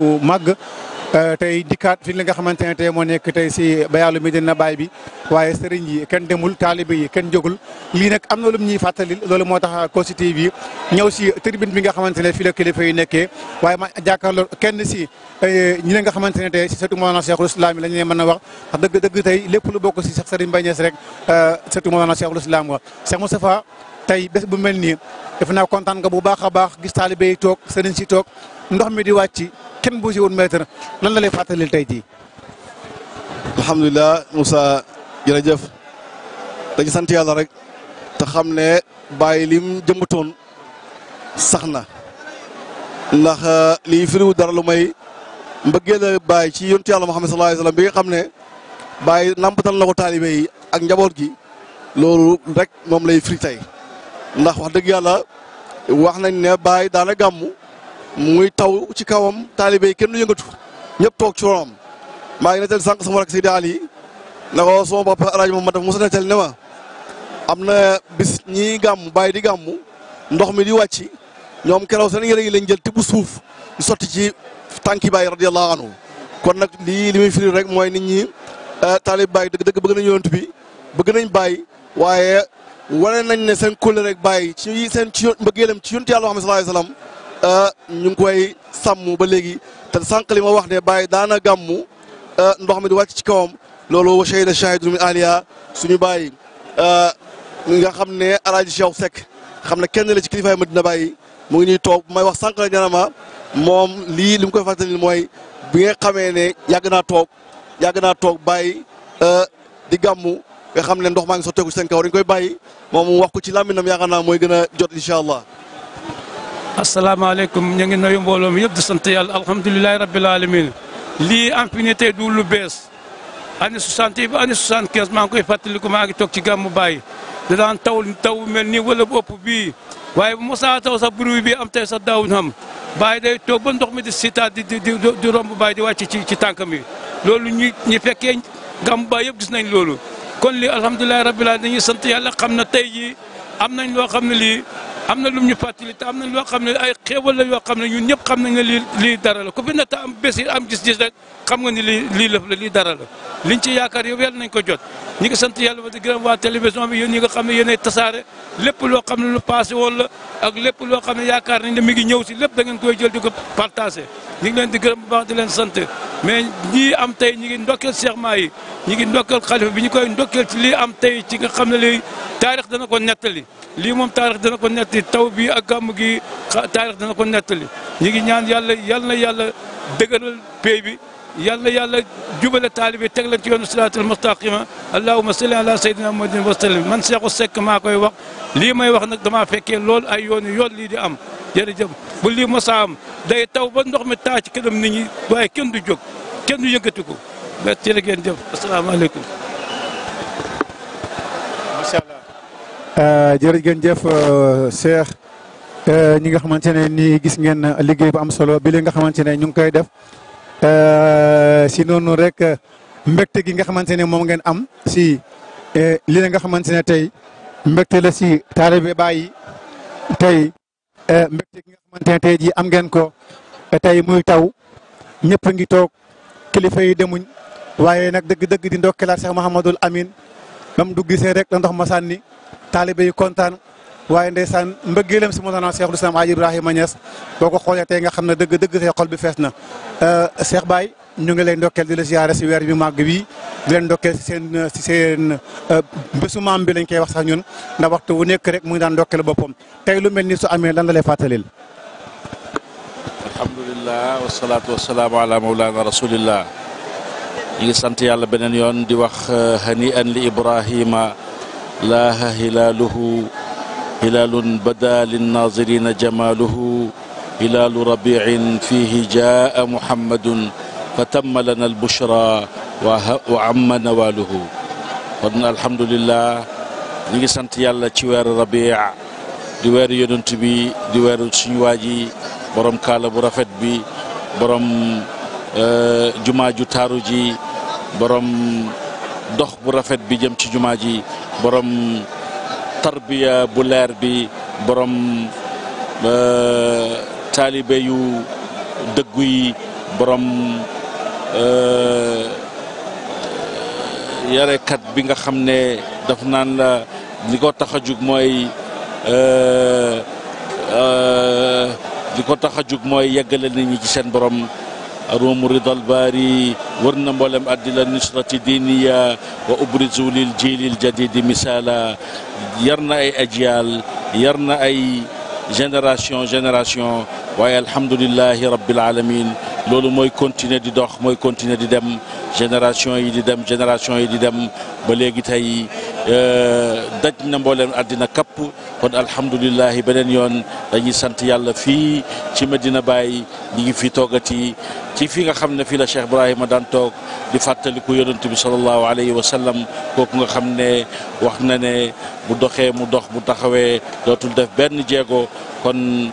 bu màgg euh, tey dikkaat fi li nga xamante ne tey moo nekk tey si bayaalu Medina Baay bi waaye sëriñ yi kenn demul taalibe yi kenn jógul lii nag am na lu ñuy fàttalil loolu moo tax Kossy TV bi ñëw si tribune bi nga xamante ne fii la yi ma jàkkaarloo kenn si euh, ñi la nga xamante ne tey si sëtu Mawlana Cheikhul Islam yi la ñu leen a wax wax dëgg dëgg tey lépp lu bokk si sax sëriñ Baay Ñas rek euh, sëtu Mawlana Cheikhul Islam wa Cheikh Moustapha tey bés bu mel nii def naa kontaan bu baax a baax gis taalibe toog sëriñ si toog ndox kenn bougé woon mètre lan la lay fàttalil tey jii. alhamdulilah Moussa jërëjëf dañu sant yàlla rek te xam ne bàyyi lim jëmbatoon sax na ndax euh, li firiwu dara lu may mbëggee la bàyyi ci yontu yàlla Muhammad sallallahu alayhi wasallam bi nga xam ne bàyyi nampatal na ko taalibe yi ak njaboot gi loolu rek moom lay firi tey ndax wax dëgg yàlla wax nañ ne bàyyi daana gàmmu muy taw ci kawam taalibe yi kenn du yëngatu ñëpp toog ci ronam maa ngi nettal sànq sama rak Seydi Ali na ko sama papa El ma Momadou dafa mos a nettal ne ma am na bis ñii gàmm bàyyi di gàmm ndox mi di wàcc ñoom keroog seen yére yi lañ jël tibb suuf ñu sotti ci tànki Baay radiyallahu anhu kon nag lii li muy rek mooy nit ñi eh, taalib Baay dëgg-dëgg bëgg nañ yonent bi bëgg nañ Baay waaye wane nañ ne seen kóllëre rek Baay ci seen ci ci yonent Yàlla Muhammad sallallahu Euh, ñu ngi koy sàmm ba léegi te sànq li ma wax ne bàyyi daana gàmmu euh, ndox mi di wàcc ci kawam loolu shahida shahidun min aliya suñu bàyyi euh, nga xam ne alaaji Cheikh Seck xam ne kenn la ci kilifaay Madina Baye mu ngi ñuy toog may wax sànq la ma moom lii li mu koy fàttali mooy bi nga xamee ne yàgg naa toog yàgg naa toog bàyyi di gàmmu nga xam ne ndox maa ngi sotteeku seen kaw dañ koy bàyyi moom wax ko ci làmminam yaakaar naa mooy gën a jot incha allah asalaamaaleykum ñu ngi nuyu mbooloo mi yëpp di sant yàlla alhamdulilahi rabbil alamin lii impunité du lu bees année soixante yi ba année soixante quinze maa ngi koy fàttaliku maa ngi toog ci gàmmu Baay da daan taw taw mel ni wala bu ëpp bii waaye bu mosaa taw sax bruit bi am tey sax daawuñ xam Baay day toog ba ndox mi di sitaat di di di romb Baay di wàcc ci ci tànkam yi loolu ñi ñi fekkee gàmmu Baay yëpp gis nañ loolu kon lii alhamdulilahi rabbil alamin dañuy sant yàlla xam na tey jii am nañ loo xam na lii am na lum ñu fàttali am na loo xam ne ay xéewal la yoo xam ne ñun ñëpp xam nañ ne lii lii dara la ku fi natt am bés yi am gis-gis xam nga ni lii lii lëf la lii dara la liñ ci yaakaar yow yàlla nañ ko jot ñi ngi sant yàlla ba di gërëm waa télévision bi yéen ñi nga xam ne yéenay tasaare lépp loo xam ne lu passé woon la ak lépp loo xam ne yaakaar nañ ne mi ngi ñëw si lépp dangeen ngeen koy jël di ko partagé ñi ngi leen di gërëm bu baax di leen sant mais ñii am tey ñi ngi ndokkeel Cheikh Mahi yi ñi ngi ndokkeel xalifa bi ñu koy ndokkeel ci lii am tey ci nga xam ne lii taarix dana ko nettali lii moom taarix dana ko nettali taw bi ak gàmm gi taarix dana ko nettali ñu ngi ñaan yàlla yal na yàlla dëgëral pay bi yal na yàlla jubale taalibe teg leen ci yoonu siraatal mustaqima allahuma salli ala sayyidina muhammadin wa sallim man Cheikhou Seck maa koy wax lii may wax nag damaa fekkee lool ay yoonu yoon lii di am jërëjëf bu lii mosa day taw ba ndox mi taa ci kanam nit ñi waaye kenn du jóg kenn du yëngati ko ba ci la ngeen jëf asalaamaaleykum Euh, jërëjëf euh, Cheikh euh, ñi nga xamante ne nii gis ngeen liggéey bu am solo bi li nga xamante ne ñu ngi koy def si noonu rek mbégte gi nga xamante ne moom ngeen am si eh, li nga xamante ne tey mbégte la si taalibe bàyyi tey eh, mbégte gi nga xamante ne tey jii am ngeen ko tey muy taw ñëpp ngi toog kilifa yi demuñ waaye nag dëgg-dëgg di ndokkelaat Cheikh Mouhamadul Amin ba mu dugg rek la ndox ma sànni taalibe yu kontaan waaye ndeysaan mbëggeelam si Mawlana Cheikhul Islam Aji Ibrahima Niass boo ko xoolee tey nga xam ne dëgg dëgg tey xol bi fees na euh, Cheikh baay ñu ngi leen ndokkeel di la ziare si weer bi màgg wi di leen ndokkeel si seen si seen euh, bésu maam bi lañ koy wax sax ñun ndax waxtu wu nekk rek mu daan ndokkeel boppam tey lu mel ni su amee lan la lay fàttalil. alhamdulilah wasalaatu wasalaamu ala mawlana rasulillah ñu sant yàlla beneen yoon di wax euh, hani laaha hilaaluhu hilaalun bada linnaazirina jamaaluhu hilaalu rabiicin fiihi jaa muhammadun fa tamma lana albushra wa amma nawaaluhu kon alhamdulillah ñu ngi sant yàlla ci weeru rabiic di weeru yonent bi di weeru suñu waa ji borom kaala bu rafet bi borom euh, jumaa ju taaru ji borom. dox bu rafet bi jëm ci jumaa ji borom tarbiya bu leer bi borom euh, taalibe yu dëggu yi borom euh, yarekat bi nga xam ne dafa naan la li ko tax a jug mooy euh, li ko tax a jug mooy yeggale nit ñi ci seen borom aruum rida albaari wër na mboolem addila nusrati diiniya wa ubrizu lil jiilil jadidi misaala yar na ay ajyaal yar na ay génération génération waaye alhamdulilahi rabbil alamin loolu mooy continuer di dox mooy continuer di dem génération yi di dem génération yi di dem ba léegi tey euh, daj na mboolem àddina kapp kon alhamdulilahi beneen yoon dañuy sant yàlla fii ci Medina Baye ñi ngi fi toogati ci fi nga xam ne fii la Cheikh Ibrahima daan toog di fàttaliku yonent bi sallallahu alayhi wa sallam kooku nga xam ne wax na ne bu doxee mu dox bu taxawee dootul def benn jéego kon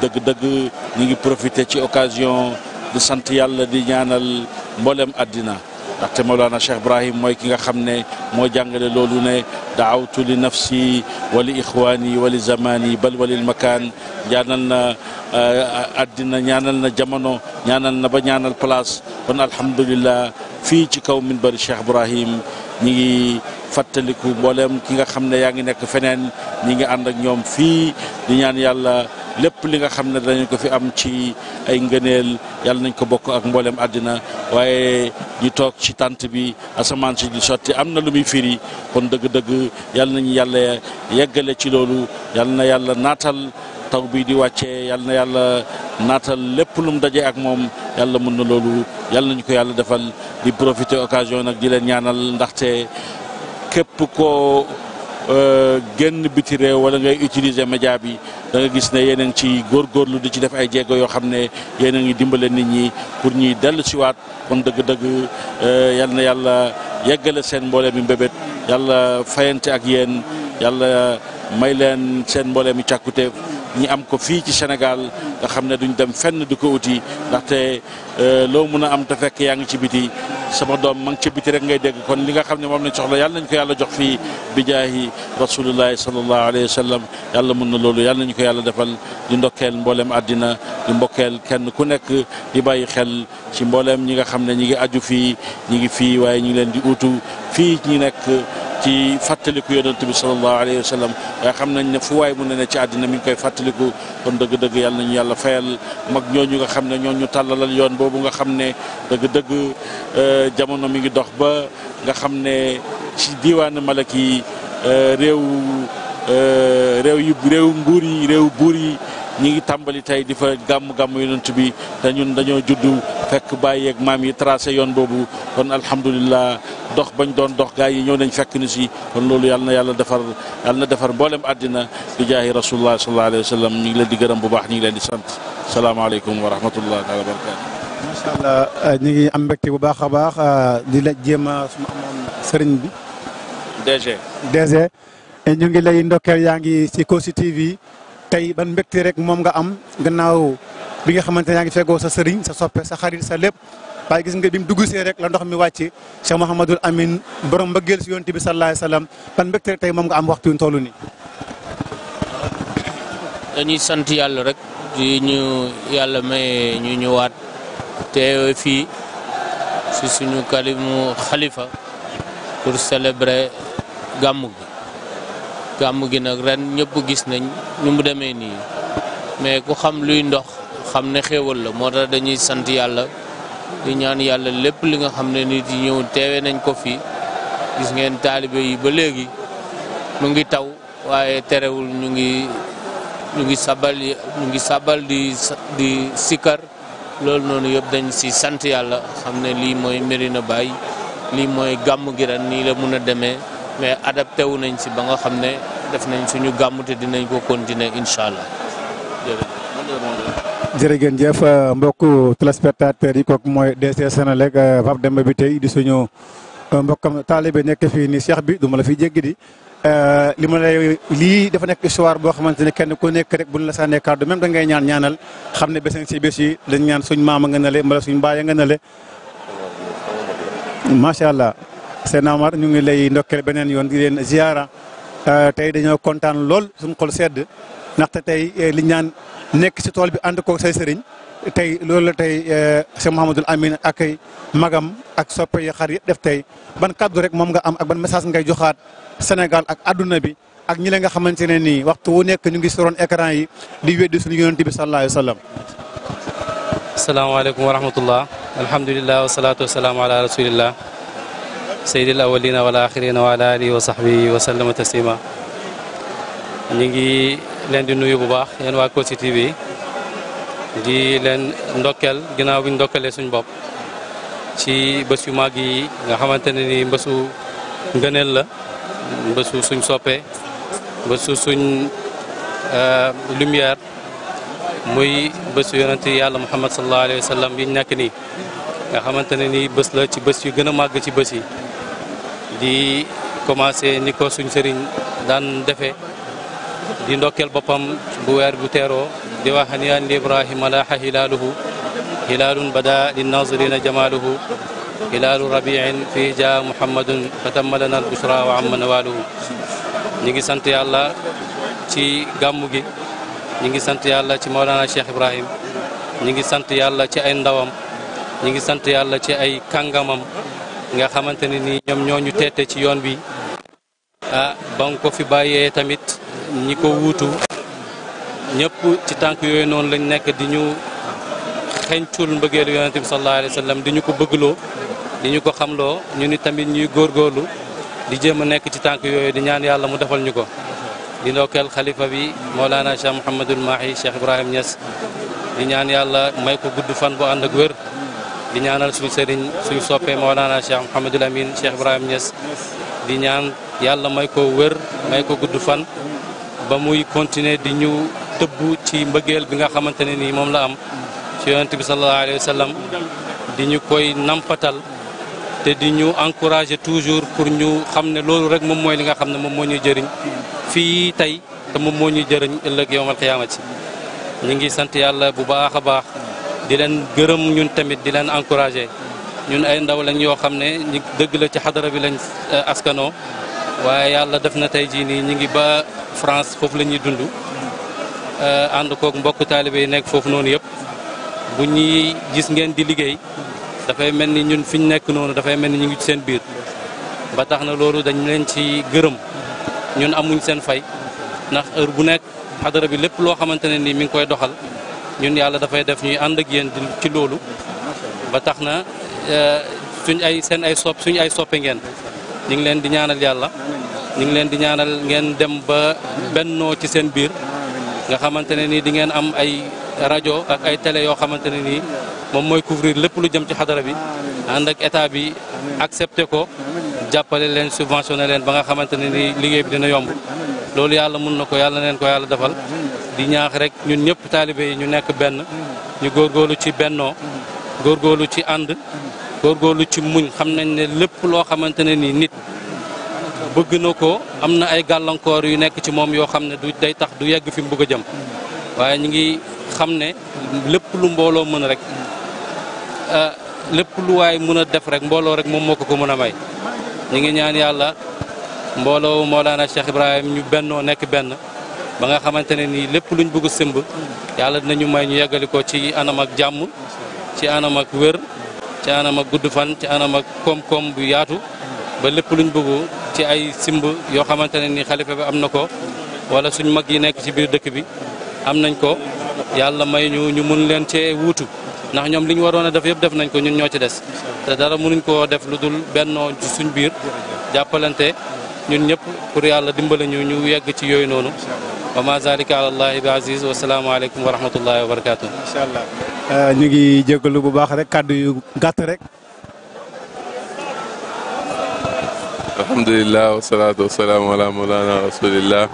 dëgg-dëgg ñi ngi profiter ci occasion di sant yàlla di ñaanal mboolem addina ndaxte Mawlana Cheikh Ibrahim mooy ki nga xam ne moo jàngale loolu ne daawtu li nafsi wa li ixwaani wa li zamani bal wa lil makaan ñaanal na addina eh, ñaanal na jamono ñaanal na ba ñaanal place kon alhamdulillah fii ci kaw minbari Cheikh Ibrahim ñi ngi fàttaliku mbooleem ki nga xam ne yaa ngi nekk feneen ñi ngi ànd ak ñoom fii di ñaan yàlla lépp li nga xam ne danañ ko fi am ci ay ngëneel yàlla nañ ko bokk ak mbooleem àddina waaye ñu toog ci tànt bi asamaan si di sotti am na lu muy firi kon dëgg-dëgg yàlla nañu yàlla yeggale ci loolu yàlla na yàlla naatal taw bii di wàcce yàlla na yàlla naatal lépp lu mu dajee ak moom yàlla mun na loolu yàlla nañu ko yàlla defal di profiter occasion nag di leen képp koo euh, génn biti réew wala ngay utiliser média bi da gis ne yéen a ngi ci góorgóorlu di ci def ay jéego yoo xam ne yéen a ngi dimbale nit ñi pour ñuy dellu siwaat kon dëgg-dëgg euh, yal na yàlla yeggale seen mboole mi mbébét yàlla fayante ak yéen yàlla may leen seen mbooleem mi càkkute ñu am ko fii ci Sénégal nga xam ne duñ dem fenn di ko uti ndaxte Euh, loo mun a am te fekk yaa ngi ci biti sama doom ma ngi ci biti rek ngay dégg kon li nga xam ne moom lañ soxla yàlla nañ ko yàlla jox fii bi jaahi rasulillahi sallallahu alayhi wa sallam yàlla mun na loolu yàlla nañ ko yàlla defal di ndokkeel mboolem àddina di mbokkeel kenn ku nekk di bàyyi xel ci mbooleem ñi nga xam ne ñi ngi aju fii ñi ngi fii waaye ñi ngi leen di uutu fii ñi nekk ci fàttaliku yonent bi sallallahu alayhi wa sallam waaye xam nañ ne fu waay mu ne ne ci àddina mi ngi koy fàttaliku kon dëgg-dëgg yàlla nañu yàlla xam ne ñooñu tàllalal yoon boobu nga xam ne dëgg-dëgg euh, jamono mi ngi dox ba nga xam ne ci diiwaanu Malak yi euh, réew euh, réew yu réew nguur yi réew buur yi ñu ngi tàmbali tey di fa gàmm-gàmm yonent bi te ñun dañoo juddu fekk bàyyi ak maam yi tracé yoon boobu kon alhamdulilah dox bañ doon dox gaa yi ñëw nañ fekk ni si kon loolu yàlla na yàlla defar yàlla na defar mboolem àddina di jaahi rasulullah sallallahu alayhi wa sallam ñu ngi leen di gërëm bu baax ñu ngi leen di sant salaamaaleykum wa rahmatullah macha euh, ñu ngi am mbégte bu baax a baax euh, di la jéem a su amoon sëriñ bi. DG. DG ñu ngi lay ndokkeel yaa ngi si Kossy TV tey ban mbégte rek moom nga am gannaaw bi nga xamante ne yaa ngi fegoo sa sëriñ sa soppe sa xarit sa lépp. waaye gis nga bi mu dugg see rek la ndox mi wàcc Cheikh Mouhamadul Amin borom mbëggeel si yoon bi sallallahu alayhi wasallam ban tey moom nga am waxtu wi toll nii. dañuy ñu ñëwaat teewe fii si suñu kalimu xalifa pour célébrer gàmmu gi gàmmu gi nag ren ñëpp gis nañ nu mu demee nii mais ku xam luy ndox xam ne xéewal la moo tax dañuy sant yàlla di ñaan yàlla lépp li nga xam ne nit yi ñëw teewe nañ ko fii gis ngeen taalibe yi ba léegi mu ngi taw waaye terewul ñu ngi ñu ngi sabal ngi sabal di di sikkar loolu noonu yëpp dañ si sant yàlla xam ne lii mooy Medina Baye lii mooy gàmm gi ren nii la mun a demee mais adapté wu nañ si ba nga xam ne def nañ suñu gàmm te dinañ ko continuer incha allah jërëjëf. jërëjëf mbokku téléspectateurs yi kooku mooy DC Senelec Pape dem bi tey di suñu mbokkam taalibe nekk fii ni seex bi duma la fi jéggi di. Euh, li ma lay lii dafa nekk histoire boo xamante ne kenn ku nekk rek buñ la sànnee kàddu même da ngay ñaan ñaanal xam ne besen si bés yi dañ ñaan suñ maama nga nale mbala suñ mbaaya nga nale macha allah seen Amar ñu ngi lay ndokkeel beneen yoon di leen ziara euh, tey dañoo kontaan lool suñ xol sedd ndaxte tey eh, li ñaan nekk si tool bi ànd ko say sëriñ tey loolu la tey eh, Cheikh Mouhamadul Amine ak magam ak soppe yi xar def tey ban kaddu rek moom nga am ak ban message ngay joxaat Sénégal ak adduna bi ak ñi la nga xamante ne nii waxtu wu nekk ñu ngi soroon écran yi di weddi suñu yonent bi sallallahu alayhi wa sallam. asalaamaaleykum wa rahmatullah alhamdulilah wasalaatu wasalaamu ala rasulillah sayyidil awalina wal axirina wa ala ngi leen di nuyu bu baax yéen waa Kossy TV di leen ndokkeel ginnaaw bi ñu ndokkeelee suñu bopp ci bés yu màgg yi nga xamante ne ni mbésu ngëneel la mbésu suñ soppee bésu suñ euh, lumière muy bésu yonent yàlla muhammad sallallahu alayhi wa sallam yi ñu nekk ni nga xamante ne ni bés la ci bés yu gën a màgg ci bés yi di commencé ni ko suñ sëriñ daan defee di ndokkeel boppam bu weer bu teeroo di wax ni an ibrahima laaxa hilaaluhu hilaalun bada linnazirina jamaaluhu hilaalu rabiin fii ja muhammadun fatama lana albushra wa amma nawaaluhu ñi ngi sant yàlla ci gàmmu gi ñi ngi sant yàlla ci Mawlana Cheikh Ibrahim ñi ngi sant yàlla ci ay ndawam ñi ngi sant yàlla ci ay kàngamam nga xamante ne ni ñoom ñoo ñu teete ci yoon bi ah ba fi bàyyee tamit ñi ko wuutu ñëpp ci tànk yooyu noonu lañ nekk di ñu xeñcul mbëggeelu yonent bi sallallahu alayhi wa sallam di ñu ko bëgguloo di ñu ko xamloo ñu ni tamit ñuy góor góorlu di jéem a nekk ci tànk yooyu di ñaan yàlla mu defal ñu ko di ndokkeel xalifa bi Mawlana Cheikh Mouhamadul Mahi Cheikh Ibrahim Niass di ñaan yàlla may ko gudd fan bu ànd ak wér di ñaanal suñu sëriñ suñu soppee Mawlana Cheikh Mouhamadul Amin Cheikh Ibrahim Niass di ñaan yàlla may ko wér may ko gudd fan ba muy continuer di ñu tëb ci mbëggeel bi nga xamante ne nii moom la am ci yonent bi sallallahu alayhi wa di ñu koy nampatal te di ñu encourager toujours pour ñu xam ne loolu rek moom mooy li nga xam ne moom moo ñuy jëriñ fii tey te moom moo ñuy jëriñ ëllëg yowmal qiyaamati ñu ngi sant yàlla bu baax a baax di leen gërëm ñun tamit di leen encourager ñun ay ndaw lañ yoo xam ne ñi dëgg la ci xadara bi lañ euh, askanoo waaye yàlla def na tey jii nii ñu ngi ba France foofu la ñuy dund euh, ànd kook mbokk taalibe yi nekk foofu noonu yëpp bu ñuy gis ngeen di liggéey dafay mel ni ñun fi ñu nekk noonu dafay mel ni ñu ngi ci seen biir ba tax na loolu dañ leen ci gërëm ñun amuñ seen fay ndax heure bu nekk xadara bi lépp loo xamante ne nii mi ngi koy doxal ñun yàlla dafay def ñuy ànd ak yéen ci loolu ba tax na euh, suñ ay seen ay sopp suñ ay soppe ngeen ñu leen di ñaanal yàlla ñu leen di ñaanal ngeen dem ba bennoo ci seen biir nga xamante ne nii di ngeen am ay rajo ak ay télé yoo xamante ne nii moom mooy couvrir lépp lu jëm ci xadara bi ànd ak état bi accepté ko jàppale leen subventionné leen ba nga xamante ne nii liggéey bi dina yomb loolu yàlla mun na ko yàlla neen ko yàlla defal di ñaax rek ñun ñëpp taalibe yi ñu nekk benn ñu góor góorlu ci bennoo góor góorlu ci ànd góorgóorlu ci muñ xam nañ ne lépp loo xamante ne nii nit bëgg na ko am na ay gàllankoor yu nekk ci moom yoo xam ne du day tax du yegg fi mu bëgg a jëm waaye ñu ngi xam ne lépp lu mbooloo mën rek ah, lépp lu mën a def rek mbooloo rek moom moo ko ko mën a may ñu ngi ñaan yàlla mbooloo Mawlana Cheikh Ibrahim ñu bennoo nekk benn ba nga xamante ne nii lépp luñ bëgg a sëmb yàlla dinañu may ñu yeggali ko ci anam ak jàmm ci anam ak wér ci anam ak gudd fan ci anam ak koom bu yaatu ba lépp luñ bëgg ci ay simb yoo xamante ne ni xalifa bi am na ko wala suñ mag yi nekk ci biir dëkk bi am nañ ko yàlla may ñu ñu mun leen cee wuutu ndax ñoom li ñu waroon a def yëpp def nañ ko ñun ñoo ci des te dara nuñ koo def lu dul bennoo ci suñ biir jàppalante ñun ñëpp pour yàlla dimbale ñu ñu yegg ci yooyu noonu wa ma zalika ala allahi bi aziz wa salaamu aleykum wa rahmatullahi wa barakatuh incha allah euh, ñu ngi jégalu bu baax rek kàddu yu gàtt rek alhamdulilah wasalatu wasalaamu ala mawlana rasulillah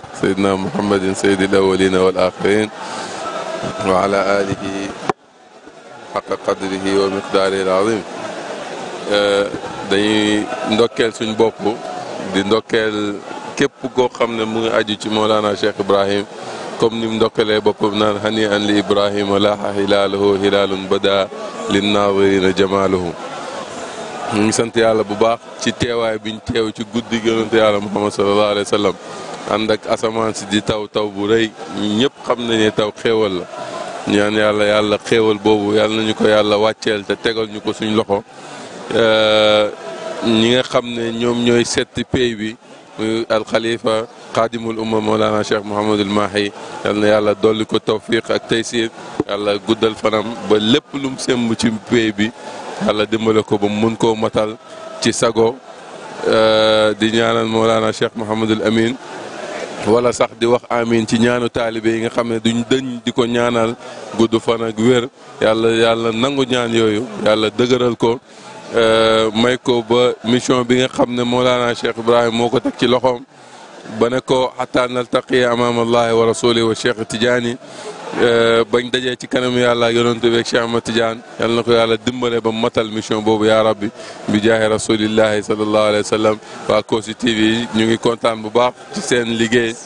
di ndokkeel képp koo xam ne mu ngi aju ci Mawlana Cheikh Ibrahim comme ni mu ndokkalee boppam naan xani an li Ibrahima laaxa xilaaluhu xilaalun bada lin naadirina jamaaluhu mu ngi sant yàlla bu baax ci teewaay biñ teew ci guddi yonent yàlla Muhammad sallallahu alayhi wa sallam ànd ak asamaan si di taw taw bu rëy ñëpp xam nañ taw xéewal la ñaan yàlla yàlla xéewal boobu yàlla nañu ko yàlla wàcceel te tegal ñu ko suñ loxo ñi nga xam ne ñoom ñooy setti pay bi alxalifa xaadimul umma Mawlana Cheikh Mouhamadul Mahi na yàlla dolli ko tawfiq ak taysir yàlla guddal fanam ba lépp lum semb ci pay bi yàlla dimbale ko ba mun koo matal ci sago euh, di ñaanal Mawlana Cheikh Mouhamadul Amin wala sax di wax amin ci ñaanu taalibe yi nga xam ne duñ dëñ di ko ñaanal gudd fan ak wér yàlla yàlla nangu ñaan yooyu yàlla dëgëral ko. Euh, may ko ba mission bi nga xam ne Mawlana Cheikh Ibrahim moo ko teg ci loxoom ba ne ko xataa naltaqiya amaam allahi wa rasuli wa Cheikh Tidiane euh, bañ dajee ci kanam yàlla yonentu beeg Cheikh Ahmad Tidiane yal na ko yàlla dimbale ba matal mission boobu yaa rabbi bi jaahi rasulillahi sallallahu alayhi wa sallam waa Kossy TV ñu ngi kontaan bu baax ci seen liggéey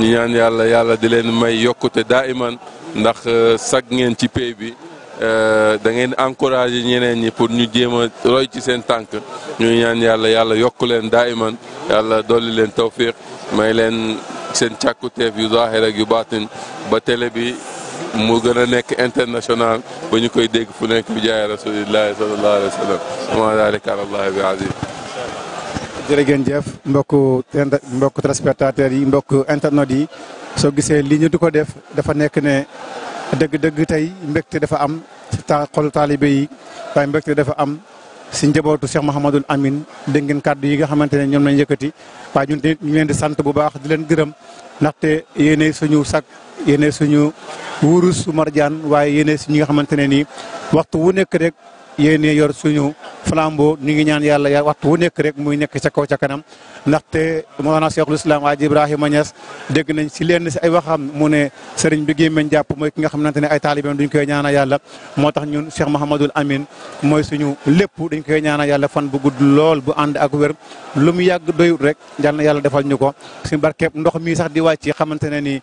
ñu ñaan yàlla yàlla di leen may yokkute daa iman ndax euh, sag ngeen ci pay bi Euh, da ngeen encouragé ñeneen ñi pour ñu jéem a roy ci seen tànk ñuy ñaan yàlla yàlla yokk leen daayiman yàlla dolli leen tawfiq may leen seen càkkuteef yu zaahir ak yu baatin ba télé bi mu gën a nekk international ba ñu koy dégg fu nekk bi jaay rasulillahi sallallahu alayhi wa sallam ama dalika ala allahi bi azim jërëjëf mbokku mbokku téléspectateurs yi mbokk internautes yi soo gisee lii ñu di ko def dafa nekk ne dëgg-dëgg tey mbégte dafa am si ta xolu taalibe yi waaye mbégte dafa am si njabootu Cheikh Mouhamadul Amin dégg ngeen kàddu yi nga xamante ne ñoom lañ yëkkati waaye ñun tamit ñu leen di sant bu baax di leen gërëm ndaxte yéenay suñu sag yéenay suñu wurus su marjaan waaye yéenay suñu nga xamante ne nii waxtu wu nekk rek yéenay yor suñu flambeau ñu ngi ñaan yàlla waxtu wu nekk rek muy nekk ca kaw ca kanam ndaxte Mawlana Cheikhul Islam Hadji Ibrahima Niass dégg nañ si leen si ay waxam mu ne sëriñ bi gémmiñ jàpp mooy ki nga xamante ne ay taalibeem duñ koy ñaana yàlla moo tax ñun Cheikh Mahamadul Amin mooy suñu lépp dañ koy ñaana yàlla fan bu gudd lool bu ànd ak wér lu mu yàgg doyut rek yal na yàlla defal ñu ko si barkeeb ndox mi sax di wàcc xamante ne ni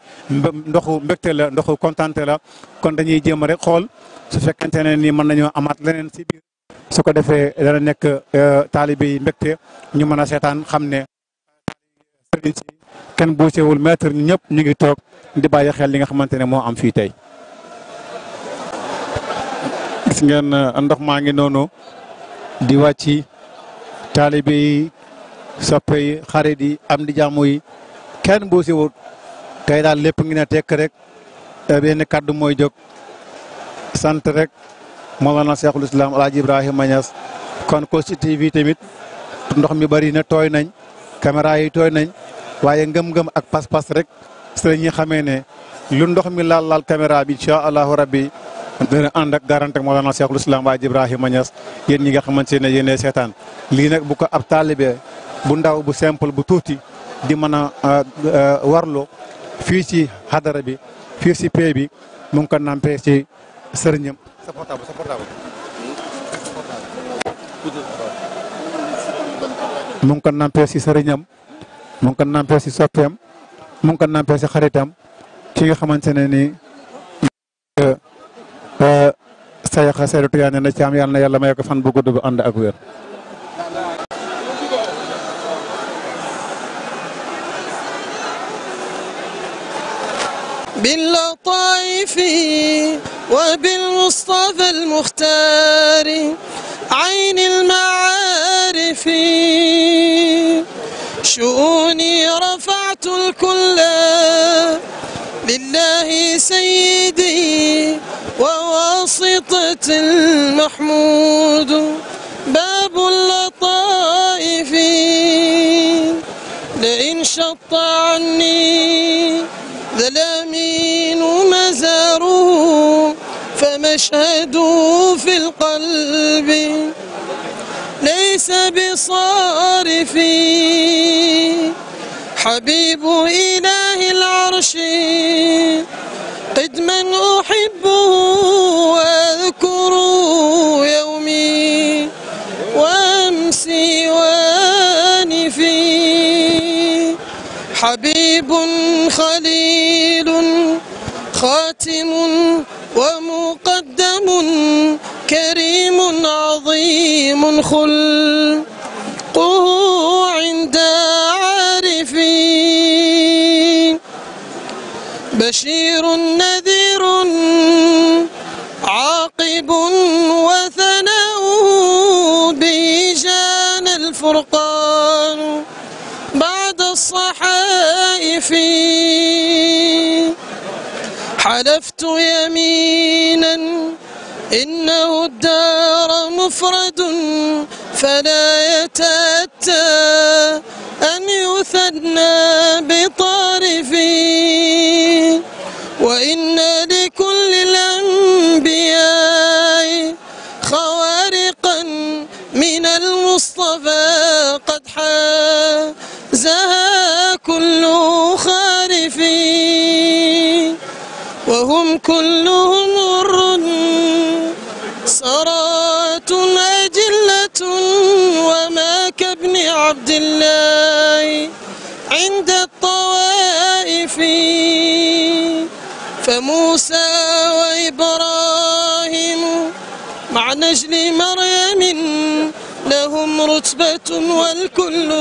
ndoxu mbégte la ndoxu kontante la kon dañuy jéem a rek xool su fekkente ne ni mën nañoo amaat leneen si biir su ko defee dana nekk euh, taalibe yi mbégte ñu mën a seetaan xam ne ci kenn buusewul maître ñëpp ñu ngi toog di bàyyi xel li nga xamante ne moo am fii tey. gis ndox maa ngi noonu di wàcc taalibe yi soppe yi xarit yi am di jàmm yi kenn buusewul tey daal lépp ngina ne tekk rek benn kàddu mooy jog sant rek Mawlana Cheikhul Islam Alaaji Ibrahima Niass kon Kossy tamit ndox mi bari tooy nañ caméra yi tooy nañ. waaye ngëm-ngëm ak pas-pas rek si la xamee ne lu ndox mi laal laal caméra bi incha allahu rabbi dana ànd ak garante ak Mawlana Cheikhul Islam Baay Ibrahima Niass yéen ñi nga xamante ne yéenay seetaan lii nag bu ko ab taalibe bu ndaw bu simple bu tuuti di mën a warlu fii ci xadara bi fii ci pay bi mu ngi sëriñam. sa portable sa sëriñam. mu ngi ko nampee si soppeem mu ngi ko si xaritam ki nga xamante ne nii eh, sayaxa Seydou Touyane na yàlla na yàlla bu gudd bu ànd ak wér. باللطائف وبالمصطفى المختار عين المعارف شؤوني رفعت الكل لله سيدي وواسطة المحمود باب اللطائف لئن شط عني ذا الأمين مزاره فمشهد في القلب ليس بصارفي حبيب إله العرش قد من أحبه وأذكر يومي وأمسي وأنفي حبيب خليل خاتم ومقدم كريم عظيم خلقه عند عارفين بشير نذير عاقب وثناؤه بيجان الفرقان بعد الصحائف حلفت يمينا إنه الدار مفرد فلا يتأتى أن يثنى بطارفي وإن لكل الأنبياء خوارقا من المصطفى قد حازها كل خارفين وهم كلهم غر سرات أجلة وما كابن عبد الله عند الطوائف فموسى وإبراهيم مع نجل مريم لهم رتبة والكل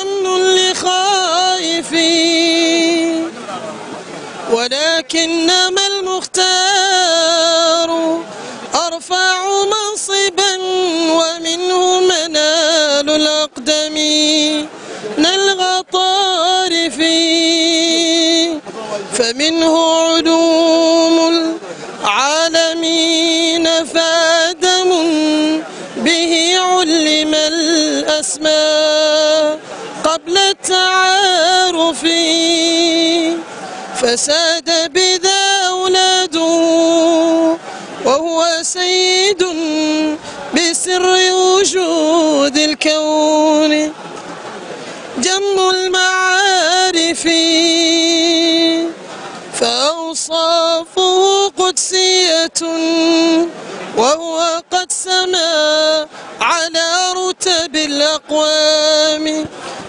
أمن لخائفين ولكنما المختار أرفع منصبا ومنه منال الأقدم نلغى طارفي فمنه علوم العالمين فآدم به علم الأسماء قبل التعارف فساد بذا أولاده وهو سيد بسر وجود الكون جم المعارف فأوصافه قدسية وهو قد سنى على رتب الأقوام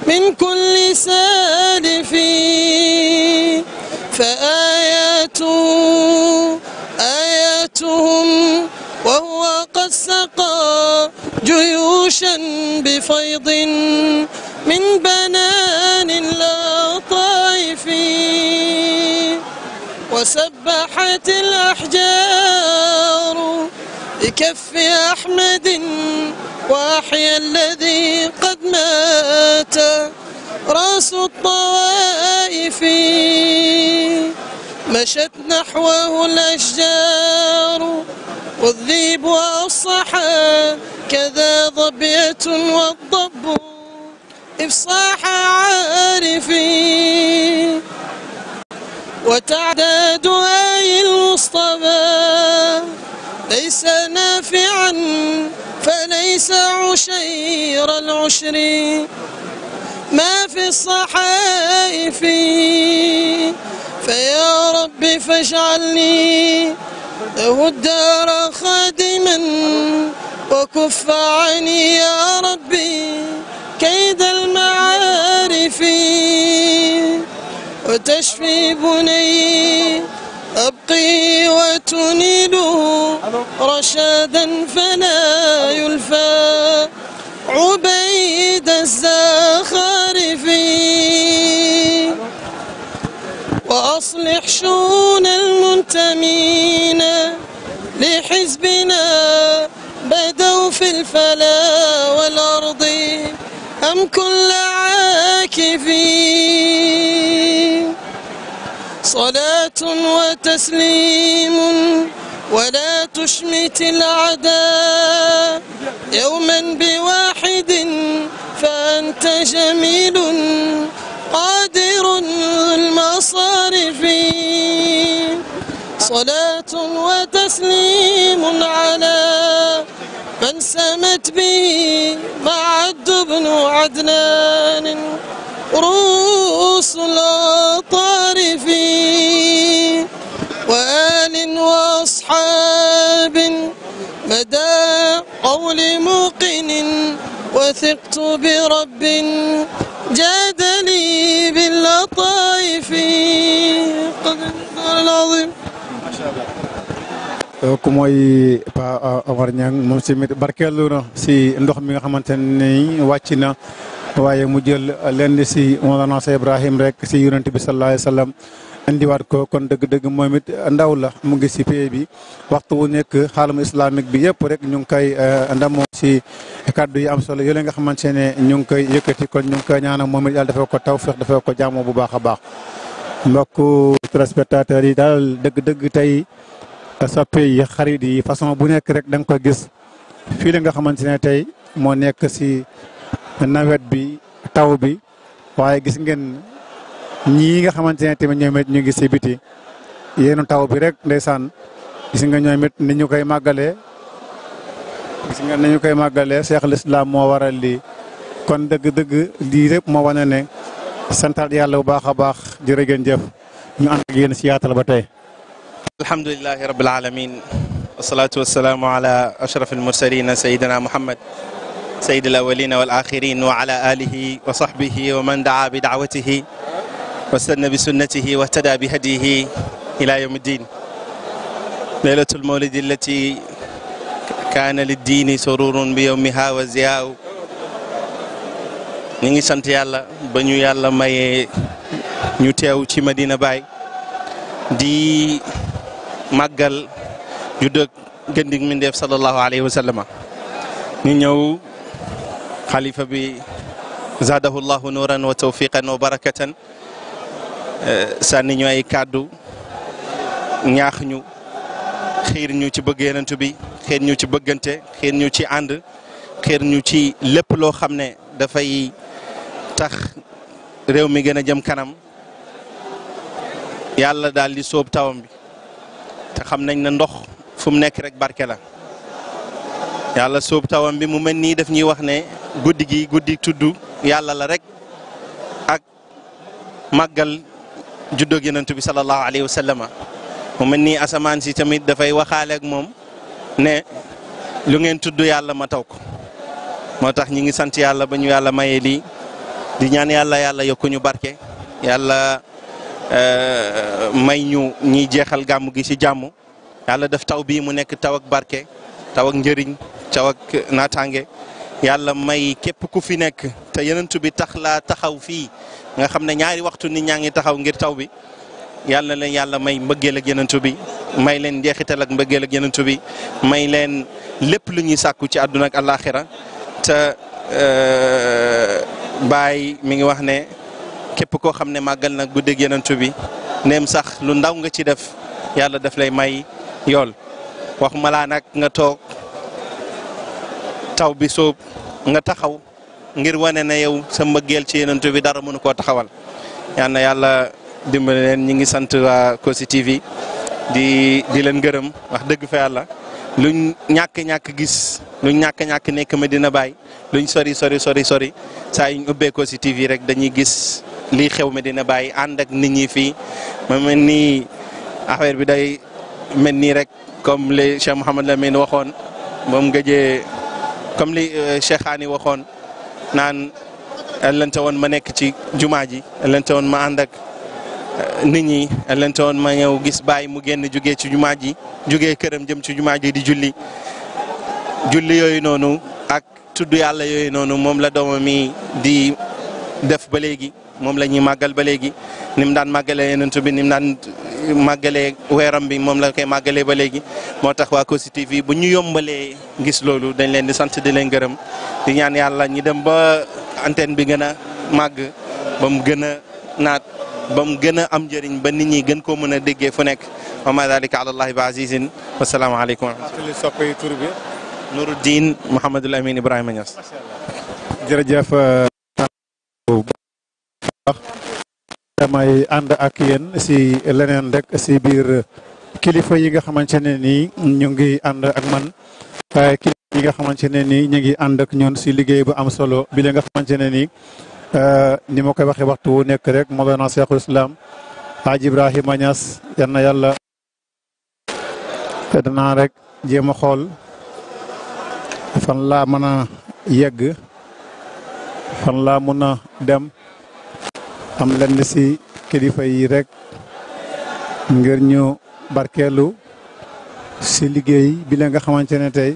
من كل سالف فآياته آياتهم وهو قد سقى جيوشا بفيض من بنان الأطائف وسبحت الأحجار بكف أحمد وأحيا الذي قد مات رأس الطوائف مشت نحوه الأشجار والذيب والصحا كذا ضبية والضب إفصاح عارف وتعداد آي المصطفى ليس نافعا فليس عشير العشر ما في الصحائف فيا رب فاجعلني له الدار خادما وكف عني يا ربي كيد المعارف وتشفي بني أبقي وتنيله رشادا فلا يلفى عبيد الزاد المنتمين وأصلح شؤون المنتمين لحزبنا بدوا في الفلا والأرض أم كل عاكفين صلاة وتسليم ولا تشمت الأعداء يوما بواحد فأنت جميل قادر المصارف صلاة وتسليم على من سمت به معد بن عدنان رؤوس الأطارف وآل وأصحاب مدى قول موقن وثقت برب جاد لي باللطائف قد العظيم ku mooy Pa Omar Niang moom tamit barkeelu na si ndox mi nga xamante ni wàcc na waaye mu jël lenn si Mawlana Ibrahim rek si yonent bi sallallahu alayhi wa sallam indiwaat ko kon dëgg-dëgg moom ndaw la mu ngi si pays bi waxtu wu nekk xaalum islamique bi yëpp rek ñu ngi koy eh, ndamoo si kàddu yi am solo yooyu nga xamante ne ñu ngi koy yëkkati kon ñu ngi koy ñaanal moom it yàlla dafa ko tawfeex dafa ko jaamoo bu baax a baax mbokku téléspectateurs yi daal dëgg-dëgg tey soppe yi xarit yi façon bu nekk rek danga nga gis fii la nga xamante ne tey moo nekk si nawet bi taw bi waaye gis ngeen ñii nga xamante ne tamit ñoom it ñu ngi si taw bi rek ndeysaan gis nga ñoom ni ñu koy màggalee gis nga ni koy màggalee Cheikh moo waral lii kon dëgg-dëgg lii rek moo wane ne santaat yàlla bu baax a baax jërëgeen jëf ñu ànd ak yéen si yaatal ba tey alhamdulilahi rabbil alamin wasalaatu wasalaamu ala ashraf almursalina sayidina muhammad wa ala alihi wa man daa bi daawatihi واستنى بسنته واهتدى بهديه إلى يوم الدين ليلة المولد التي كان للدين سرور بيومها وزياء ñu ngi sant yàlla ba ñu yàlla mayee ñu teew ci Medina Baye di màggal juddëg gëndig mindeef sallallahu alayhi wa sallama ñu ñëw xalifa bi zaadahu llahu nuuran wa tawfiqan wa barakatan Eh, sànniñu ay kàddu ñaax ñu xiir ñu ci bëgg bi xiir ñu ci bëggante xiir ñu ci ànd xiir ñu ci lépp loo xam ne dafay tax réew mi gën a jëm kanam yàlla daal di sóob tawam bi te xam nañ ne ndox fu nekk rek barke la yàlla sóob tawam bi mu mel nii daf ñuy wax ne guddi gi guddi tudd yàlla la rek ak màggal juddoog yonent bi sallallahu alayhi wa sallama mu nii asamaan si tamit dafay waxaale moom ne lu ngeen tudd yàlla ma taw ko moo tax ñi ngi sant yàlla ba ñu yàlla mayee lii di ñaan yàlla yàlla yokku ñu barke yàlla eh, may ñu ñiy jeexal gàmm gi ci jàmm yàlla def taw bi mu nekk taw ak barke taw ak njëriñ taw yàlla may képp ku fi nekk te yonent bi tax laa taxaw fii nga xam ne ñaari waxtu nit ñaa ngi taxaw ngir taw bi yàlla leen yàlla may mbëggeel ak yenentu bi may leen njeexital ak mbëggeel ak yenentu bi may leen lépp lu ñuy sàkku ci àdduna ak àllaaxira te euh, Baay mi ngi wax ne képp koo xam ne màggal nag guddeeg yenentu bi neem sax lu ndaw nga ci def yàlla def lay may yool wax malaa nag nga toog taw bi sóob nga taxaw ngir wane ne yow sa mbëggeel ci yenentu bi dara mënu koo taxawal yal yàlla dimbali leen ñi ngi sant waa Kossy TV di di leen gërëm wax dëgg fa yàlla luñ ñàkk-ñàkk gis luñ ñàkk-ñàkk nekk Medina Baye luñ sori sori sori sori saa yuñ ubbee Kossy TV rek dañuy gis lii xew dina Baye ànd ak nit ñi fii ma mel nii affaire bi day mel nii rek comme li Cheikh Mouhamed Lamine waxoon moom gëjee comme li euh, Cheikh waxoon naan lente woon ma nekk ci jumaa ji lente woon ma ànd ak eh, nit ñi lente woon ma ñëw gis bàyyi mu génn jugee ci jumaa ji jugee këram jëm ci jumaa ji di julli julli yooyu noonu ak tudd yàlla yooyu noonu moom la doomam mi di def ba léegi moom la ñuy màggal ba léegi ni mu daan màggalee yonent bi ni mu daan màggalee weeram bi moom la koy màggalee ba léegi moo tax waa Kossy TV bu ñu yombalee gis loolu dañ leen di sant di leen gërëm di ñaan yàlla ñi dem ba antenne bi gën a màgg ba mu gën a naat ba mu gën a am njëriñ ba nit ñi gën koo mën a déggee fu nekk wa ma dalika ala allahi bi azizin wasalaamaaleykum wa rahmatulah soppay tur bi Nuruddin Mouhamadul Amin Ibrahima Niass jërëjëf euh, wax damay ànd ak yéen si leneen rek si biir kilifa yi nga xamante ne nii ñu ngi ànd ak man waaye kilifa yi nga xamante ne nii ñu ngi ànd ak ñun si liggéey bu am solo bi nga xamante ne nii eh, ni ma koy waxee waxtu wu nekk rek Mawlana Cheikhul Islam Hadj Ibrahima Niass yal na yàlla te danaa rek jéem a xool fan laa mën a yegg fan laa mën a dem am lenn si kilifa yi rek ngir ñu barkeelu si liggéey bi nga xamante ne tey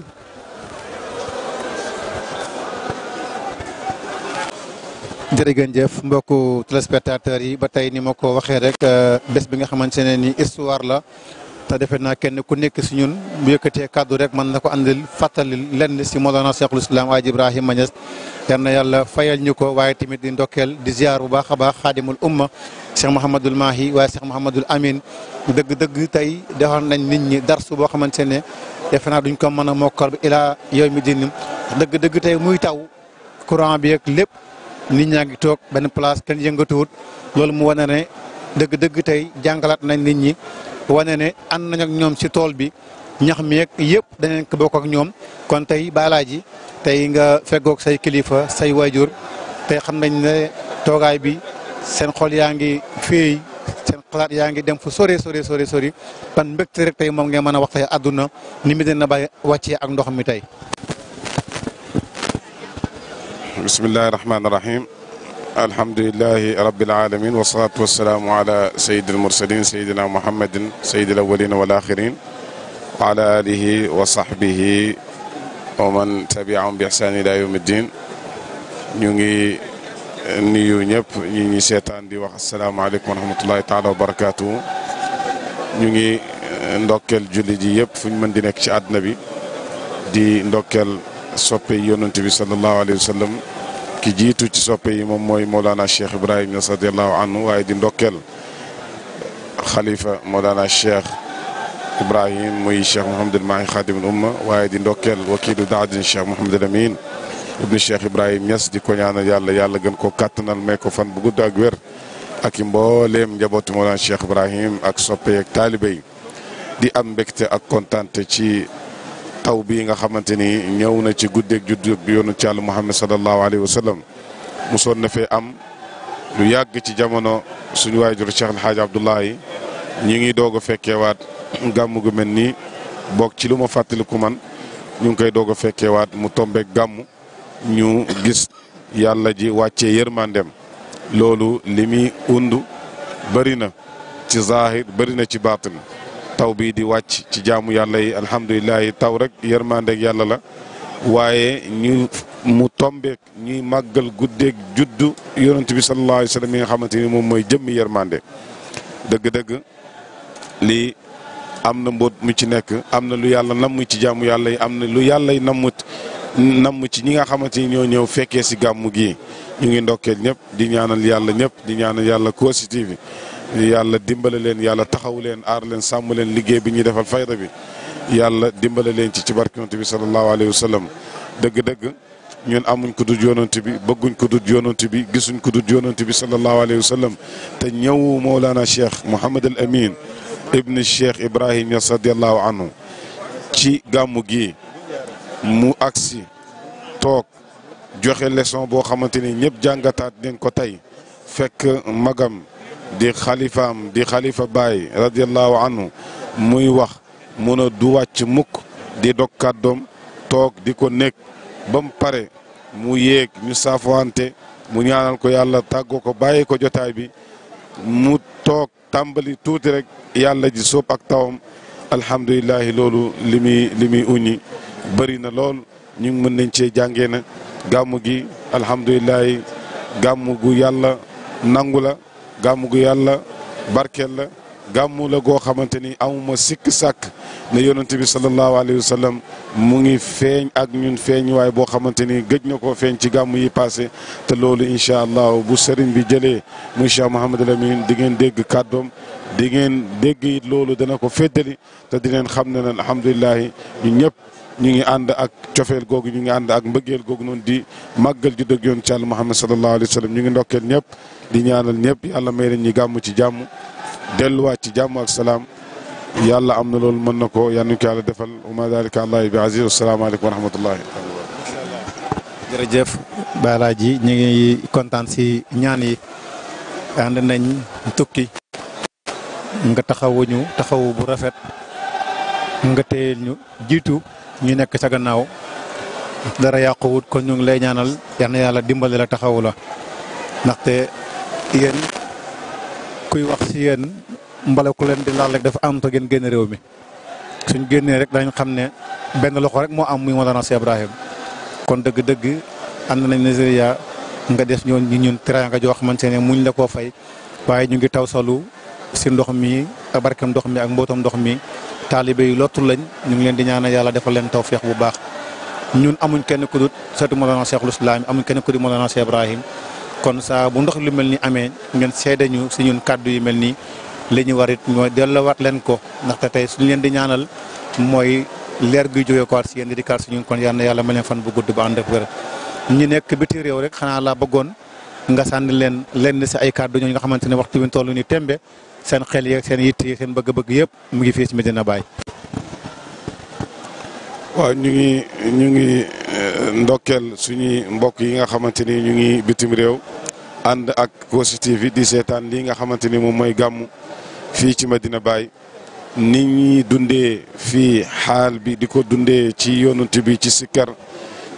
jërëjëf mbokku téléspectateurs yi ba tey ni ma ko waxee rek euh, bés bi nga xamante ne ni histoire la te defe naa kenn ku nekk si ñun bu yëkkatee kàddu rek mën na ko andil fàttali lenn si Mawlana Cheikhul Islam Aji Ibrahima Niass yal na yàlla fayal ñu ko waaye tamit di ndokel di ziar bu baax a baax xaadimul umma Cheikh Mouhamadul Mahi waaye Cheikh Mouhamadul Amin dëgg-dëgg tey defoon nañ nit ñi darsu boo xamante ne defe naa duñ ko mën a mokkal ilaa yawmi diin dëgg-dëgg tey muy taw courant bi ak lépp nit ñaa ngi toog benn place kenn yëngatuwut lool mu wane ne dëgg-dëgg tey jàngalaat nañ nit ñi. wane ne ànd nañ ak ñoom ci tool bi ñax mi yeeg yëpp danañ bokk ak ñoom kon tey balaaji tey nga feggoog say kilifa say waajur tey xam nañ ne toogaay bi seen xol yaa ngi féey seen xalaat yaa ngi dem fu sore sore sore sori ban mbégte rek tey moom ngeen mën a wax tey àdduna ni mu dina ba wàccee ak ndox mi tey. bismillahi rahmaani rahim. alhamdulilahi rabbil alamin wasalaatu wasalaamu ala sayid almursalin sayidina muhammadin sayid alawalin wal axirin wa ala alihi wa sahbihi wa man tabiahum bi ihsaan ila yawmi ddin ñu ngi nuyu ñëpp ñi ñi seetaan di wax asalaamaaleykum wa rahmatullahi taala wa barakaatuhu ñu ngi eh, ndokkeel julli ji yëpp fu ñu mën di nekk ci àdduna bi di ndokkeel soppe yonent bi sallallahu alayhi wa sallam ki jiitu ci soppe yi moom mooy Mawlana Cheikh Ibrahim Niass radiyallahu anhu waaye di ndokkeel xalifa Mawlana Cheikh Ibrahim muy Cheikh Mouhamadul Mahi Xaadimul Umma waaye di ndokkeel wakiilu daadin Cheikh Mouhamadul Amin ibnu Cheikh Ibrahim Niass di ko yàlla yàlla gën ko kàttanal ko fan bu gudd ak wér ak i mbooleem njabootu Mawlana Cheikh Ibrahim ak soppe yeeg taalibe di am mbégte ak kontaante ci. taw bi nga xamante ni ñëw na ci guddeeg judd bi yoonu ci àll Muhammad sallallahu alayhi wa sallam musoon na fee am lu yàgg ci jamono suñu waajur Cheikh El Hadj Abdoulaye ñi ngi doog a fekkeewaat gàmm gu mel nii boog ci lu ma fàttaliku man ñu ngi koy doog a fekkeewaat mu tombeek gàmm ñu gis yàlla ji wàccee yërmandem loolu li muy und bëri na ci zaahir bëri na ci baatin taw bii di wàcc ci jaamu yàlla yi alhamdulilah taw rek yërmandeeg yàlla la waaye ñu mu tombeek ñuy màggal guddeeg judd yonent bi sallallahu alayhi yi nga xamante ni moom mooy jëmmi yërmande dëgg-dëgg lii am na mbóot mu ci nekk am na lu yàlla namm ci jaamu yàlla yi am na lu yàllay yi nammut namm ci ñi nga xamante ni ñoo ñëw fekkee si gàmmu gi ñu ngi ndokkeel ñëpp di ñaanal yàlla ñëpp di ñaanal yàlla Kossy TV yàlla dimbale leen yàlla taxaw leen aar leen sàmm leen liggéey bi ñuy defal fayda bi yàlla dimbale leen ci ci barke yonent bi sallallahu alayhi wa dëgg-dëgg ñoon amuñ ko dut yonent bi bëgguñ ko dut bi gisuñ ko dut yonent bi sallallahu alayhi wa te ñëw laana Cheikh Mouhamed Al Amin ibni Cheikh Ibrahim Niass radiyallahu anhu ci gàmmu gi mu agsi toog joxe leçon boo xamante ni ñëpp jàngataat nañ ko tey fekk magam. di xalifaam di xalifa baay radiallahu anhu muy wax mun a du wàcc mukk di dog kàddoom toog di ko nekk ba mu pare mu yéeg ñu saafowante mu ñaanal ko yàlla tàggoo ko bàyyi ko jotaay bi mu toog tàmbali tuuti rek yàlla ji sóob ak tawam alhamdulilahi loolu li muy li muy uñi bëri na lool ñu mën nañ ci jàngee na gàmm gi alhamdulilahi gàmm gu yàlla nangu la gàmmu gu yàlla barkeel la gàmmu la goo xamante ni amuma sikk sàkk na yonent bi sallallahu alayhi wa sallam mu ngi feeñ ak ñun feeñ waaye boo xamante ni gëj na koo feeñ ci gàmm yi passé te loolu incha allah bu sëriñ bi jëlee muy Cheikh Mouhamadul Amin di ngeen dégg kàddoom di ngeen dégg it loolu dana ko féddali te di leen xam ne ne alhamdulilah ñu ñëpp ñu ngi ànd ak cofeel googu ñu ngi ànd ak mbëggeel googu noonu di màggal ju dëgg yoon ci Yàlla Muhammad sallallahu alayhi wa sallam ñu ngi ndokkeel ñëpp. di ñaanal ñëpp yàlla may leen ñi gàmm ci jàmm delluwaat ci jàmm ak salaam yàlla am na loolu mën na ko yal nañu ko yàlla defal wa ma dalika allahi bi aziz wasalaamaaleykum wa rahmatullahi jërëjëf Baara ji ñu ngi kontaan si ñaan yi ànd nañ tukki nga taxawuñu taxawu bu rafet nga téyel ñu jiitu ñu nekk sa gannaaw dara yàquwut kon ñu ngi lay ñaanal yal na yàlla dimbali la taxawu la ndaxte yéen kuy wax si yéen mbala ku leen di laal rek dafa am te ngeen génn réew mi suñ génnee rek danañ xam ne benn loxo rek moo am muy Mawlana Cheikh Ibrahim kon dëgg-dëgg ànd nañ Nigeria nga def ñoon ñi ñun teraanga joo xamante ne muñ la koo fay waaye ñu ngi taw salu si ndox mi barkem ndox mi ak mbootam ndox mi taalibe yi lottul lañ ñu ngi leen di ñaanal yàlla defal leen tawféex bu baax ñun amuñ kenn ku dut sëtu Mawlana Cheikhul Islam amuñ kenn ku dut Mawlana Cheikh Ibrahim kon saa bu ndox lu mel ni amee ngeen seede ñu si ñun kàddu yu mel nii li ñu war it mooy delloowaat leen ko ndaxte tey suñu leen di ñaanal mooy leer guy jógee ko si yéen di kaat si ñun kon yàlla ma leen fan bu gudd ba ànd ak wér ñu nekk ti réew rek xanaa laa bëggoon nga sànni leen lenn si ay kaddu ñoo nga xamante ne waxtu bi toll ni tembe seen xel yeeg seen yitt yi seen bëgg-bëgg yëpp mu ngi fii si Medina Baye waaw ñu ngi ñu ngi eh, ndokkeel suñuy mbokk yi nga xamante ni ñu ngi bitim réew ànd ak Kossy TV di seetaan lii nga xamante ni moom mooy gàmmu fii ci Medina Baye ni ñuy dundee fii xaal bi di ko dundee ci yonent bi ci sikkar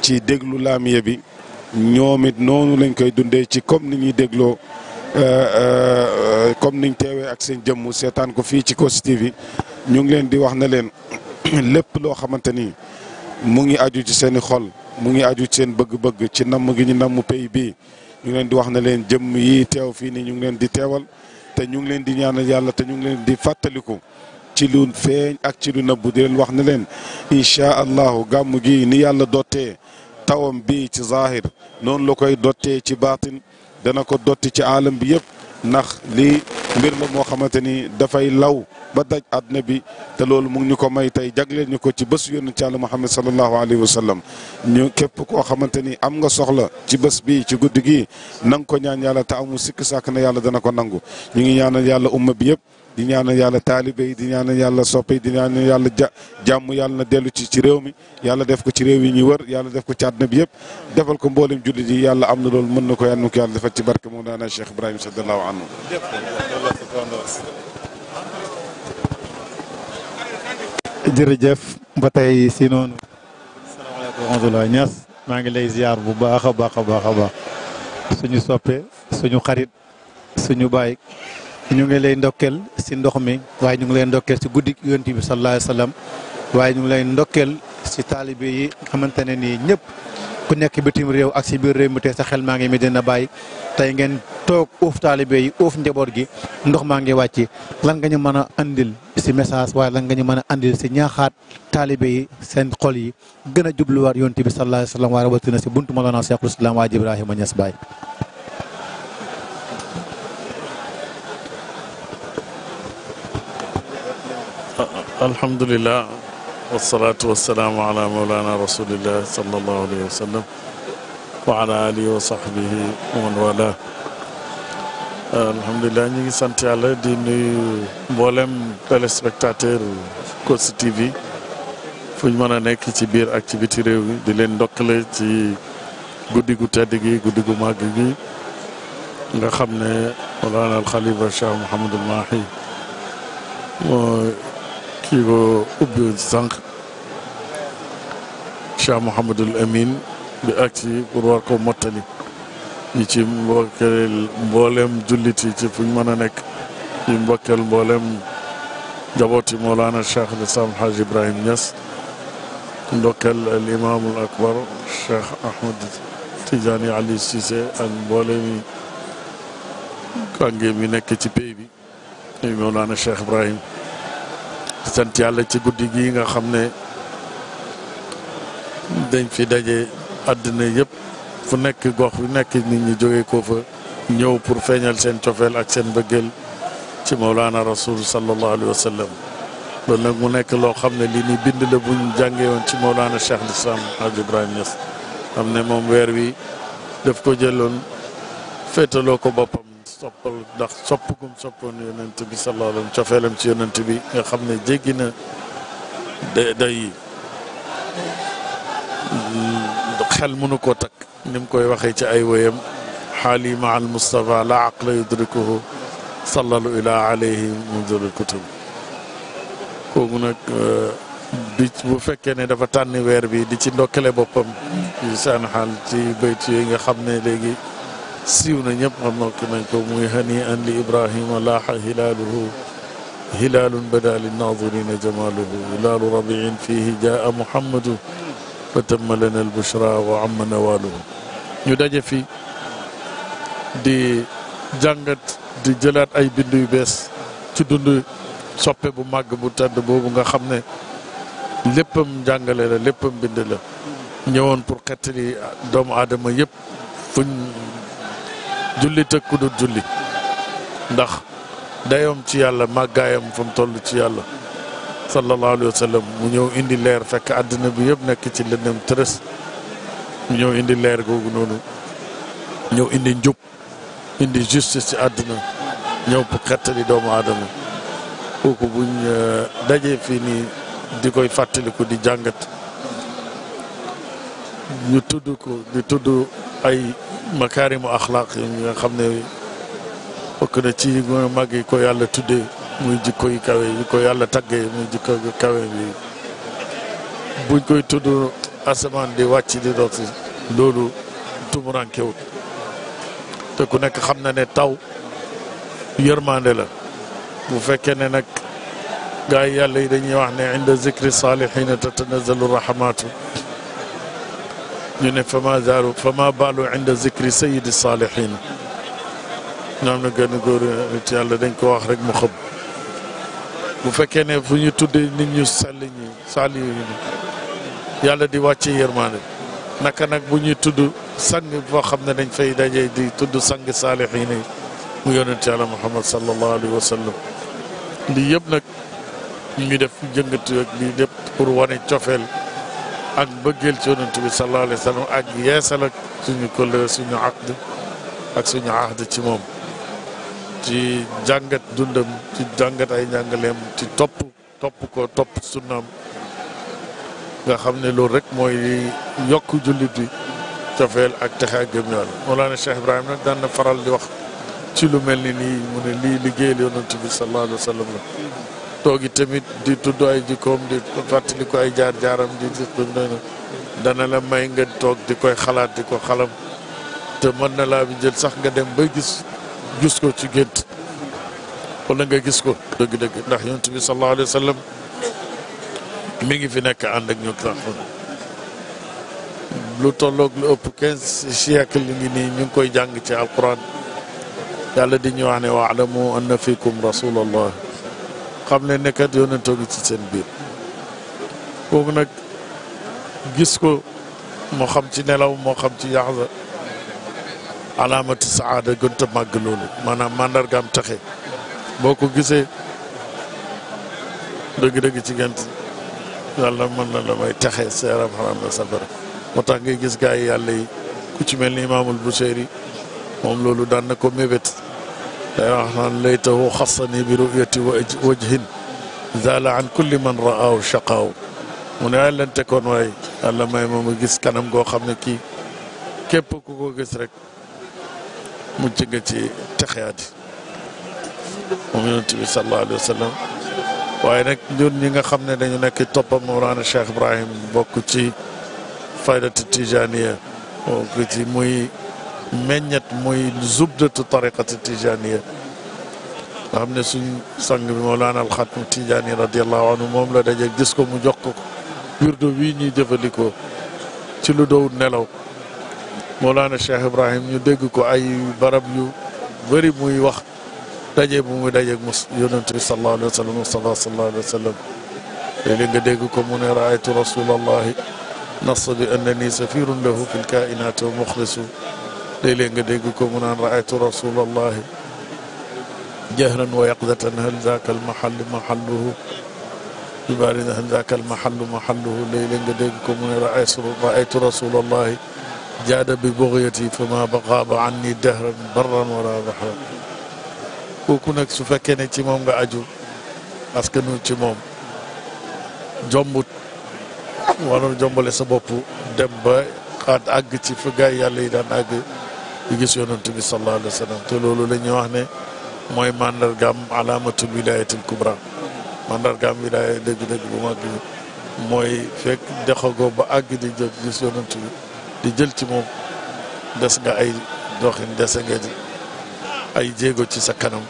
ci déglu laamiya bi ñoom it noonu lañ koy dundee ci comme ni ñuy dégloo eh, eh, comme niñ teewee ak seen jëmm seetaan ko fii ci Kossy yi ñu ngi leen di wax na leen lépp loo xamante ni mu ngi aju ci seen i xol mu ngi aju ci seen bëgg-bëgg ci namm gi ñu namm pays bii ñu ngi leen di wax na leen jëmm yi teew fii nii ñu ngi leen di teewal te ñu ngi leen di ñaanal yàlla te ñu ngi leen di fàttaliku ci lu feeñ ak ci lu nëbbu di leen wax na leen incha allahu gàmm gi ni yàlla dottee tawam bi ci zahir noonu la koy dottee ci baatin dana ko dotti ci aalam bi yëpp. ndax li mbir la moo xamante ni dafay law ba daj àdduna bi te loolu mu ñu ko may tey jagleel ñu ko ci bés yónni ci Yàlla Muhammad sallallahu alayhi wa sallam ñu képp koo xamante ni am nga soxla ci bés bi ci guddi gi nang ko ñaan yàlla te amul sikk sàkk na yàlla dana ko nangu ñu ngi ñaanal yàlla umma bi yëpp. di ñaanal yàlla taalibe yi di ñaanal yàlla soppe yi di ñaanal yàlla ja jàmm na dellu ci ci réew mi yàlla def ko ci réew yi ñuy wër yàlla def ko ci àdduna bi yëpp defal ko mboolem jullit yi yàlla am na loolu mën na ko yàlla na ko defal ci barke moom daana Cheikh Ibrahima sallallahu anhu jërëjëf ba tey si noonu. salaamaaleykum maa ngi lay ziar bu baax a baax baax a baax suñu soppe suñu xarit suñu baay. ñu ngi lay ndokkeel si ndox mi waaye ñu ngi lay ndokkeel si guddi yonent bi sallallahu alayhi wa sallam waaye ñu ngi lay ndokkeel si taalibe yi xamante ne nii ñëpp ku nekk bitim réew ak si biir réew mi te sa xel maa ngi mi Medina Baye tey ngeen toog uuf taalibe yi uuf njaboot gi ndox maa ngi wàcc lan nga ñu mën a andil si message waaye lan nga ñu mën a andil si ñaaxaat taalibe yi seen xol yi gën a jubluwaat yonent bi sallallahu alayhi wa sallam waaye rawatina si buntu Mawlana Cheikhul Islam Haji Ibrahima Niass Baye alhamdulilah wasalaatu wasalaamu ala maulana rasulillah salallahu alayhi wa sallam wa ala alihi wa sahbihi wa man wala alhamdulilah ñu ngi sant yàlla di nuyu mboolem téléspectateur Kossy TV fu ñu mën a nekk ci biir ak ci biti réew mi di leen ndokkale ci guddi gu tedd gi guddi gu màgg gi nga xam ne maulana alxalifa Cheikh Mouhamadul Mahi kii ba ubbi woon sànq Cheikh Mouhamadul Amin bi ak ci pour war ko mottali yi ci mbokkeel mboolem jullit yi ci fuñ mën a nekk yi mbokkeel mboolem jabooti Mawlana Cheikh al Islam Ibrahim Niass ndokkeel al imaamul akbar Cheikh Ahmed Tidiane Ali Cissé ak mboolemi kàngee mi nekk ci pays bi Mawlana Cheikh Ibrahim di sant yàlla ci guddi gi nga xam ne dañ fi daje àddina yëpp fu nekk gox yu nekk nit ñi jóge koo fa ñëw pour feeñal seen cofeel ak seen bëggeel ci Mawlana Rasul sallallahu alayhi wa sallam loolu nag mu nekk loo xam ne lii ni bind la buñ jàngee woon ci Mawlana Cheikh al-Islam Ibrahim Niass xam ne moom weer wi daf ko jëloon féetaloo ko boppam soppal ndax sopp gum soppoon yonent bi sallallahu ci yonent bi nga xam ne jéggi na day xel mënu koo takk nim koy waxee ci ay woyam xaali ma al Mustafa la aqla yudrikuhu sallalu ila alayhi munzul kutub kooku nag euh, bi bu fekkee ne dafa weer bi di ci ndokkale boppam ci xaal ci bayt yi nga xam ne léegi siiw na ñëpp xam nokki nañ ko muy hani an li ibrahima laaxa hilaaluhu hilaalun bada linnadirina jamaaluhu hilaalu rabiin fihi jaa muhammadu fa tamma lana albushra wa amma nawaaluhu ñu daje fi di jàngat di jëlaat ay bind yu bees ci dund soppe bu màgg bu tedd boobu nga xam ne léppam njàngale la léppam bind la ñëwoon pour xettali doomu aadama yëpp jullit ak ku dul ndax dayoom ci yàlla màggaayam fa mu toll ci yàlla sallallahu alayhi mu ñëw indi leer fekk àdduna bi yëpp nekk ci lëndëm tërës mu ñëw indi leer googu noonu ñëw indi njub indi justice ci àddina ñëw pour xettali doomu aadama kooku buñ euh, dajee fii nii di koy fàttaliku di jàngat ñu tudd ko di tudd ay makaarimu axlaaq yi nga xam ne bokk na ci mag yi ko yàlla tuddee muy jikko yi kawe yi ko yàlla taggee muy jikko yi kawe bi buñ koy tudd asamaan di wàcc di dox si loolu tumurankewut te ku nekk xam na ne taw yërmande la bu fekkee ne nag gaa yi yàlla yi dañuy wax ne inda zikri saalihiina tatanazzalu rahmaatu ñu ne fama zaaru fama baalu inda zikri sayidi saalihin ñoom na gën a góor ci yàlla dañ ko wax rek mu xëb bu fekkee ne fu ñu tuddee nit ñu sell ñi saali yàlla di wàcce yërmaande naka nag bu ñuy tudd sang boo xam ne dañ fay daje di tudd sang saalihin yi mu yonent yàlla muhammad sallallahu alayhi wa sallam lii yëpp nag ñu def jëngatu ak lii yëpp pour wane cofeel ak bëggeel ci yonent bi sallallahu alayhi ak yeesal ak suñu kóllëre suñu aqd ak suñu ahd ci moom ci jàngat dundam ci jàngat ay njàngaleem ci topp topp ko topp sunnaam nga xam ne loolu rek mooy yokk jullit yi cofeel ak texe ak gëm yàlla Mawlana Cheikh Ibrahim nag daan na faral di wax ci lu mel ni nii mu ne lii liggéey yonent bi sallallahu alayhi wa toogi tamit di tudd ay jikkoom di fàttali ko ay jaar-jaaram di gis dana la may nga toog di koy xalaat di ko xalam te man na laa bi jël sax nga dem ba gis gis ko ci gént wala nga gis ko dëgg-dëgg ndax yonent bi sallallahu alayhi wa mi ngi fi nekk ànd ak ñu sax lu tolloog lu ëpp quinze siècle li ngi nii ñu ngi koy jàng ci alquran yàlla di ñu wax ne wa'lamu anna fiikum rasulallah xam ne nekkat yonentoo ngi ci seen biir kooku nag gis ko moo xam ci nelaw moo xam ci yaxsa alaamati saada gënta màgg loolu maanaam màndargaam taxe boo ko gisee dëgg-dëgg ci gent yàlla mën na la may taxe seeram xaram na sabara moo tax gis gaa yi yàlla ci mel ni imaamul Buseyri moom loolu daan na ko mébét day wax naan laytahu xasani bi ruyati wajhin zala an kulli man raahu shaqaaw mu ne ay lente kon waaye yàlla may ma ma gis kanam goo xam ne kii képp ku ko gis rek mucc nga ci texeyaati moom yonent bi sallallahu alayhi wa sallam waaye nag ñun ñi nga xam ne dañu nekk toppam Mawlana Cheikh Ibrahim bokk ci faydatu tijaniya bokk ci muy meññet muy zubdatu tariqati tijaniya nga xam ne suñ sang bi Mawlana Alxatmu Tijaani radiyallahu anhu moom la daje gis ko mu jox ko wirdo wii ñuy jëfandikoo ci lu dowul nelaw Mawlana Cheikh Ibrahim ñu dégg ko ay barab yu bëri muy wax daje bu muy dajeeg mos yonent bi sallallahu alayhi wa sallam Mustafa dégg ko mu ne raaytu rasulallahi nas bi annani safirun lahu fi lkainati wa muxlisun léeg nga dégg ko mu naan raaytu rasulallahi jahran wa yaqdatan hal zaaka al mahallu mahalluhu ibarin nga dégg ko mu ne raaytu rasulallahi jaada bi bugyati fa ma baxaaba anni dahran barran wala bahran kooku nag su fekkee ne ci moom nga aju parce que nu ci moom jombut wala jombale sa bopp dem ba xaat ci fa gaay yàlla yi daan di gis yonent bi sallallahu alayhi te loolu la ñuy wax ne mooy mandargaam alaamatul wilaayatil kubra mandargaam wilaaya dëgg-dëgg bu mag mooy fekk dexagoo ba àgg di jot gis yonent bi di jël ci moom des nga ay doxin dese nga ay jéego ci sa kanam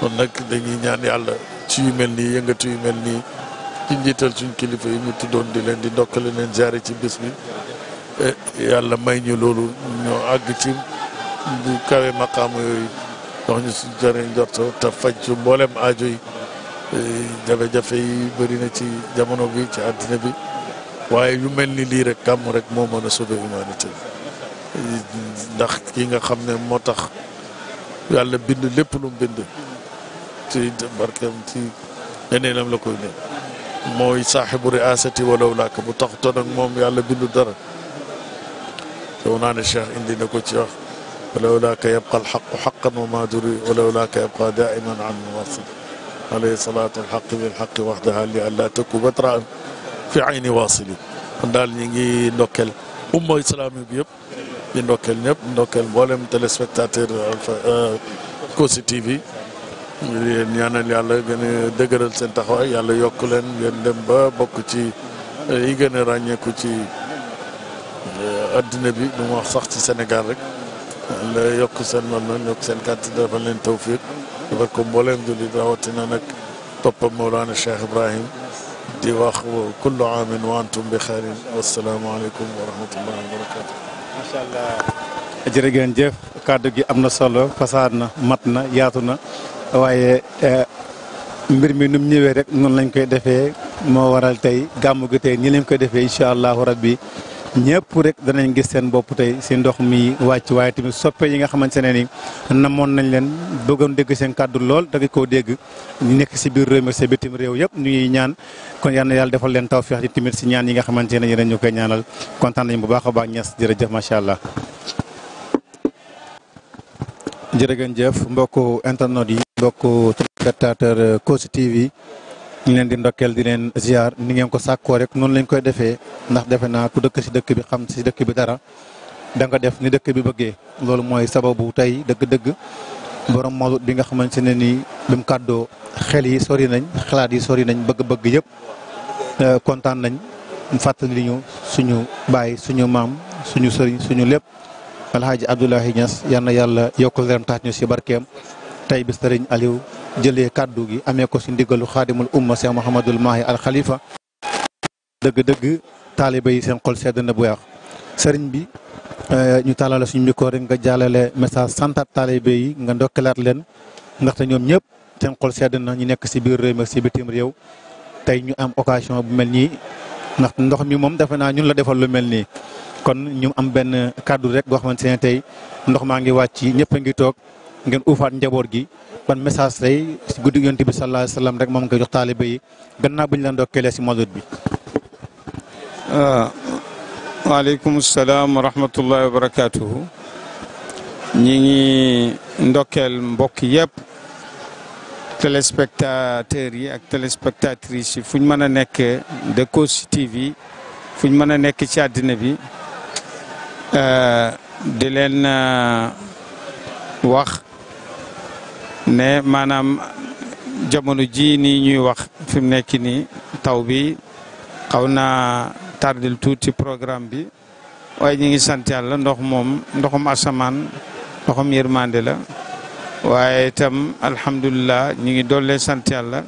kon nag dañuy ñaan yàlla ci yu mel nii yëngatu yu mel nii ci njiital suñ kilifa yi ñu tuddoon di leen di ndokkale leen jaare ci bés bi Eh, yàlla may ñu loolu ñoo àgg ci bu kawe maqaamu yooyu dox ñu suñ jëriñ njorto te ci mboolem aajo eh, jafe-jafe yi bëri na ci jamono bi ci àddina bi waaye yu mel ni lii rek gàmm rek moo mën a sauvé humanité ndax ki nga xam ne moo tax yàlla bind lépp lu mu bind ci barkeem ci ngeneelam la koy ne mooy saaxibu riasati walaw làkk bu taxutoon ak moom yàlla bindu dara yow naa ne Cheikh indi na ko ci wax walawlaaka yabqa alxaqu xaqan wa maa duri walawlaaka yabqa daiman an waasil alayhi salaatu alxaqi bilxaqi waxdaha li an laa taku batraan fi ayni waasili kon daal ñu ngi ndokkeel umma islami bi yëpp di ndokkeel ñëpp ndokkeel mboolem téléspectateur Alpha Kossy TV ñu leen ñaanal yàlla gën a dëgëral seen taxawaay yàlla yokk leen ngeen dem ba bokk ci yi gën a ràññeeku ci Euh, addina bi du ma wax sax ci Sénégal rek la yokk seen man-man yokk seen kàtt defal leen tawfiq defal ko jullit rawatina nag toppam Mawlana Cheikh Ibrahim di wax kullu aamin wa antum bi xayrin wasalaamaaleykum wa rahmatullahi wa barakatu macha allah jërëjëf kàddu gi am na solo fasaad na mat na yaatu na waaye eh, mbir mi nu mu ñëwee rek noonu lañ koy defee moo waral tey gàmmu gi tey nii lañ koy defee incha allahu rabbi ñépp rek danañ gis seen bopp tey si ndox mi wàcc waaye tamit soppe yi nga xamante ne ni namoon nañ leen bëggoon dégg seen kàddu lool da nga koo dégg nekk si biir réew mi si bitim réew yëpp ñu ñaan kon yal na yàlla defal leen tawfeex yi tamit si ñaan yi nga xamante ne yéen ñu koy ñaanal kontaan nañ bu baax a baax ñes jërëjëf macha allah. jërëjëf mbokku internet yi mbokku téléspectateur Kossy TV ñu leen di ndokkeel di leen ziar ni ngeen ko sàkkoo rek noonu lañ koy defee ndax defe naa ku dëkk si dëkk bi xam si dëkk bi dara da nga def ni dëkk bi bëggee loolu mooy sababu tey dëgg-dëgg boroom mawlud bi nga xamante ne nii bi kàddoo xel yi sori nañ xalaat yi sori nañ bëgg-bëgg yëpp euh, kontaan nañ fàttali ñu suñu baay suñu maam suñu sëriñ suñu lépp alhaaji Abdoulahi Niass yal na yàlla yokkul leen tax ñu si barkeem tey bi sëriñ Aliou jëlee kàddu gi amee ko si ndigalu xaadimul umma Cheikh Mouhamadul Mahi al Khalifa. dëgg-dëgg taaliba yi seen xol sedd na bu yàqu sëriñ bi euh, ñu taalale suñu micro rek nga jàllale message santa taaliba yi nga ndokkalaat leen ndaxte ñoom ñëpp seen xol sedd na ñu nekk si biir réew mi si bitim réew tey ñu am occasion bu mel nii ndax ndox mi moom defe naa ñun la defal lu mel nii. kon ñu am benn kàddu rek boo xamante ne tey ndox maa ngi wàcc ñëpp a ngi toog ngeen uufaat njaboot gi. ban message tey si guddi yonent bi sallallahu alayhi rek moom nga jox taalibe yi gannaaw bu ñu leen dokkeelee si mawlud bi. Ah, waaleykum salaam wa rahmatullahi wa ñi ngi mbokk yëpp. téléspectateurs yi ak téléspectatrices yi fu ñu mën a nekk de Kossy TV fu ñu mën a nekk ci àddina bi eh, di leen eh, wax. ne maanaam jamono ji nii ñuy wax fi mu nekk nii taw bi xaw naa tardil tuuti programme bi waaye ñu ngi sant yàlla ndox moom ndoxum asamaan ndoxum yërmande la waaye tam alhamdulilah ñu ngi doole sant yàlla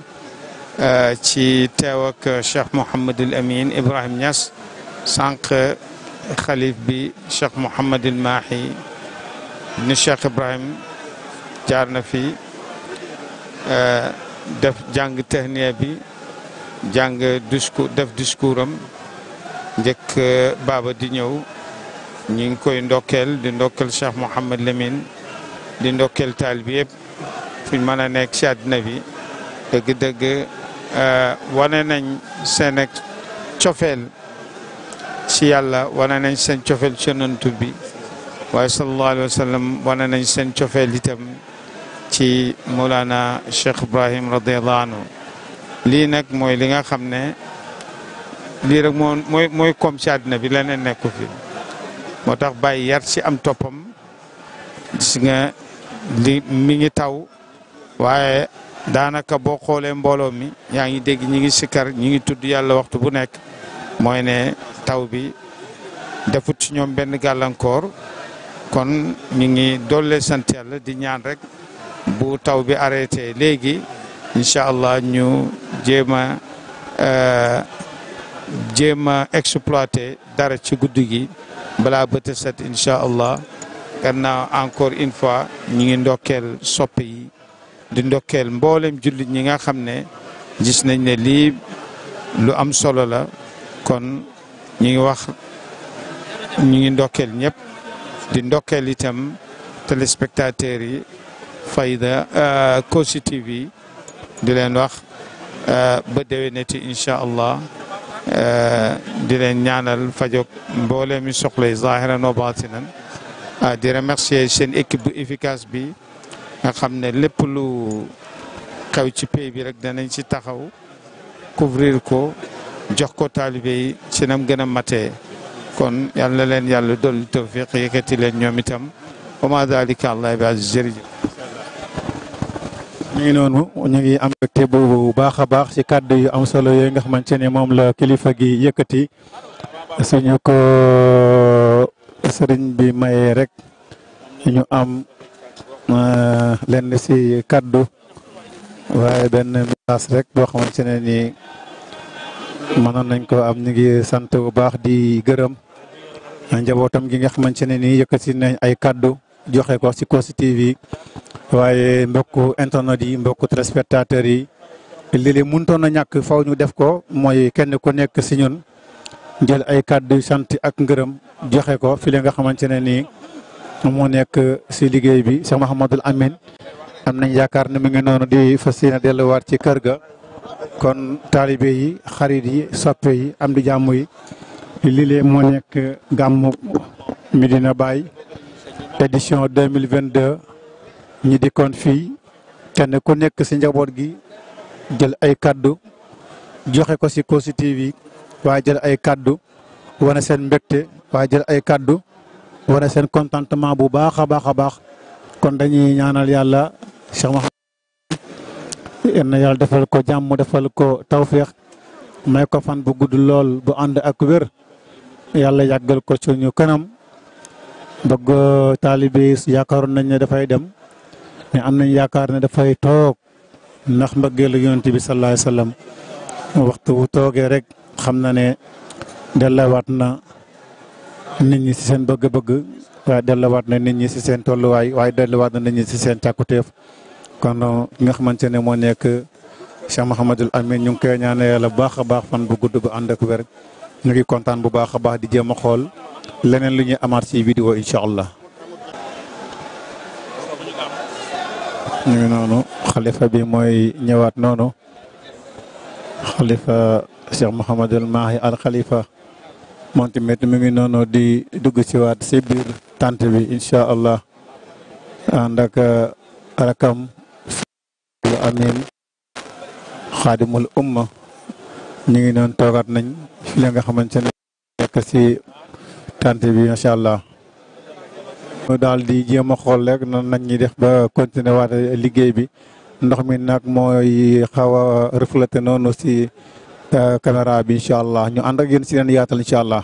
euh, ci teew ak Cheikh Mouhamadul Amin Ibrahim Niass sànq xalif bi Cheikh Mouhamadul Mahi ni Cheikh Ibrahim jaar na fi. Euh, def jàng technique bi jàng discours def discours am njëkk euh, baaba di ñëw ñu ngi koy ndokkeel di ndokkeel Cheikh Mouhamed Lamine di ndokkeel taal bi yëpp fu ñu mën a nekk ci àddina bi dëgg-dëgg euh, wane nañ seen ak cofeel ci yàlla wane nañ seen cofeel ci yonent bi waaye sallallahu alayhi wa sallam nañ seen cofeel itam ci Mawlana Cheikh Ibrahim radiallahu anhu lii nag mooy li nga xam ne lii rek moo mooy mooy ci àddina bi leneen nekku fi moo tax bàyyi yar ci am toppam si nga mi ngi taw waaye daanaka boo xoolee mbooloo mi yaa ngi dégg ñi ngi sikkar ñi ngi tudd yàlla waxtu bu nekk mooy ne taw bi defut ci ñoom benn gàllankoor kon ñu ngi doole sant yàlla di ñaan rek bu taw bi arrêté léegi incha allah ñu jéem a euh, jéem a exploité dara ci guddi gi balaa bët a set incha allah gannaaw encore une fois ñu ngi ndokkeel soppe yi di ndokkeel mboolem jullit ñi nga xam ne gis nañ ne lii lu am solo la kon ñu ngi wax ñu ngi ndokkeel ñëpp di ndokkeel itam téléspectateurs yi. fayda euh, Kossy TV di leen wax euh, ba déwénati incha allah euh, di leen ñaanal fajo mboole mi soxlay zahiran wa batinan di remercier seen équipe bu efficace bi nga xam ne lépp lu xew ci pays bi rek danañ ci taxaw couvrir ko jox ko taalibe yi ci nam gën a matee kon yal na leen yàlla dolli tawfiq yëkkati leen ñoom itam wa dalika allah bi aziz mi ngi ngi am mbégte bu baax a baax ci kàddu yu am solo yooyu nga xamante ne moom la kilifa gi yëkkati suñu ko sëriñ bi maye rek ñu am uh, lenn si kàddu waaye benn message rek boo xamante ne nii mënoon nañ ko am ñu ngi sant bu baax di gërëm njabootam gi nga xamante ne nii yëkkati nañ ay kàddu. joxe ko si Kossy TV waaye mbokk internet yi mbokku téléspectateurs yi léeg-léeg mënutoon a ñàkk faw ñu def ko mooy kenn ku nekk si ñun jël ay kàddu sant ak ngërëm joxe ko fi li nga xamante ne nii moo nekk si liggéey bi Cheikh Mouhamadul Amine am nañ yaakaar ne mu ngi noonu di fas yéene delluwaat ci kër ga kon taalibe yi xarit yi soppe yi am di jàmm yi lii lee moo nekk gàmmu Medina Baye édition 2022 ñi dikkoon fii kenn ku nekk ci njaboot gi jël ay kaddu joxe ko ci Kossy TV waa jël ay kaddu wane seen mbégte waa jël ay kaddu wane seen contentement bu baax a baax a baax kon dañuy ñaanal yàlla Cheikh Mahamad na yàlla defal ko jàmm defal ko tawféex may ko fan bu gudd lool bu ànd ak wér yàlla yàggal ko suñu kanam dogg uh, taalibe yaakaaroon nañ ne dafay dem mais am nañ yaakaar ne dafay toog ndax mbëggeelu yonent bi sallallahu alayhi wasallam waxtu bu toogee rek xam na ne dellawaat na nit ñi ci seen bëgg-bëgg waaye dellawaat na nit ñi ci seen tolluwaay waaye dellawaat na nit ñi ci seen càkkutéef kon uh, nga xamante ne moo nekk Cheikh Mouhamadul Amine ñu ngi koy ñaanal yàlla bu baax a baax fan bu gudd bu ànd kontaan bu baax a baax di jéem a xool. leneen lu ñuy amaat ci vidéo incha allah. ñu ngi noonu xalifa bi mooy ñëwaat noonu xalifa Cheikh Mouhamadul Mahi al xalifa moom ngi noonu di dugg ci waat ci biir tànt bi incha allah ànd ak uh, rakam amin xaadimul umma ñu ngi noonu toogaat nañ fi la nga xamante nekk ci tante bi macha allah. ñu daal di jéem a xool rek nan nag ñuy def ba continuer waat liggéey bi ndox mi nag mooy xaw a reflété noonu si euh, caméra bi incha allah ñu ànd ak yéen si leen yaatal incha allah.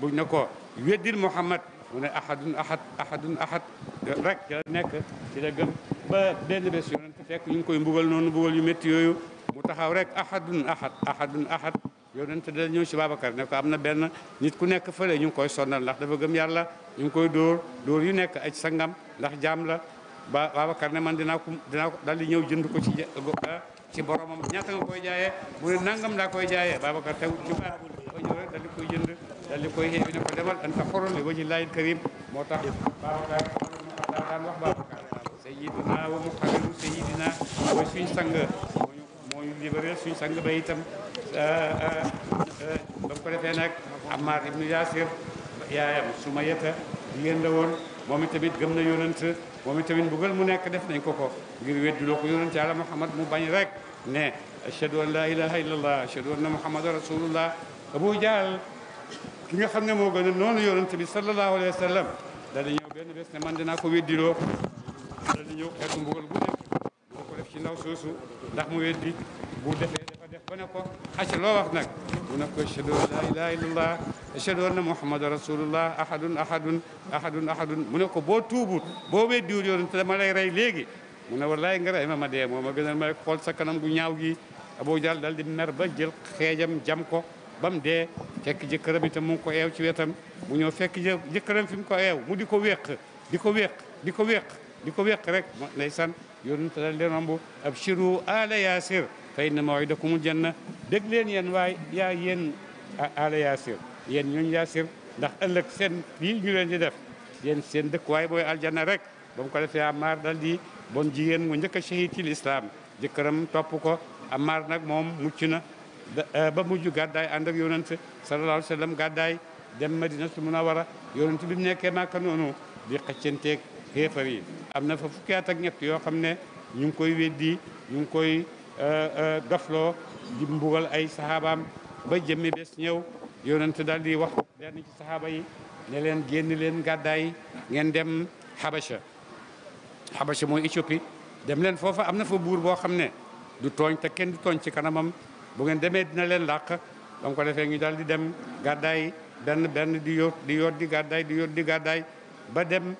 buñ ne ko weddil Muhammad mu ne ahadun ahad ahadun ahad rek ci nekk ci la gëm ba benn bés yonent fekk ñu ngi koy mbugal noonu mbugal yu métti yooyu mu taxaw rek ahadun ahad ahadun ahad yonent da ñëw si Babacar ne ko am na benn nit ku nekk fa ñu ngi koy sonnal ndax dafa gëm yàlla ñu ngi koy dóor dóor yu nekk aj sangam ndax jaam la ba Babacar ne man dinaa ko dinaa ko di ñëw jënd ko ci ah, ci boromam ñaata nga koy jaayee mu nangam laa koy jaayee Babacar tegu ci baat dal di koy xeewi ne ko demal anta xoron li waji laayil karim moo tax Babacar daan wax Babacar sayidina wa muqarrabu sayidina mooy suñ sang moo ñu libéré suñ sang ba itam euh, euh, euh, ba mu ko defee nag Ammar ibnu Yasir yaayam Sumayata jigéen la woon moom itamit gëm na yonent moom itamit mbugal mu nekk def nañ ko ko ngir weddiloo ko yonent yàlla Muhammad mu bañ rek ne ashhadu an la ilaha illallah ashhadu anna muhammadan rasulullah Abu Jahl ki nga xam ne moo gën a noonu yonent bi sallallahu alayhi wa sallam da di ñëw benn bés ne man dinaa ko weddiloo da di ñëw xeetu mbugal bu nekk moo ko def ci ndaw soosu ndax mu weddi bu defee dafa def ba ne ko acca loo wax nag mu ne ko ashhadu an la ilaha illallah ashhadu anna muhammadan rasulullah ahadun ahadun ahadun ahadun mu ne ko boo tuubut boo weddiwul yonent dama lay rey léegi mu ne wallaay nga rey ma ma dee moo ma a may xool sa kanam gu ñaaw gi Abu Jahl dal di mer ba jël xeejam jam ko ba mu dee fekk jëkkëram itam mu ngi ko eew ci wetam mu ñëw fekk jëkkëram fi mu ko eew mu di ko wéq di ko weq di ko wéq di ko wéq rek ndeysaan yonent daal leen romb abshiru ala yaasir fa inna maw'idakumul janna dégg leen yéen waay yaa yéen ala yaasir yéen ñooñu yaasir ndax ëllëg seen yi ñu leen di def yéen seen dëkkuwaay booy aljanna rek ba mu ko defee Ammaar dal di bon jigéen mu njëkk a shahid ci lislaam jëkkëram topp ko Ammaar nag moom mucc na Eh, ba mujj gàddaay ànd ak yonent sallallahu alayhi wa sallam gàddaay dem madinatul munawara yonent bi mu nekkee màkka noonu di xëccanteeg xéefar yi am na fa fukki at ñett yoo xam ne ñu ngi koy weddi ñu ngi koy eh, eh, dofloo di mbugal ay sahabaam ba jëmmi bés ñëw yonent daal di wax benn ci sahaaba yi ne leen génn leen gàddaay ngeen dem xabacha xabacha mooy Éthiopie dem leen foofa am na fa buur boo xam ne du tooñ te kenn du tooñ ci kanamam bu ngeen demee dina leen làq ba ko defee ñu daal di dem gàddaay benn benn di yóot di yóot di gàddaay di yóot di gàddaay ba dem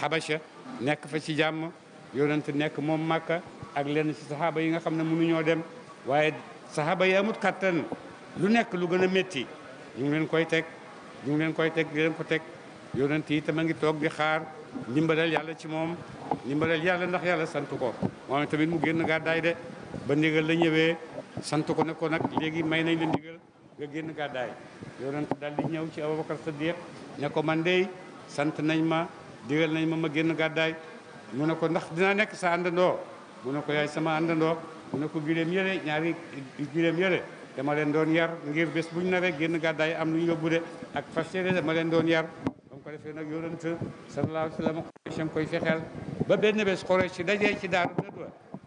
xabasha nekk fa ci jàmm yonent nekk moom màkka ak lenn ci saxaaba yi nga xam ne ñoo dem waaye saxaaba yi amut kattan lu nekk lu gën a métti ñu ngi leen koy teg ñu ngi leen koy teg di leen ko teg yonent yi tam a ngi toog di xaar ndimbalal yàlla ci moom ndimbalal yàlla ndax yàlla sant ko moom tamit mu génn gàddaay de ba ndigal la ñëwee sant ko ne ko nag léegi may nañ la ndigal nga génn gàddaay yonent dal ñëw ci Abubakar Sadiq ne ko man dey sant nañ ma digal nañ ma ma génn gàddaay mu ne ko ndax dina nekk sa àndandoo mu ne ko yaay sama àndandoo mu ne ko gileem yële ñaari gileem yële dama leen doon yar ngir bés bu ñu naree génn gàddaay am lu ñu yóbbu de ak fas yële dama leen doon yar ba mu ko defee nag yonent sallallahu alayhi wa sallam koy fexeel ba benn bés xore ci ci daaru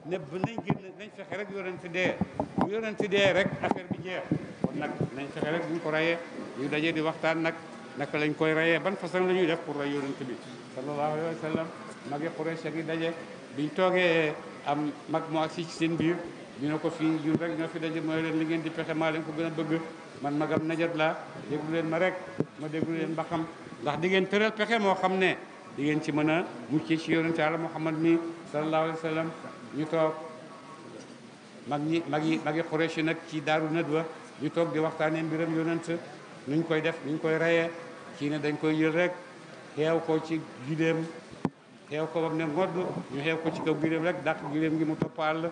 ne ba nañ génn nañ fexe rek yonent dee bu yonent dee rek affaire bi jeex kon nag nañ fexe rek buñ ko rayee ñu dajee di waxtaan nag naka lañ koy rayee ban façon la ñuy def pour ray yonent bi sallallahu alayhi wa sallam magi Quraysh ak daje biñ toogee am mag moo agsi ci seen biir ñu ne ko fii ñun rek ñoo fi daje mooy leen li ngeen di pexe maa leen ko gën a bëgg man magam najat laa déglu leen ma rek ma déglu leen ba xam ndax di ngeen tëral pexe moo xam ne di ci mën a mucc ci yonent Yàlla Muhammad mi sallallahu alayhi wa sallam ñu toog mag ñi mag yi magi Quraysh nag ci daaru nadwa ñu toog di waxtaanee mbiram yonent nuñ koy def nuñ koy reyee kii ne dañ koy jël rek xeew ko ci gileem xeew ko bam ne ngodd ñu xeew ko ci kaw gileem rek dàq gileem gi mu toppal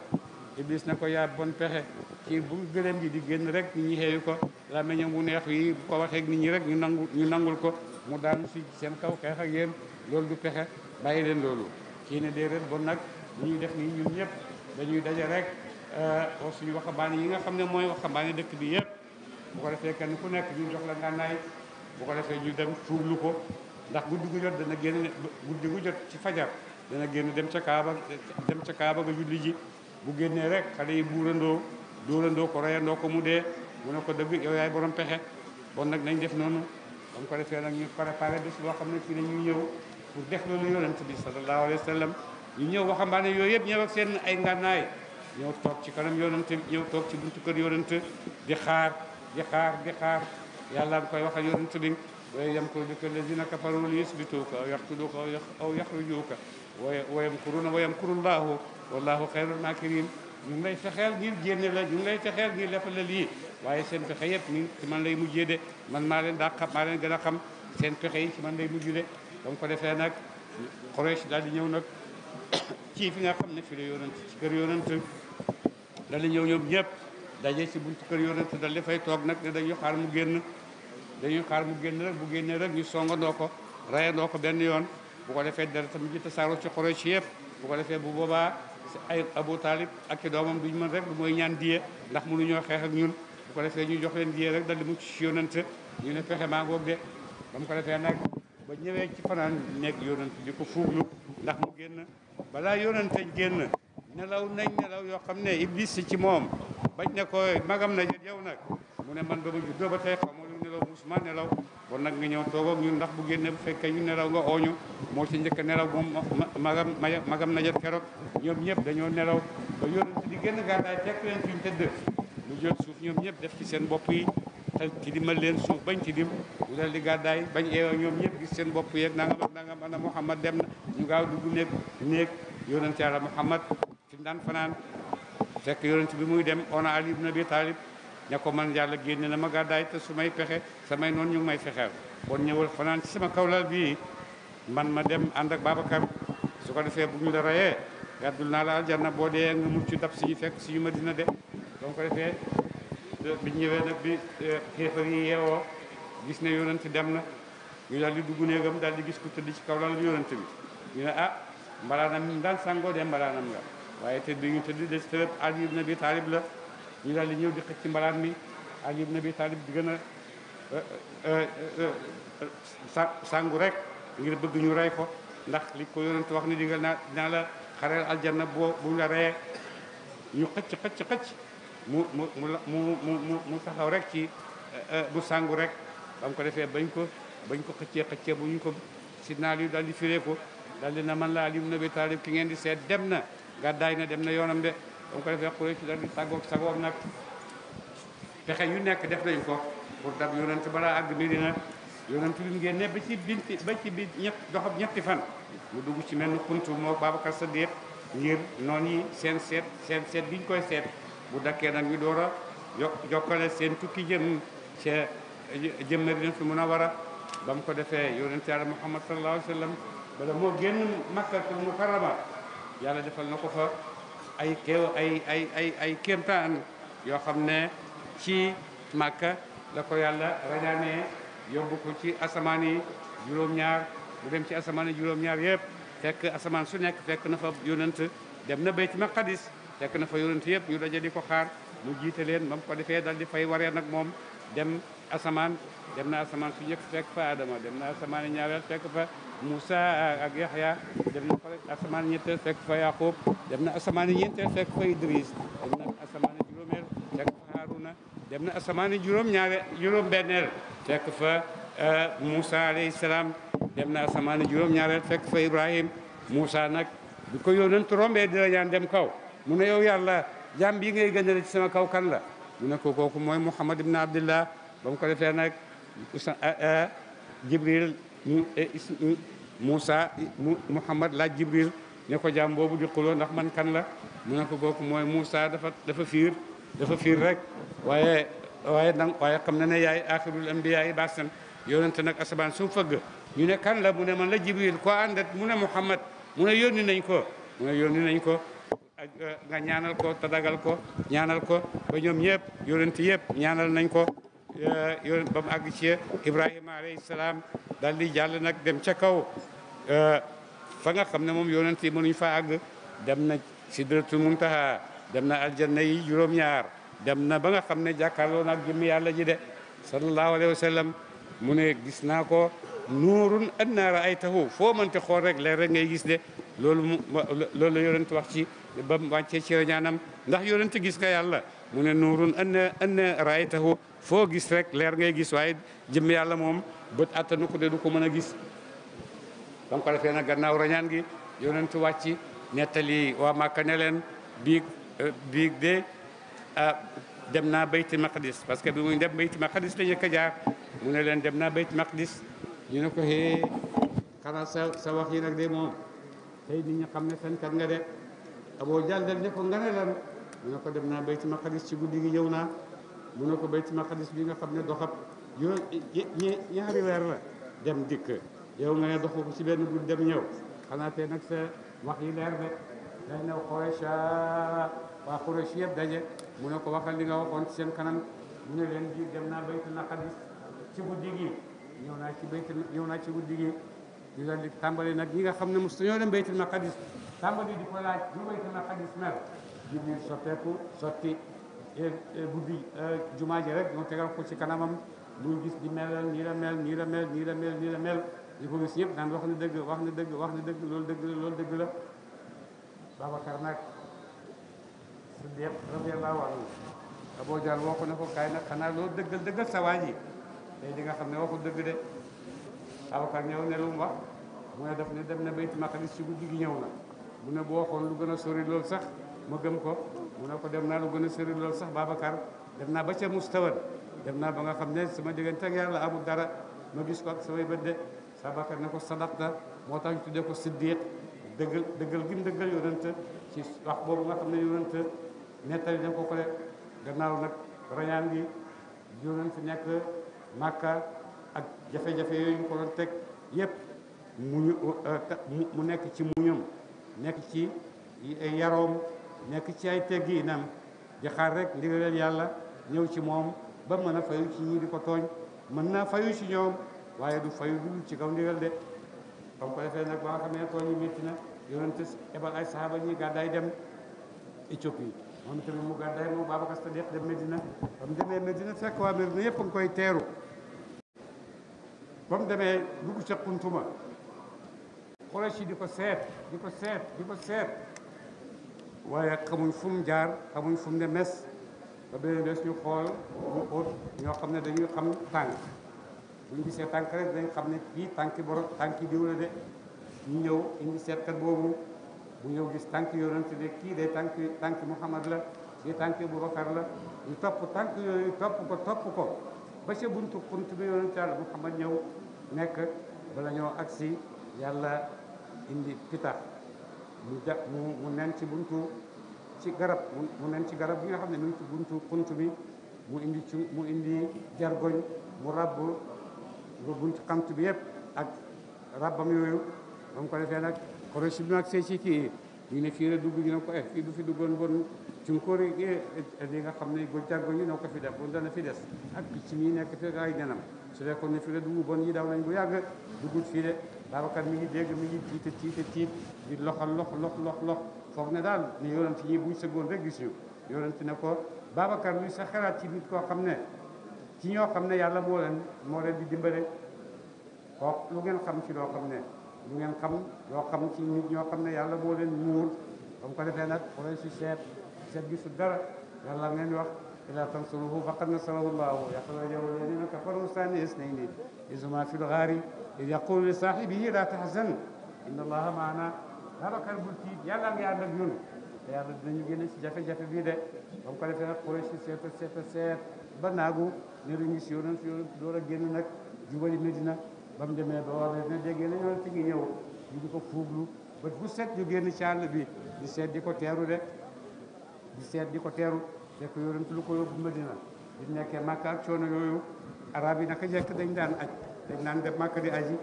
iblis na ko yaa bon pexe kii bu gileem gi di génn rek nit ñi xeewi ko la meññam bu neex yi bu ko waxee nit ñi rek ñu nangu ñu nangul ko mu daanu si seen kaw xeex ak yéen loolu du pexe bàyyi leen loolu kii ne déedéet bon nag bu ñuy def nii ñun ñëpp dañuy daje rek o euh, suñu waxambaane yi nga xam ne mooy waxambaane dëkk bi yëpp bu ko defee kenn ku nekk ñu jox la ngànnaay bu ko defee ñu dem tuublu ko ndax guddi jot dana génn guddi gu jot ci fajar dana génn dem ca kaaba dem ca kaaba ga julli ji bu génnee rek xale buurandoo dóorandoo ko reyandoo ko mu dee mu ne ko dëgg yow yaay borom pexe bon nag nañ def noonu ba mu ko defee nag ñu préparé bés xam ne fii la ñuy ñëw pour def loolu yonent bi sallallahu alayhi wa sallam ñu ñëw waxambaane yooyu yëpp ñëw ak seen ay ngànnaay ñëw toog ci kanam yonent ñëw toog ci buntu kër yonent di xaar di xaar di xaar yàlla nga koy waxal yonent bi waaye yam ko dikk lazina kafaru li yusbituuka aw yaqtuluuka aw yaxrujuuka waaye wayam kuruuna wayam kurullaahu wallaahu ñu lay fexeel ngir génne la ñu ngi lay fexeel ngir defal la lii waaye seen pexe yëpp ni ci man lay mujjee de man maa leen daa xam maa leen gën a xam seen pexe yi ci man lay mujj de donc ko defee nag Quraysh daal ñëw nag ci fi nga xam ne fi la yonent ci kër yonent dali ñëw ñoom ñëpp daje ci bunt kër yonent dal fay toog nag ne dañuy xaar mu génn dañuy xaar mu génn rek bu génnee rek ñu songandoo ko rayandoo ko benn yoon bu ko defee dara tamit ji tasaaroo ci xoro yëpp bu ko defee bu boobaa ay abou ak i doomam duñ mën rek du mooy ñaan diye ndax mënuñoo xeex ak ñun bu ko defee ñu jox leen diye rek dal di mucc ci yonent ñu ne fexe maa ngoog de ba ko defee nag ba ñëwee ci fanaan nekk yonent di ko fuuglu ndax mu génn balaa yonente génn nelaw nañ nelaw yoo xam ne iblis ci moom bañ ne ko magam na yow nag mu ne man ba ma juddoo ba tey xamoo nelaw musuma nelaw bon nag nga ñëw toog ak ndax bu génne bu fekkee ñu nelaw nga ooñu moo ci njëkk nelaw moom magam magam na keroog ñoom ñëpp dañoo nelaw ba yonente di génn gàddaay fekk leen tëdd lu jël suuf ñoom ñëpp def ci seen bopp yi te tilimal leen suuf bañ tilim mu di gàddaay bañ eewa ñoom ñëpp gis seen bopp yeeg nangam ak nangam ana Muhammad dem na ñu gaaw dugg néeg néeg yonent Yàlla Muhammad fi mu daan fanaan fekk yonent bi muy dem ona Ali na bi Talib ña ko man yàlla génne na ma gàddaay te su may pexe samay noon ñu may fexeel kon ñëwal fanaan ci sama kawlal bii man ma dem ànd ak Babacar su ko defee bu ñu la rayee gàddul naa la aljanna boo dee nga mucc dab si fekk si ñu ma dina de bi ñëwee nag bi eh, xeefar yi yeewoo gis ne yonent dem na ñu daal di dugg néegam daal di gis ku tëdd ci kaw lal yonent bi ñu ne ah mbalaanam ñu daan sàngoo de mbalaanam la waaye te duñu tëdd de tërëb Ali ibn Abi Talib la ñu daal di ñëw di xëcc ci mbalaan mi Ali ibn Abi Talib di gën eh, eh, sàngu rek ngir bëgg ñu rey ko ndax li ko yonent wax ni di naa la xareel aljanna boo bu la reyee ñu xëcc xëcc xëcc mu mu mu mu mu mu taxaw rek ci mu eh, eh, sangu rek ba ko defee bañ ko bañ ko xëccee xëccee bu ñu ko sidna Aliyu daal di firee ko daal na man la Aliyu ibn Abi Talib ki ngeen di seet dem na gàddaay na dem na yoonam de ba ko defee xuree ci daal di tàggoog sagoom nag pexe ñu nekk def nañ ko pour dab yonent balaa àgg Medina yonent bi mu génne ba ci binti ba ci bi ñett doxab ñetti fan mu dugg ci mel ni kuntu moo Babacar Sadiq ngir noonu yi seen seet seen seet biñ koy seet bu dakkee nag ñu door a jokkale seen tukki jëm ca jëm Madinatu Munawwara ba mu ko defee yonent yàlla Muhammad sallallahu alayhi wa sallam bala moo génn Makkatul Mukarrama yàlla defal na ko fa ay kéew ay ay ay yoo xam ne ci Makka la ko yàlla rañaanee yóbbu ko ci asamaan yi juróom-ñaar bu dem ci asamaan yi juróom-ñaar yëpp fekk asamaan su nekk fekk na fa yonent dem na Bayt Maqdis fekk na fa yonent yëpp ñu daje di ko xaar mu jiite leen ba mu ko defee dal fay waree nag moom dem asamaan dem na asamaan su njëkk fekk fa Adama dem na asamaan yi ñaareel fekk fa Moussa ak Yaxya dem na fa asamaan ñetteel fekk fa Yaqub dem na asamaan ñeenteel fekk fa Idris dem na asamaan juróomeel fekk fa Haruna dem na asamaan juróom ñaare juróom benneel fekk fa euh, Moussa alayhi salaam dem na asamaan juróom fekk fa Ibrahim Moussa nag bi ko yónnent rombee di ñaan dem kaw mu ne yow yàlla jàmm bii ngay gënale ci sama kaw kan la mu ne ko kooku mooy Muhammad ibn Abdillah ba mu ko defee nag eh, eh, Jibril eh, Moussa Muhammad laaj Jibril ne ko jàmm boobu di xuloo ndax man kan la mu ne ko kooku mooy Moussa dafa dafa fiir dafa fiir rek waaye waaye nag waaye xam na ne yaay axirul ambiya yi baasan yonente nag asamaan su fëgg ñu ne kan la mu ne man la Jibril ko àndat mu ne Muhammad mu ne yónni nañ ko mu ne yónni nañ ko ak euh, nga ñaanal ko tadagal ko ñaanal ko ba ñoom ñëpp yonent yëpp ñaanal nañ ko euh, yonent ba mu àgg ci salaam daal di jàll nag dem ca kaw euh, fa nga xam ne moom yonent yi mënuñ fa àgg dem na sidratul muntaha dem na aljanna yi juróom dem na ba nga xam ne jàkkaarloo nag jëmm yàlla ji de sallallahu alayhi wa sallam mu ne gis naa ko nuurun anna raaytahu foo mënti xool rek leer rek ngay gis de loolu mu loolu la yonent wax ci ba mu wàccee ci ñaanam ndax yoo yonent gis nga yàlla mu ne nuurun anna anna raaytahu foo gis rek leer ngay gis waaye jëm yàlla moom bët attanu ko de du ko mën a gis ba mu ko defee nag gannaaw reñaan gi yonent wàcc nettali waa Màkka ne leen biig euh, biig de ah, dem naa bayti maqdis parce que bi muy dem bayti maqdis la njëkk jaar mu ne leen dem naa bayti maqdis ñu ne ko xee xanaa sa sa wax moom tey nit ñi xam ne fenkat nga de aboo jàll dem ne ko nga ne lan mu ne ko dem naa bayti maqadis ci guddi gi ñëw naa mu ne ko bayti maqadis bi nga xam ne doxab yoo ñaari dem dikk yow na ne doxu ko ci benn guddi dem ñëw xanaa tey wax yi leer de day new xoresa yëpp daje mu ne ko waxal li nga waxoon ci seen kanam mu ne leen ji dem naa bayti maqadis ci guddi gi ñëw naa ci bayti ci guddi gi ñu leen tàmbali nag ñi nga xam ne mos ñoo dem baytul maqadis tàmbali di ko laaj ñu baytul maqadis mel eh, eh, eh, jumaa ji rek ñoo tegal ko ci kanamam muy gis di melal nii la mel nii la mel nii la mel nii la mel ñu ko gis ñëpp daan wax na dëgg wax na dëgg wax na dëgg loolu dëgg la loolu dëgg la Babacar nag Siddiq radiyallahu anhu Aboo Jaal woo ko ne ko kaay nag xanaa loolu dëggal dëggal sa waa ji nga xam ne waxul dëgg de Abacar ñëw ne lu mu wax mu ne daf ne dem na Baytul Maqdis ci guddi gi ñëw na mu ne bu waxoon lu gën a sori lool sax ma gëm ko mu ne ko dem naa lu gën a sori lool sax Babacar dem naa ba ca mustawan dem naa ba nga xam ne sama diggante ak yàlla amul dara ma gis ko ak samay bët de sa Babacar ne ko sadaqta moo tax ñu tuddee ko siddiq dëggal dëggal gim dëggal yonent ci wax boobu nga xam ne yonent nettali na ko ko de gannaaw nag rañaan gi yonent nekk Màkka jafe-jafe yooyu ñu ko doon teg yépp muñu euh, mu nekk ci muñum nekk ci yaroom nekk ci ay teg tegginam di xaar rek ndigaleel yàlla ñëw ci moom ba mën a fayu ci ñi di ko tooñ mën naa fayu ci ñoom waaye du fayu dul ci kaw ndigal de bam ko defee nag ba nga xamee tooñ yi métti ebal ay saxaaba ñi gàddaay dem Éthiopie moom tamit mu gàddaay moom Babacar Sadiq dem Medina ba demee Medina fekk waa Medina yëpp a koy teeru ba mu demee dugg ca xuntuma xoolal si di ko seet di ko seet di ko seet waaye xamuñ fu mu jaar xamuñ fu mu ne mes xool ñoo xam ne dañuy xam tànk buñ gisee tànk rek dañ xam ne kii tànki borom tànki diw ñëw indi boobu bu ñëw gis tànk yonent de kii day tànki tànki Muhammad la kii tànki Abubakar la ñu topp tànk yooyu topp topp ko ba ca buntu xunt bi yonent yàlla Muhammad ñëw nekk bala ñoo agsi yàlla indi pitax mu nen ci buntu ci garab mu nen ci garab bi nga xam ne ñu ci buntu xunt bi mu indi ci mu indi jargoñ mu ràbb bu buntu xamt bi yëpp ak ràbbam yooyu ba mu ko defee nag xorosi bi nag see kii ñu ne fii la dugg ñu ne ko eh fii bu fi duggoon bon cunkóor yi eh, eh, li nga xam ne ba jàngo ñu noo ko fi def bon dana fi des ak picc mi nekk fi ay nenam su fekkoon ne fi la dugg bon yi daw nañ bu yàgg duggut fii de Babacar mi ngi dégg mi ngi tiita tiita tiit di loxal lox lox lox lox foog ne daal ne yonent yi buñ sëggoon rek gis ñu yonent ne ko Babacar luy sa xalaat ci nit koo xam ne ci ñoo xam ne yàlla moo leen moo leen di dimbale kooku lu ngeen xam ci loo xam ne lu ngeen xam loo xam ci nit ñoo xam ne yàlla moo leen muur ba mu ko defee nag xolay si seet seet gisu dara yàlla ngeen wax ila tansuruhu faqad nasarahu llahu yaxrajahu alladina kafaru sani isnayni isuma fi lgaari id yaqulu li saaxibihi la taxzan inna allaha maana darakal bul tiit yàlla ngi ànd ak ñun te yàlla dinañu génne si jafe-jafe bii de ba mu ko defee nag xolay si seet seet seet ba naagu ne lu ngi si yoonam si yoonam door a génn nag jubali Medina ba mu demee ba war dina dégg la ñoo ci ngi ñëw ñu di ko fuuglu bët bu set ñu génn ci àll bi di seet di ko teeru de di seet di ko teeru fekk yonent lu ko yóbbu Madina di nekkee Makka ak coono yooyu arab yi naka jekk dañ daan aj dañ daan def Makka di aji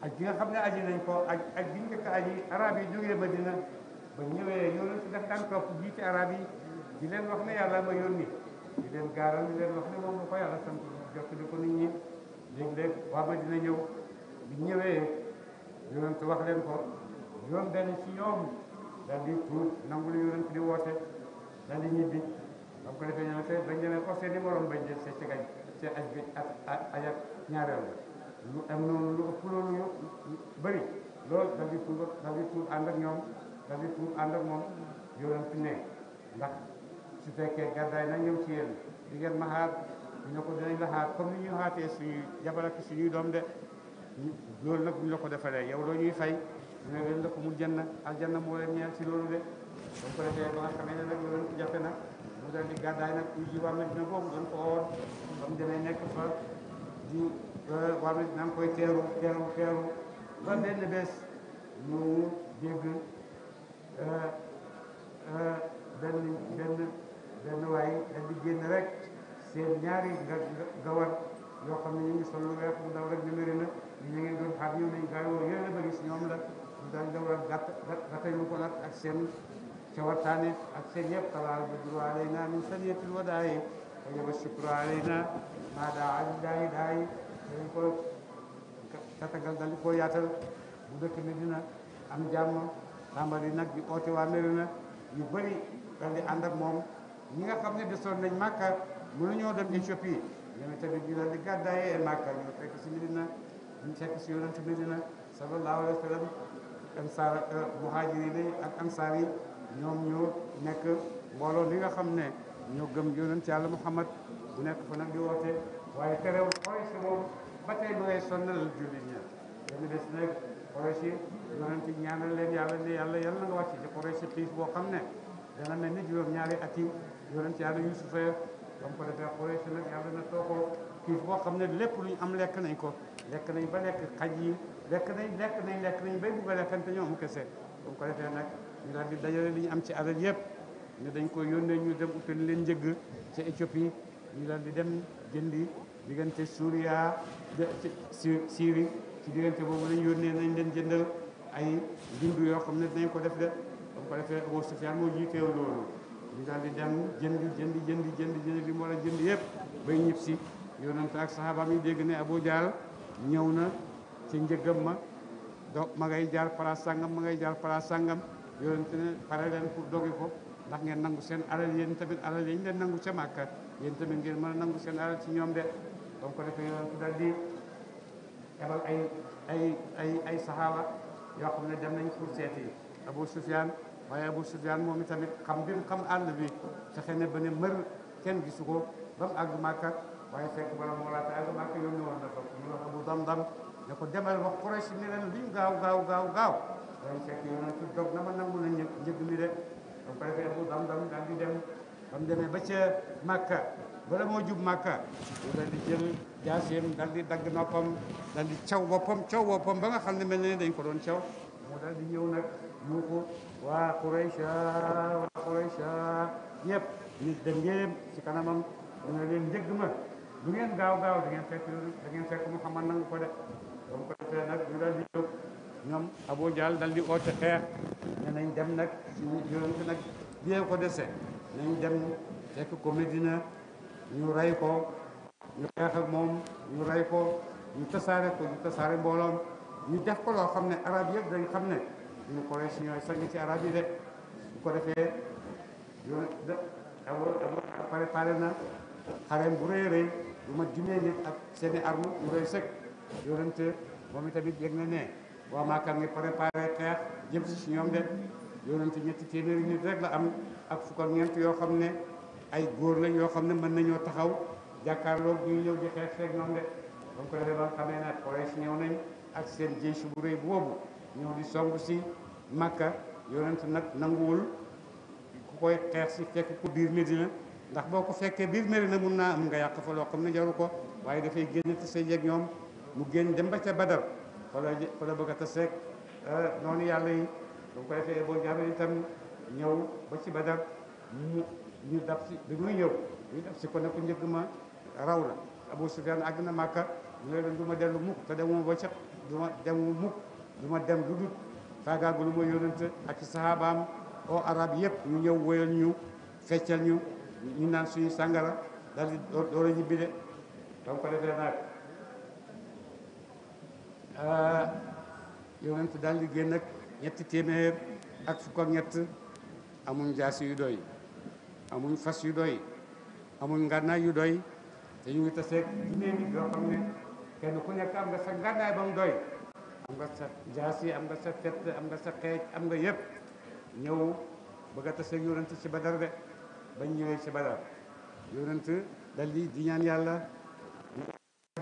aj gi nga xam ne aji nañ ko aj aj gi njëkk aji arab yi jógee Madina ba ñëwee yonent daf daan topp jiite arab yi di leen wax ne yàlla ma yónni di leen gaaral di leen wax ne moom la ko yàlla sant ko nit ñi léeg-léeg waa Madina ñëw bi ñëwee yonent wax leen ko yoon benn ci ñoom daal di nangu lu yonent di woote daal di ñibbi ba mu ko defee ñaan fee bañ demee ko seen i morom bañ jël aj ak ajak ñaareel la lu am noonu lu ëpp loolu yu bëri loolu daal di tuub daal di tuub ànd ak ñoom daal di ànd ak moom yonent ne ndax su fekkee gàddaay na ñëw ci yéen di ñu ne ko dinañ la xaar comme ni ñu xaatee suñuy doom de loolu nag buñ la ko defalee yow loo ñuy fay ñu ne leen la ko mu jënd aljanna moo leen ñeel si loolu de ba mu ko defee ne nag loolu ko jafe nag mu di gàddaay nag uy ji waa Medina boobu doon ko rek seen ñaari ga gawar yoo xam ne ñu ngi sol lu weex bu daw ne mëri na li ñu ngi doon a bëri si ñoom la lu daan daw rek gàtt gàttay ko nag ak seen cawartaane ak seen yëpp xalaal bu duru alayna min saniyatil wadaayi wa jaba shukru alayna maa daa ali daayi daayi dañ ko tatagal dal di koo yaatal bu dëkk na dina am jàmm tàmbali nag di oote waa mëri na yu bëri dal di ànd ak moom ñi nga xam ne desoon nañ màkka mënuñoo dem Éthiopie ñoom tamit ñu daal di gàddaayee Màkka ñu fekk si Medina ñu fekk si yonent na sallallahu alayhi wa sallam ansaar euh, muhaajiriin yi ak ansaar yi ñoom ñoo nekk mbooloo li nga xam ne ñoo gëm yonent yàlla Muhammad bu nekk fa nag di woote waaye terewul xooy si moom ba tey mu ngay sonnal jullit ña dañu des nag xooy si yonent ñaanal leen yàlla ne yàlla yàlla na nga wàcc ci xooy si boo xam ne dana mel ni juróom ñaari at yi yonent yàlla Yuusufa ba mu ko defee Quraysh nag yàlla na too ko xiif boo xam ne lépp lu ñu am lekk nañ ko lekk nañ ba lekk xaj yi lekk nañ lekk nañ lekk nañ bay bugg a lekkante ñoo am kese ba ko defee nag ñu daal di dajale li ñu am ci alal yëpp ne dañ ko yónnee ñu dem utali leen njëgg ca Éthiopie ñu daal di dem jëndi diggante Suuriya Syrie ci diggante boobu lañ yónnee nañ leen jëndal ay dund yoo xam ne dañ ko def de ba mu ko defee Abu Sufyaan moo jiitee loolu ñu daal di dem jënd jënd jënd jënd jënd li mu war a jënd yëpp bay ñib si yonent ak saxaabaam yi dégg ne Abu Jahl ñëw na ci njëgam ma do ma ngay jaar place sàngam ma ngay jaar place sàngam yonent ne pare leen pour dogi ko ndax ngeen nangu seen alal yéen tamit alal yi ñu leen nangu ca Màkka yéen tamit ngeen mën a nangu seen alal ci ñoom de donc ko defee yonent daal di ebal ay ay ay ay saxaaba yoo xam ne dem nañ pour seeti Abu Sufyaan waaye Abu Sufyaan moom itamit xam bi mu kam àll bi fexe ne ba ne mër kenn gisu ko ba mu àgg Màkka waaye fekk bala moo laata àgg Màkka yónni woon na ko ñu wax Abu Damdam ne ko demal wax Quraysh ni leen luñ gaaw gaaw gaaw gaaw dañ fekk yonent bi dog na ma nangu na njëg njëg mi de ba pare fekk Abu Damdam daal di dem ba mu demee ba ca Màkka bala moo jub Màkka mu daal jël jaaseem daal di dagg noppam daal di caw boppam caw boppam ba nga xam ne mel na ne dañ ko doon caw mu daal di ñëw nag waa Quraycha waa Quraycha ñëpp ñu dem yéen ci kanamam dina leen njëgg ma lu ngeen gaaw gaaw da ngeen fekk da ngeen fekk Muhammad nangu ko de ba ko defee nag ñu ñoom Abu Jahl dal di oote xeex nañ dem nag suñu yonent nag biyee ko dese nañ dem fekk ko Medina ñu rey ko ñu xeex moom ñu rey ko ñu tasaare ko ñu tasaare mbooloom ñu def ko loo xam ne arab yëpp dañ xam ne ñu Quraysh ñooy sang ci arab yi de bu ko defee préparé na xareem bu rëy rëy lu ma junee nit ak seeni arme mu rëy sëkk yonent moom itamit yëg na ne waa Makka ngi préparé xeex jëm si si ñoom de yonent ñetti téeméeri nit rek la am ak fukk ak yoo xam ne ay góor lañ yoo xam ne mën nañoo taxaw jàkkaarloo ñuy ñëw di xeex feeg ñoom de ba ko defee ba nga xamee nag Quraysh ñëw nañ ak seen jeesu bu rëy boobu ñëw di song si Makka yonent nag nanguwul ku koy xeex si fekk ko biir Medina ndax boo ko fekkee biir Medina mun naa am nga yàq fa loo xam ne jaru ko waaye dafay génn tase yeeg ñoom mu génn dem ba ca Badar fa la fa bëgg a taseeg eh, noonu yàlla yi bu ko ba ci Badar mu ñu dab si bi ko ne ko njëgg ma raw la Abu Sufyaan àgg na Makka mu ne leen ma dellu mukk te demuma ba ca du ma demu mukk du ma dem lu dut faagaagu lu ma yónnante ak sahabaam oo arab yëpp ñu ñëw woyal ñu feccal ñu ñu naan suñu sàngara dal di door a ñibbi de donc ko defee nag ah, yónnante daal di génn nag ñetti téeméer ak fukk ñett amuñ jaasi yu doy amuñ fas yu doy amuñ ngànnaay yu doy te ñu ngi taseeg junni nit yoo xam ne kenn ku nekk am nga sa ngànnaay ba doy am nga sa jaas yi am nga sa fett am nga sa xeej am nga yëpp ñëw bëgg a tase yonent ci badar de bañ ñëwee ci badar yonent dal di ñaan yàlla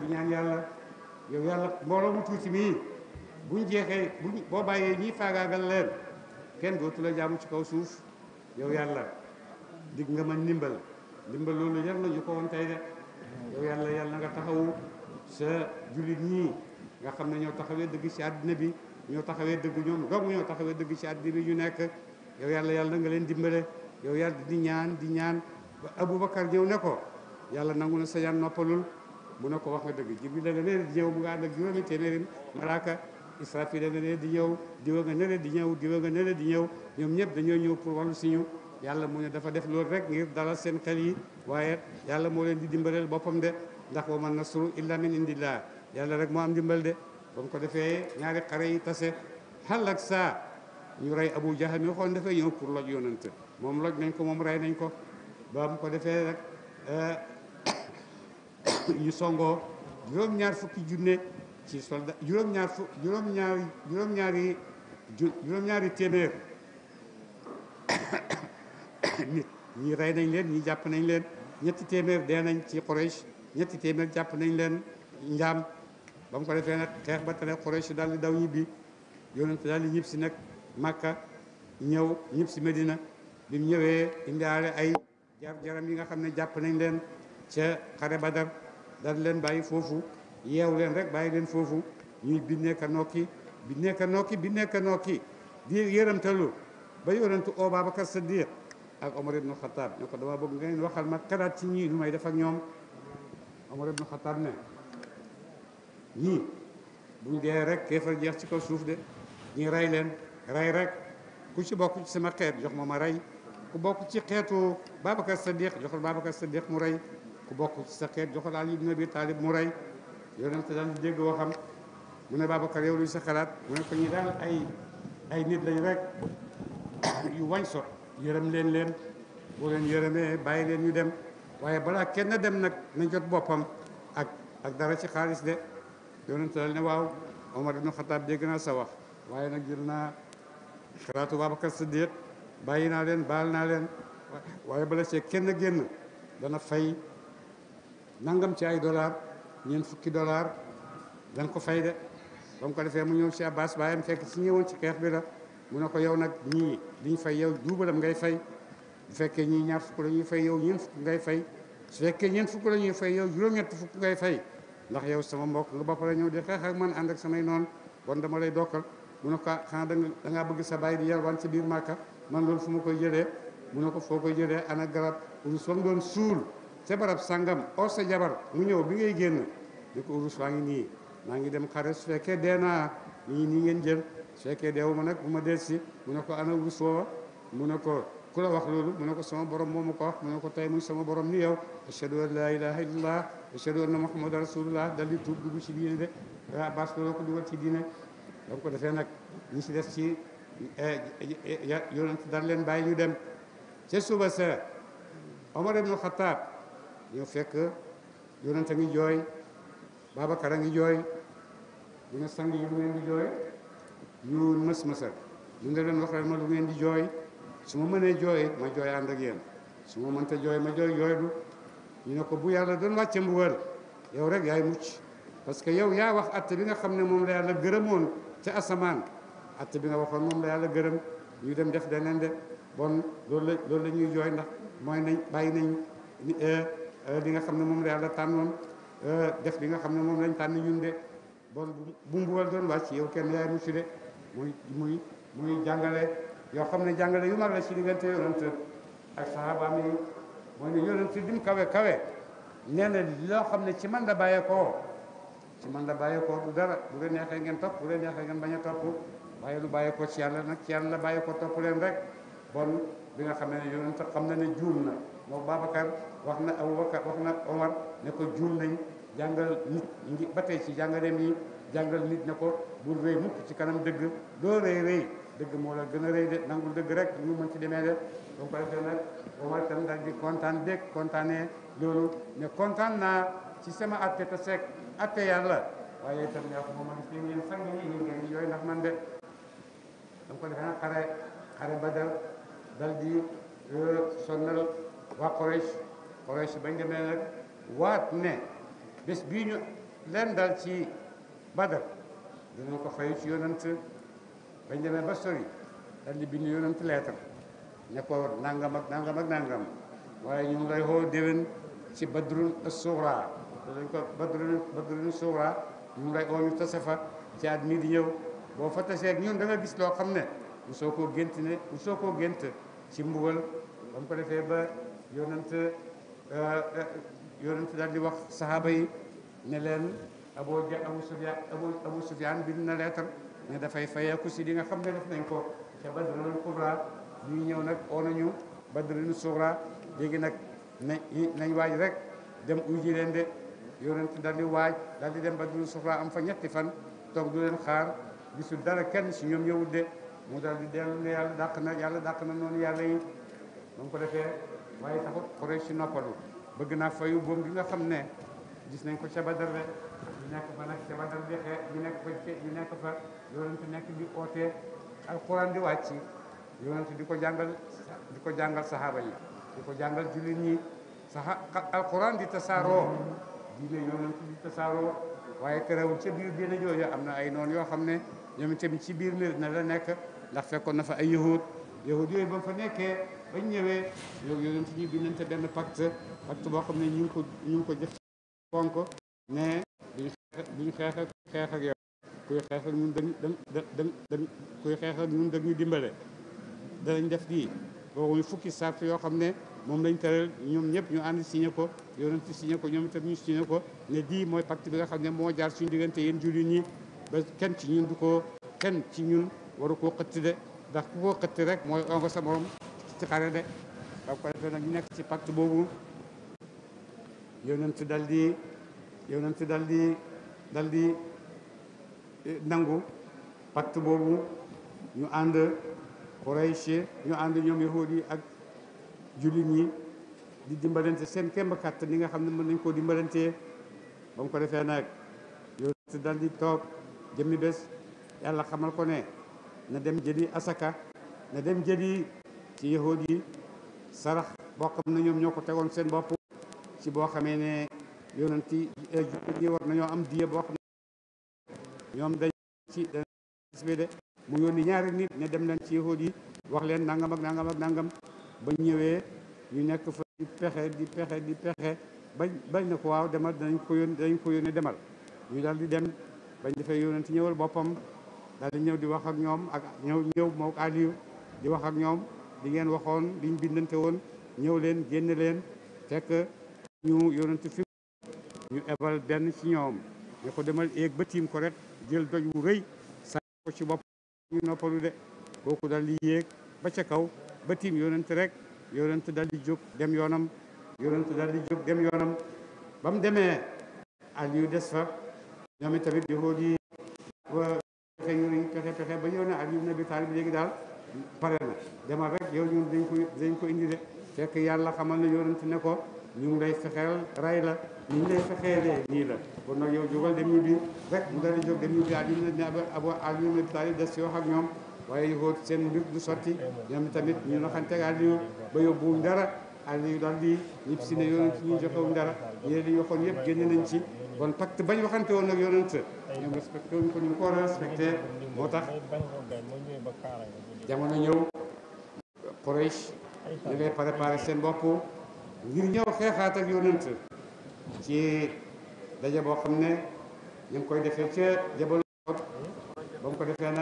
di ñaan yàlla yow yàlla mbooloo tuuti mii buñ jeexee buñ boo bàyyee ñii faagaagal leen kenn dootu la jàmm ci kaw suuf yow yàlla dig nga ma ndimbal ndimbal loolu yar na ñu ko woon de yow yàlla yàlla nga taxawu sa jullit ñii nga xam ne ñoo taxawee dëgg ci àddina bi ñoo taxawee dëgg ñoom dong ñoo taxawee dëgg ci àddina bi ñu nekk yow yàlla yàlla nga leen dimbale yow yàlla di ñaan di ñaan ba Aboubacar ñëw ne ko yàlla nangu na sa noppalul mu ne ko wax nga dëgg Jibril da nga nee di ñëw mu nga ànd ak juróomi téeméeri malaaka Israfil da nga nee di ñëw diwa nga nele di ñëw diwa nga nele di ñëw ñoom ñëpp dañoo ñëw pour wàllu si ñu yàlla mu ne dafa def loolu rek ngir dalal seen xel yi waaye yàlla moo leen di dimbaleel boppam de ndax wa man nasru illa min indillah yàlla rek moo am ndimbal de ba ko defee ñaari xare yi tase xal ak saa ñu rey Abu Jahal mi waxoon dafay ñëw pour loj yonent moom loj nañ ko moom rey nañ ko ba mu ko defee rek euh, ñu songoo juróom-ñaar fukki junne ci soldat juróom ñaari juróom-ñaari téeméer nit ñi rey nañ leen ñi jàpp nañ leen ñetti téeméer dee nañ ci Quraysh ñetti téeméer jàpp nañ leen njaam ba mu ko defee nag xeex ba tere Quraysh daal di daw ñibbi yonent daal di ñib si nag Makka ñëw ñib si Medina bi mu ñëwee indaale ay jar jaram yi nga xam ne jàpp nañ leen ca xare Badar daal leen bàyyi foofu yeew leen rek bàyyi leen foofu ñuy bi nekk nokki bi nekk nokki bi nekk nokki di yërëmtalu ba yonentu Abu Bakar Siddiq ak Omar ibnu Xataab ne ko dama bëgg ngeen waxal ma xalaat ci ñii lu may def ak ñoom Omar ibnu Xataab ne ñii buñ dee rek kéefar jeex ci kaw suuf de ñi rey leen rey rek ku ci bokk ci sama xeet jox ma ma rey ku bokk ci xeetu Babacar Sadiq joxal Babacar Sadiq mu rey ku bokk ci sa xeet joxal Ali ibn Abi mu rey yonent daan dégg waxam mu ne Babacar yow luy sa xalaat mu ne ko ñi daal ay ay nit lañ rek yu wañ so yërëm leen leen boo leen yërëmee bàyyi leen ñu dem waaye balaa kenn dem nag na jot boppam ak ak dara ci xaalis de yonent la ne waaw Omar ibnu Xataab dégg naa sa wax waaye nag jël naa xalaatu Babacar Siddiq bàyyi naa leen baal naa leen waaye bala see kenn génn dana fay nangam ci ay dollar ñeent fukki dollar dañ ko fay de ba mu ko defee mu ñëw si Abbas baayam fekk si ñëwoon ci xeex bi la mu ne ko yow nag ñii li ñu fay yow duubalam ngay fay bu fekkee ñii ñaar fukk la ñuy fay yow ñeent fukk ngay fay su fekkee ñeent fukk lañuy fay yow juróom-ñett fukk ngay fay ndax yow sama mbokk nga ba pare ñëw di xeex ak man ànd ak samay noon bon dama lay dokkal mu ne ko ah, xanaa da da bëgg sa bàyyi di yalwaan ci biir màkka man loolu fu ma koy jëlee mu ne ko foo koy jëlee ana garab urus wam doon suul sa barab sàngam or sa jabar mu ñëw bi ngay génn di ko urus waa ngi nii maa ngi dem xare su fekkee dee naa nii nii ngeen jël su fekkee deewu ma nag bu ma del si mu ne ko ana urus woowa mu ne ko ku la wax loolu mu ne ko soma borom moo ma ko wax mu ne ko tey muy sama borom ni yow ashhadu an laa ilaha illallah ashhadu anna muhammadan rasulullah dal di tuub dugg ci diine de abbas looloo ko dugal ci diine donc ko defee nag ñi ci des ci eh, yonent dar leen bàyyi ñu dem ca suba sa omar ibnu xataab ñoo fekk yonent ngi jooy babacar a ngi jooy mu ne sang yi lu ngeen di jooy ñu mës mësal ñu ne leen wax leen ma lu ngeen di jooy su ma mënee jooy ma jooy ànd ak yéen su ma mënta jooy ma jooy jooylu ñu ne ko bu yàlla doon wàcce mbugal yow rek yaay mucc parce que yow yaa wax atte bi nga xam ne moom la yàlla gërëmoon ca asamaan atte bi nga waxoon moom la yàlla gërëm ñu dem def deneen de bon loolu la loolu la ñuy jooy ndax mooy nañ bàyyi nañ euh, euh, li nga xam ne moom la yàlla tànnoon euh, def bi nga xam ne moom lañ tànn ñun de bon bu mbugal doon wàcc yow kenn yaay mucc de muy muy muy jàngale yoo xam ne jàngale yu mag la si diggante yonent ak sahabaam yi mooy ne yonent dim kawe kawe nee na loo xam ne ci man da bàyyeekoo ci man da bàyyeekoo du dara bu leen neexee ngeen topp bu leen neexee ngeen bañ a topp lu bàyyeekoo ci nag ci yàlla la bàyyeekoo leen rek bon bi nga xam ne yonent xam na ne juum na moom Babacar wax na Aboubacar wax na Omar ne ko juum nañ jàngal nit ngi ba tey ci jàngaleem yi jàngal nit ne ko bu rëy mukk ci kanam dëgg doo rëy rëy dëgg moo la gën a rëy de nangul dëgg rek ñu mën ci demee de donc pare kontaan dégg kontaanee loolu ne kontaan naa ci sama atte te seek atte yàlla waaye itam yaa ko moom man fi ngeen sang yi ñu ngeen yooyu ndax man de dama ko defee nag xare xare Badar dal di euh, sonnal waa Quraysh Quraysh bañ demee nag waat ne bés bii ñu leen dal ci Badar dinañ ko fay ci yonant bañ demee ba sori daal di bind yonent leetar ne nangam ak nangam ak nangam waaye ñu ngi lay xoo déwén ci badrun suura dañ ko ñu ngi oo ñu tase ci at mii di ñëw boo fa tasee ak ñun da gis loo xam ne mosoo koo gént ne mosoo koo gént ci mbugal ba mu ko defee ba yonent euh, euh, yonent daal wax sahaaba yi ne leen Abu Abu Sufyaan Abu Sufyaan bind na leetar ne dafay fayeeku si li nga xam ne def nañ ko ca badrul kubra ñuy ñëw nag oo nañu badrul sugra léegi nag nañ nañ waaj rek dem uy ji leen de yonent daal di waaj daal di dem badrul sugra am fa ñetti fan toog du leen xaar gisul dara kenn si ñoom ñëwul de mu daal di dellu ne yàlla dàq na yàlla dàq na noonu yàlla yi mu ko defee waaye taxut xore si noppalu bëgg naa fayu boom bi nga xam ne gis nañ ko ca badar de ñu nekk fa yonent nekk di ootee alquran di wàcc yonent di ko jàngal di ko jàngal saxaaba yi di ko jàngal jullit ñi saxa alquran di tasaaroo diine yonent di tasaaroo waaye terewul ca biir diine jooju am na ay noonu yoo xam ne ñoom itam ci biir mbir na la nekk ndax fekkoon na fa ay yahud yahud yooyu ba fa nekkee bañ ñëwee yow yonent ñi bindante benn pacte pacte boo xam ne ñu ngi ko ñu ngi ko jëf fonk kuy xeex ak ñun dañu dañu kuy xeex ak ñun dañu dimbale danañ def di waxuñu fukki sart yoo xam ne moom lañ tëral ñoom ñëpp ñu ànd signé ko yonent signé ko ñoom itam ñu signé ko ne lii mooy pacte bi nga xam ne moo jaar suñu diggante yéen jullit ñi ba kenn ci ñun du ko kenn ci ñun waru koo xëtti de ndax ku koo xëtti rek mooy ongo sa ci xare de ba ko defee ñu nekk ci pacte boobu yonent dal di yonent dal di dal di nangu pacte boobu ñu ànd Quraysh ñu ànd ñoom yahuud yi ak jullit ñi di dimbalante seen kemb kàttan li nga xam ne mën nañ koo dimbalantee ba mu ko defee nag yonent dal di toog jëmmi bés yàlla xamal ko ne na dem jëli asaka na dem jëli ci yahuud yi sarax boo xam ne ñoom ñoo ko tegoon seen bopp ci boo xamee ne yonent yi war nañoo am diye boo xam ñoom dañ ci de mu yónni ñaari nit ne dem leen ci yahud wax leen nangam ak nangam ak nangam ba ñëwee ñu nekk fa di pexe di pexe di pexe bañ ne ko waaw demal danañ ko yónni danañ ko yónni demal ñu daal di dem bañ defee yónent ñëwal boppam daal di ñëw di wax ak ñoom ak ñëw ñëw moo di wax ak ñoom di ngeen waxoon liñ bindante woon ñëw leen génn leen fekk ñu yónent fi ñu ebal benn ci ñoom ne ko demal éeg ba tiim ko rek jël doj wu rëy sa ko ci bopp ñu noppalu de kooku dal di ba ca kaw ba tiim yonent rek yonent dal di jóg dem yoonam yonent dal di jóg dem yoonam ba mu demee Aliou des fa ñoom tamit di xóot yi pexe pexe ba ñëw ne Aliou na bi taalib léegi daal pare na demal rek yow dañ ko indi de fekk yàlla xamal na yonent ne ko ñu ngi lay fexeel ray la ñu ngi lay fexeelee nii la kon nag yow jógal dem ñu bi rek mu dara jóg dem ñu bi ali na abo ali des yoo xam ñoom waaye yowóot seen mbir du sotti ñoom tamit ñu naxante aliyu ba yóbbuwuñ dara aliyu daal di ñib si ne yonent ñu joxewuñ dara ñene li ñu waxoon yëpp génn nañ ci kon pacte bañ waxante woon nag yonent ñoom respecté wuñ ko ñu ko war a respecté moo tax jamono ñëw Quraysh ñu ngay préparé seen bopp ngir ñëw xeexaat ak yonent ci daje boo xam ne ñu ngi koy defee ca jabal ba mu ko defee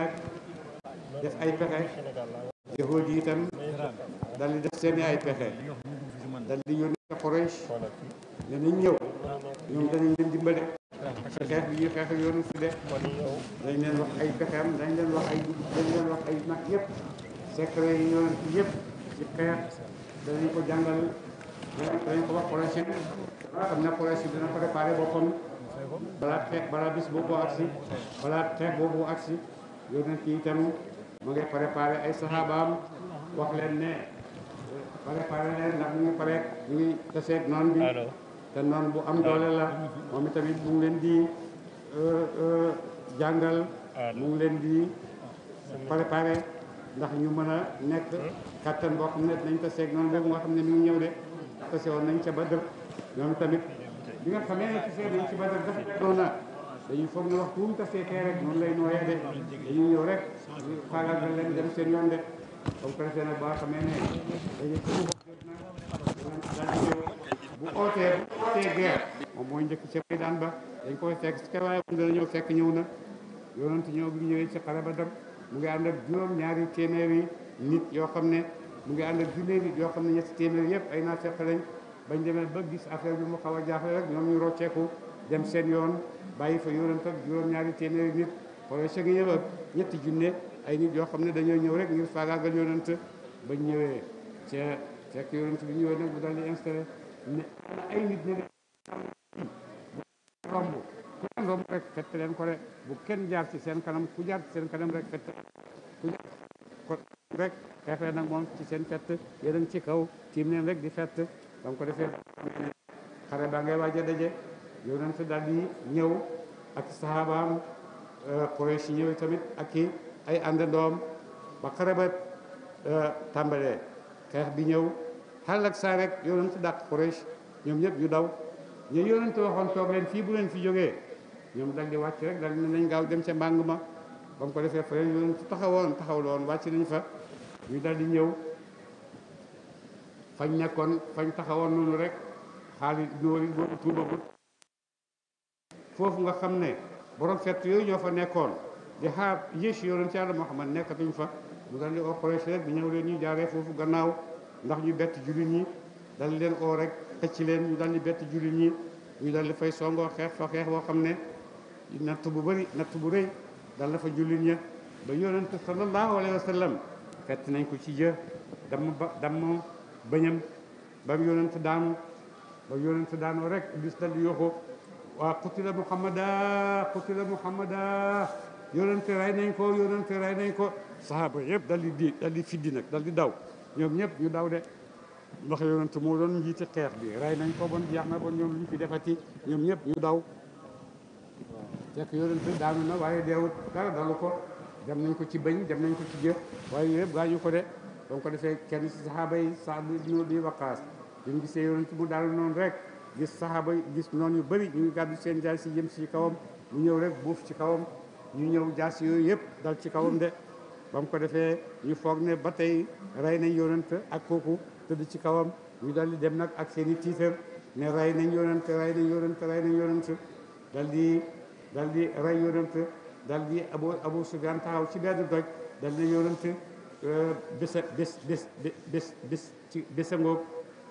def ay pexe yahud yi itam dal di def seeni ay pexe dal di yónni ca Quraysh ne nañ ñëw ñoom dañu leen dimbale xeex bi xeex ak yonent de dañ leen wax ay pexeem dañ leen wax ay dañ leen wax ay nag yëpp secret yi yonent yëpp xeex danañ ko jàngal danañ ko wax projet bi am na projet ay saxaabaam wax leen ne préparé leen mu ngi pareek mu ngi taseeg noon te noon bu am doole la moom itamit mu leen di jàngal mu leen di préparé ndax ñu mën a nekk kattan boo xam ne dinañ taseeg noonu boobu nga xam ne mi ngi ñëw de déplacé woon nañ ca Badar ñoom tamit bi nga xamee ne tasee nañ ci Badar dafa na dañuy foog ne waxtu wu rek noonu lay nooyee de dañuy ñëw rek seen yoon de comme préfet baa xamee bu ootee bu ootee moom mooy njëkk ca maydaan ba dañ koy fekk si kawaay moom dana ñëw fekk na yonent ñëw bi ñëwee ci xare Badar nit yoo xam ne mu ngi ànd ak junneeni yoo xam ne ñetti téeméer yëpp ay naafeq lañ bañ demee ba gis affaire bu mu xaw a jaaxle rek ñoom ñu rocceeku dem seen yoon bàyyi fa yonent ak juróom-ñaari téeméeri nit xoolal sa ngi ñetti junne ay nit yoo xam ne dañoo ñëw rek ngir faagaagal yonent bañ ñëwee ca fekk yonent bi ñëwee nag bu daal di installé ne ay nit ne romb ku leen ko bu kenn jaar ci seen kanam ku jaar ci seen kanam rek xeexee nag moom ci seen fett yéen a ci kaw tiim leen rek di fett ba nga ko defee xare baa ngay waaj a daje yonent daal di ñëw ak sahabaam euh, Quraysh ñëw tamit ak i ay àndandoom ba xare ba euh, tàmbalee xeex bi ñëw xal ak saa rek yonent dàq Quraysh ñoom ñëpp ñu daw ñu yonent waxoon toog leen fii bu leen fi jógee ñoom dal di wàcc rek dal nañ gaaw dem cee mbàng ma ba ko defee fa leen yonent taxawoon taxaw loon wàcc nañ fa ñu daal di ñëw fañ nekkoon fañ taxawoon noonu rek Xaalid ibn Waliid boobu tuubagut foofu nga xam ne borom fett yooyu ñoo fa nekkoon di xaar yées yoroon ci Yàlla Muhammad nekkatuñ fa mu daal di oo Quraysh leen ñu jaaree foofu gannaaw ndax ñu bett jullit ñi dal leen oo rek ci leen ñu dal di bett jullit ñi ñu dal di fay songoo xeex fa xeex boo xam ne natt bu bari natt bu rëy dal dafa jullit ñi ba yonent sallallahu alayhi wa fett nañ ko ci jë damm ba damm bëñam ba mu yonent daanu ba yonent daanoo rek iblis dal di yoxu waa qutila muhammada qutila muhammada yonent rey nañ ko yonent rey nañ ko sahaaba yëpp dal di di dal di fiddi nag dal di daw ñoom ñëpp ñu daw de ndax yonent moo doon njiiti xeex bi rey nañ ko bon jeex na bon ñoom luñ fi ñoom ñëpp ñu daw fekk yonent daanu na waaye deewut dara dalu ko dem nañ ko ci bëñ dem nañ ko ci jë waaye yooyu yëpp gaañu ko de ba ko defee kenn si saxaaba yi Saad ibn Abi Waqaas bi mu gisee yonent mu daal noonu rek gis saxaaba yi gis noonu yu bëri ñu ngi gàddu seen jaay si jëm si kawam mu ñëw rek buuf ci kawam ñu ñëw jaas yooyu yëpp dal ci kawam de ba ko defee ñu foog ne ba tey rey nañ yonent ak kooku tëdd ci kawam ñu dal di dem nag ak seen i tiitar ne rey nañ yonent rey nañ yonent rey nañ yonent dal di dal di rey yonent dal di abu abu sufyaan taxaw ci benn doj dal di yonent euh, bésa bés bés bés ci bésa ngóog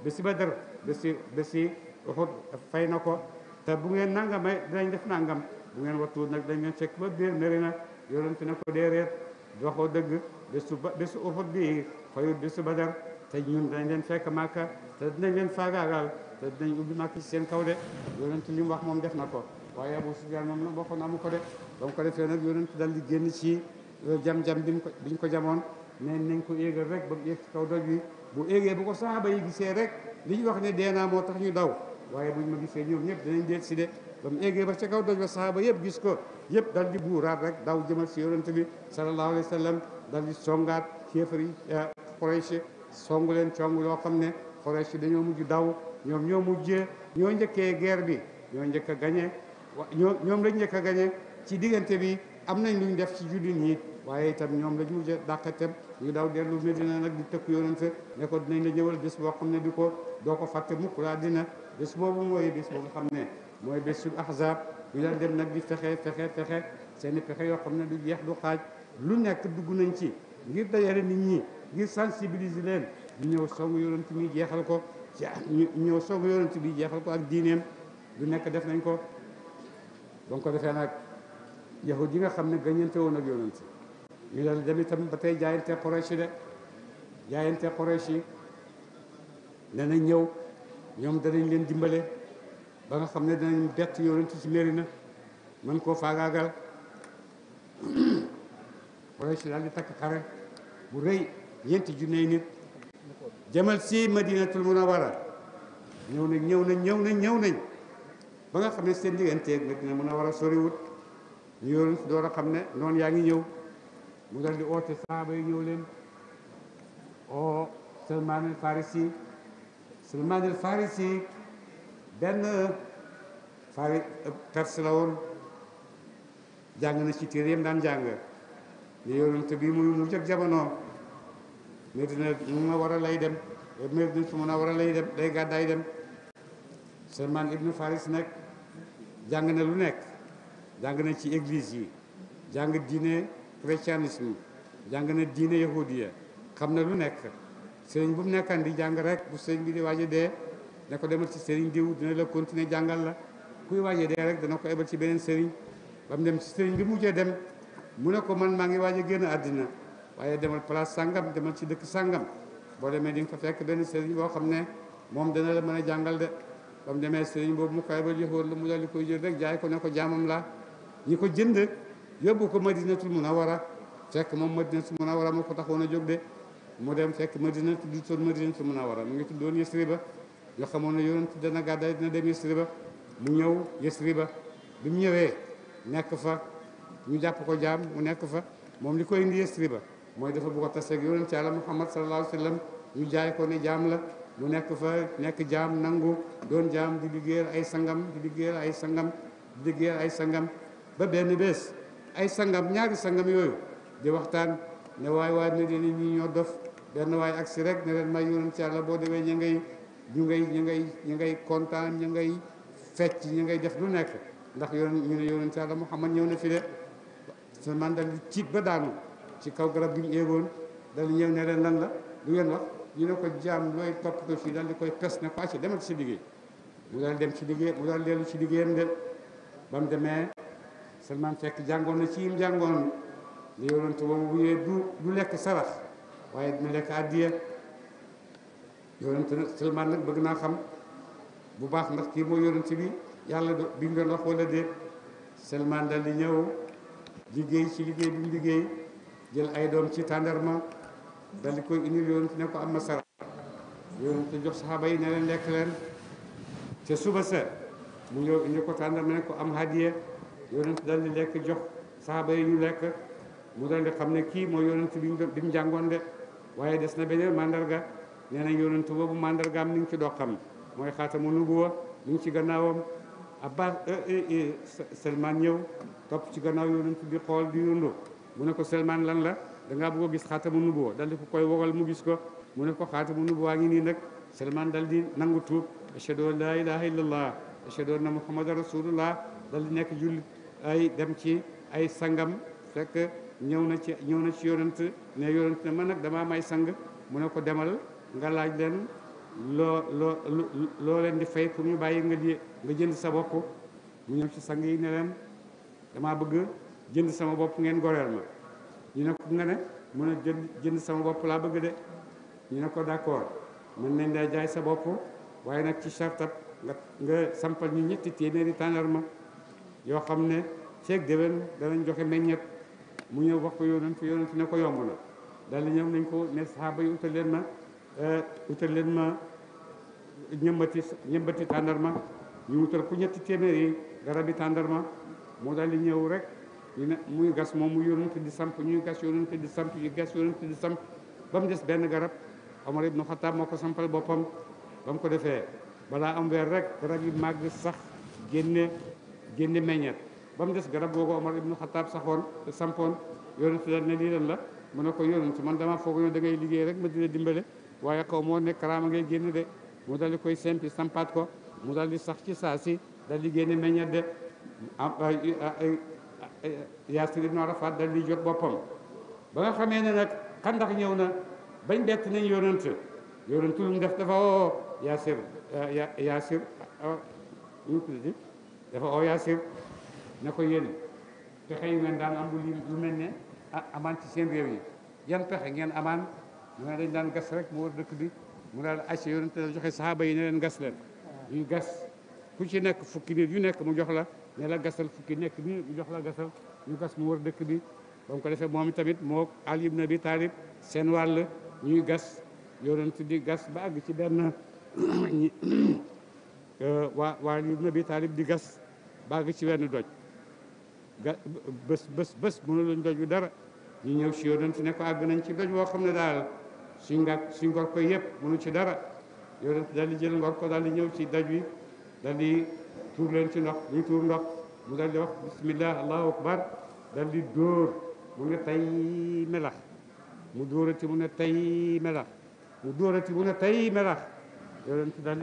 bési badar bési bési uxut fay na ko te bu ngeen nangamay dinañ def nangam bu ngeen wattuwul nag dañ ngeen fekk ba biir mari na yonent na ko déeréet waxoo dëgg bésu bésu uxut bi fayut bésu badar te ñun dinañ leen fekk màkka te dinañ leen faagaagal te dinañ ubbi màkk ci seen kaw de yonent li mu wax moom def na ko waaye abu sufyaan moom la bokkoon amu ko de ba mu ko defee nag yonent dal di génn ci euh, jam-jam bi mu ko biñ ko jamoon ne nañ ko éegal rek ba mu yéeg ci kaw doj bi bu éegee bu ko saaba yi gisee rek li ñu wax ne deenaa moo tax ñu daw waaye buñ ma gisee ñoom ñëpp danañ deet si de ba mu éegee ba ca kaw ba yëpp gis yëpp dal di buuraat rek daw jëmal si yonent bi sallallahu alayhi wa sallam dal di songaat kéefar yi euh, Quraysh songu leen cong loo xam ne Quraysh dañoo mujj daw ñoom ñoo mujjee ñoo njëkkee guerre bi ñoo njëkk a gañe ñoom lañ njëkk a gañe ci diggante bi am nañ luñ def ci jullit ñi waaye itam ñoom lañ mujj a dàqatem ñu daw dellu Medina nag di tëkk yonente ne ko dinañ la ñëwal boo xam ne di ko doo ko fàtte mukk laa dina bés boobu mooy bés boo xam ne mooy bésu ahzab ñu daan dem nag di fexe fexe fexe seen i yoo xam ne du jeex du xaaj lu nekk dugg nañ ci ngir dajale nit ñi ngir sensibiliser leen ñu ñëw song yonent muy jeexal ko ci ñu ñëw song yonent bi jeexal ko ak diineem lu nekk def nañ ko ba ko defee nag yahud yi nga xam ne gañante woon ak yonent ñu dal dem itam ba tey jaayante Quraysh de jaayante Quraysh yi dana ñëw ñoom danañ leen dimbale ba nga xam ne danañ bett yonent ci Medina mën koo faagaagal Quraysh daal di takk xare bu rëy ñeenti junney nit jamal si Madinatul Munawwara ñëw nañ ñëw nañ ñëw nañ ñëw nañ ba nga xam ne seen digganteeg Madina Munawwara soriwut yoonu si door a xam ne noonu yaa ngi ñëw mu dal di saaba yi ñëw leen o oh, Salmaan al Farisi Salmaan al Farisi benn fari perse la woon jàng na ci téere yam daan jàng ne yonent bi muy mu jëkk jamono Medina mu war a lay dem Medina su mun a war a lay dem day gàddaay dem Salmaan ibnu Faris nag jàng na lu nekk jàng na ci église yi jàng diine christianisme jàng na diine yahudiya xam na lu nekk sëriñ bu mu nekkaan di jàng rek bu sëriñ bi di waaje dee ne ko demal ci sëriñ diw dina la continuer jàngal la kuy waaje dee rek dana ko ebal ci beneen sëriñ ba mu dem ci sëriñ bi mujjee dem mu ne man maa ngi waaje génn àddina waaye demal place sangam demal ci dëkk sàngam boo demee di nga fa fekk benn sëriñ boo xam ne moom dana la mën jàngal de ba mu demee sëriñ boob mu koy ebal yëxóor la mu daal di rek jaay ko ne ko jaamam la ñi ko jënd yóbbu ko madinatul munawara fekk moom madinatul munawara moo ko taxoon a jóg de mu dem fekk madina du toon madinatul munawara mu ngi tuddoon yesriba nga xamoon ne yonent dana gàddaay dina dem yesriba mu ñëw yesriba bi mu ñëwee nekk fa ñu jàpp ko jaam mu nekk fa moom li koy indi yesriba mooy dafa bëgg a taseeg yonent ci Yàlla Muhammad sallallahu alayhi wa sallam ñu jaay ko ne jaam la mu nekk fa nekk jaam nangu doon jaam di liggéeyal ay sangam di liggéeyal ay sangam di liggéeyal ay sangam ba benn bés ay sangam ñaari sangam yooyu di waxtaan ne waay waay ne leen ñi ñoo dof benn waay si rek ne leen may yoon ci yàlla boo demee ñu ngay ñu ngay ñu ngay ñu ngay kontaan ñu ngay fecc ñu ngay def lu nekk ndax yoon ñu ne yoon ci yàlla Muhammad ñëw na fi de sa man dal tiit ba daanu ci kaw garab gi ñu éegoon dal ñëw ne leen lan la lu ngeen wax ñu ne ko jaam looy toppatoo fii daal di koy pes ne ko acca demal ci liggéey mu daal dem ci liggéey mu daal dellu ci liggéeyam de Salman fekk jàngoon na ci yim jàngoon li yonent boobu bu ñëwee du lekk sarax waaye dina lekk addiya yonent Salman nag bëgg naa xam bu baax ndax kii mooy yonent bi yàlla bi mu wala déet Salman dal di ñëw liggéey ci liggéey bi mu liggéey jël ay doom ci tàndarma dal di koy indil yonent ne ko am na sarax yonent jox saxaaba ne leen lekk leen te suba sa mu ñëw indi ko tàndarma ne ko am hadiya yonent dal di lekk jox saaba yi ñu lekk mu dal xam ne kii mooy yonent bi bi mu jàngoon de waaye des na beneen mandarga nee nañ yonent boobu mandargaam ni ngi ci doxam mooy xaatamu nubuwa ni ngi ci gannaawam abbas euh, euh, euh, selman ñëw topp ci gannaaw yonent bi xool di yundu mu ne ko selman lan la da ngaa bëgg a gis xaatamu nubuwa dal di koy wogal mu gis ko mu ne ko xaatamu nubuwa ngi nii nag selman dal di nangu tuub ashhadu an la ilaha illallah ashhadu anna muhammadan rasulullah dal di nekk jullit ay dem ci ay sangam fekk ñëw na ci ñëw na ci yonent ne yonent ne man nag damaa may sang mu ne ko demal nga laaj leen loo loo loo leen di fay pour ñu bàyyi nga nga jënd sa bopp mu ñëw ci sang yi ne leen damaa bëgg jënd sama bopp ngeen goreel ma ñu ne ko nga ne mu ne jënd jënd sama bopp laa bëgg de ñu ne ko d'accord mën nañ lay jaay sa bopp waaye nag ci sartab nga nga sampal ñu ñetti téeméeri tàndarma yoo xam ne ceeg déwén danañ joxe meññet mu ñëw wax ko yonent fi ne ko yomb na daal di ñëw nañ ko ne saxaaba yi utal leen ma eh, utal leen ma ñëmbati ñëmbati tàndarma ñu utal ku ñetti téeméer yi garabi tàndarma moo daal di ñëw rek muy gas moom mu yonent di samp ñuy gas yonent di samp ñu gas yonent di samp ba des benn garab Omar ibnu Xattaab moo ko sampal boppam ba ko defee balaa am weer rek garab yi màgg sax génne génne meññeet ba mu des garab googu Omar ibnu Xataab saxoon sampoon yonent daal ne lii lan la mu ne ko yonent man dama foog ne dangay liggéey rek ma di la dimbale waaye xaw moo ne karaama ngay génn de mu daal di koy sempi sampaat ko mu daal di sax ci saa si daal di génne meññeet de Yaasir ibnu Arafat daal di jot boppam ba nga xamee ne nag xandax ñëw na bañ bett nañ yonent yonent lu mu def dafa oo Yaasir Yaasir ah, dafa oyaasib na ko yéene pexe yu ngeen daan am lu mel ne ah, amaan ci seen réew yi yan pexe ngeen amaan mu ne dañ daan gas rek mu war dëkk bi mu daal acce yonente la joxe saxaaba yi ne leen gas leen ñuy gas ku ci nekk fukki nit yu nekk mu jox la ne la gasal fukki nekk nii mu jox la gasal ñu gas mu war dëkk bi ba mu ko defee moom tamit moo Ali ibn bi Talib seen wàll ñuy gas yonent di gas ba àgg ci benn waa waa li nabi taalib di gas baa ngi ci wenn doj bës bës bës bés mënu lañ doj dara ñu ñëw si yonent ne nekko àgg nañ ci doj woo xam ne daal suñ nga suñ ngor yëpp mënu ci dara yonent daal di jël ngor ko daal di ñëw ci daj wi daal di tuur leen ci ndox ñu tuur ndox mu daal di wax bismillah allahu akbar daal di dóor mu ne tey mu dóorati mu ne tey melax mu dóorati mu ne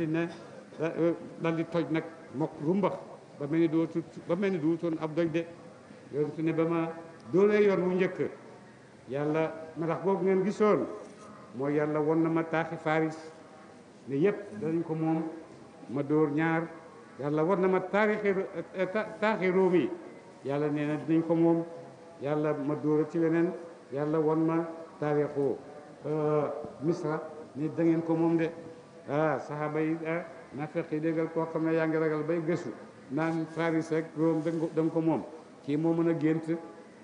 ne Eh, eh, dal toj nag mokk rumbax ba mel ni dootut ba mel ni duutoon ab doj de yonent ne ba ma doolee yoon mu njëkk yàlla melax boobu ngeen gisoon moo yàlla won na ma taaxi faris ne yëpp danañ ko moom ma dóor ñaar yàlla won na ma taarixi taaxi eh, róom yi yàlla nee na dinañ ko moom yàlla ma dóora ci weneen yàlla won ma taarixu misra ni da ko moom de ah, saxaaba yi ah, naa fekk yi déggal koo xam ne yaa ngi ragal bay gësu naan Paris rek Rome da nga ko moom kii moo mën a gént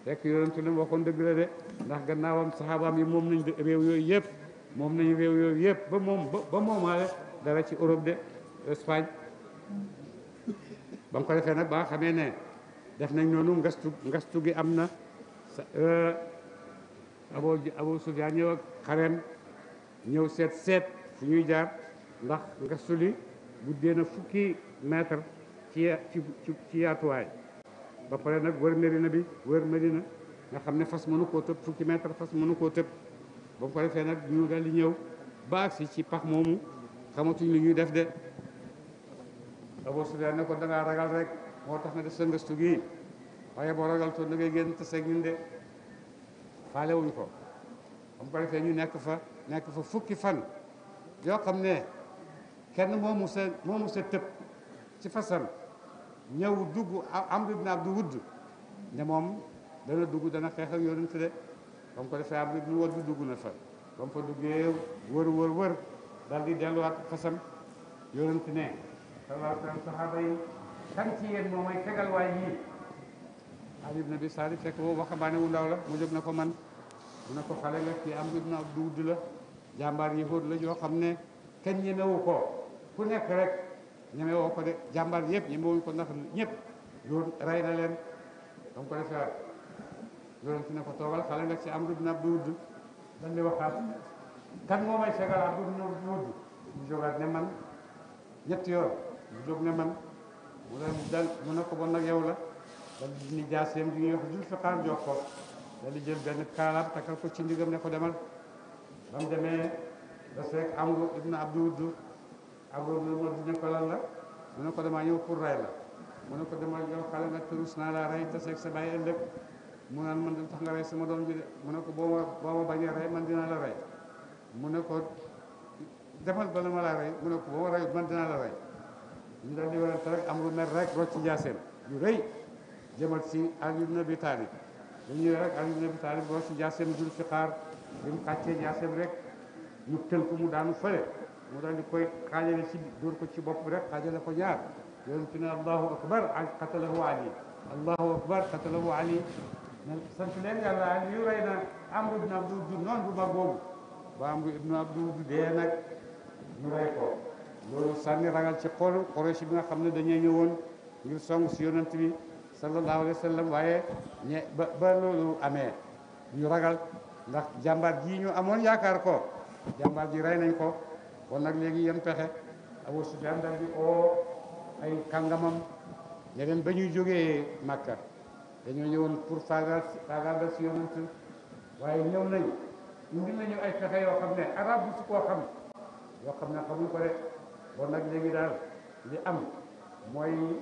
fekk yonentu li mu waxoon dëgg la de ndax gannaawam saxaabaam yi moom nañ réew yooyu yëpp moom nañ réew yooyu yëpp ba moom ba moomaale dara ci Europe de Espagne ba nga ko defee nag ba xamee ne def nañ noonu ngastu ngastu gi am na abo euh, abo Sufyaan ñëw ak xarem ñëw seet seet fu ñuy jaar ndax ngastu li guddee na fukki mètre ci ci yaatuwaay ba pare nag wër Medina bi wër Medina nga xam ne fas mënu koo tëb fukki mètre fas mënu koo tëb ba mu ko defee nag ñu daal di ñëw baag si ci pax moomu xamatuñ lu ñuy def de Abu Sufyaan ne ko dangaa ragal rek moo tax nga def sa ngëstu gi waaye boo ragal toon da ngay génn tase ak ñun de faalewuñ ko ba mu ko defee ñu nekk fa nekk fa fukki fan yoo xam ne kenn moo mu sa moo mu sa tëb ci fasal ñëw dugg Amr ibn Abdu Wudd ne moom dana dugg dana xeex ak yonent de ba ko defee Amr ibn Wudd dugg na fa ba mu fa duggee wër wër wër dal di delluwaat fasam yonent ne sallallahu alayhi wa sahaaba ci yéen moom mooy tegal waay yii Ali ibn waxambaane wu ndaw la mu jóg na ko man mu ne ko xale la Abdu Wudd la jàmbaar yi xóot la yoo xam ne kenn ñemewu ko ku nekk rek ñeme woo ko de jàmbar yëpp ñeme woo ko ndax ñëpp loolu rey na leen dama ko defee loolu ci ne ko toogal xale nga ci am du nab du wudd dañ di ne man ñetti yoon mu jóg ne man mu dal ko bon nag yow la dal di ni jaaseem di jul fi xaar jox ko dal di jël benn kaalaam takkal ko ci ndigam ne ko demal bam demee da seek amru ibn abdu wudd Abu Mamad mu ne ko lan la mu ne ko damaa ñëw pour rey la mu ne ko dama yow xale nga te rus naa laa rey te seeg sa bàyyi ëllëg mu naan man dama tax nga rey sama doom bi de mu ne ko boo ma boo ma bañee rey man dinaa la rey mu ne ko demal bala ma laa rey mu ne ko boo ma rey man dinaa la rey ñu daal di werante rek amul mer rek rocci njaaseen yu rëy jëmal si Ali ibn Abi Talib dañ ñëwee rek Ali ibn Abi Talib rocci njaaseen jul fi xaar bi mu xàccee njaaseen rek ñu tël ko mu daanu fële mu daal di koy xaajale ci dóor ko ci bopp rek xaajale ko ñaar yonent ne allahu akbar qatalahu ali allahu akbar qatalahu ali sant leen yàlla yu rey amru ibn abdu du noon bu mag boobu ba ragal ci xol Quraysh bi nga xam ne dañuy ñëwoon ngir song si yonent bi sallallahu alayhi wa sallam ñe ba ba amee ñu ragal ndax jàmbaar ji ñu amoon yaakaar ko jàmbaar ji rey nañ ko kon nag léegi yem pexe Abu Sufyaan dal di oo ay kàngamam ne leen ba ñuy jógee Makka dañoo ñëwoon pour faaga faagaagal si yonent waaye ñëw nañ indi nañu ay pexe yoo xam ne arab bu su xam yoo xam ne xamuñ ko nag léegi daal li am mooy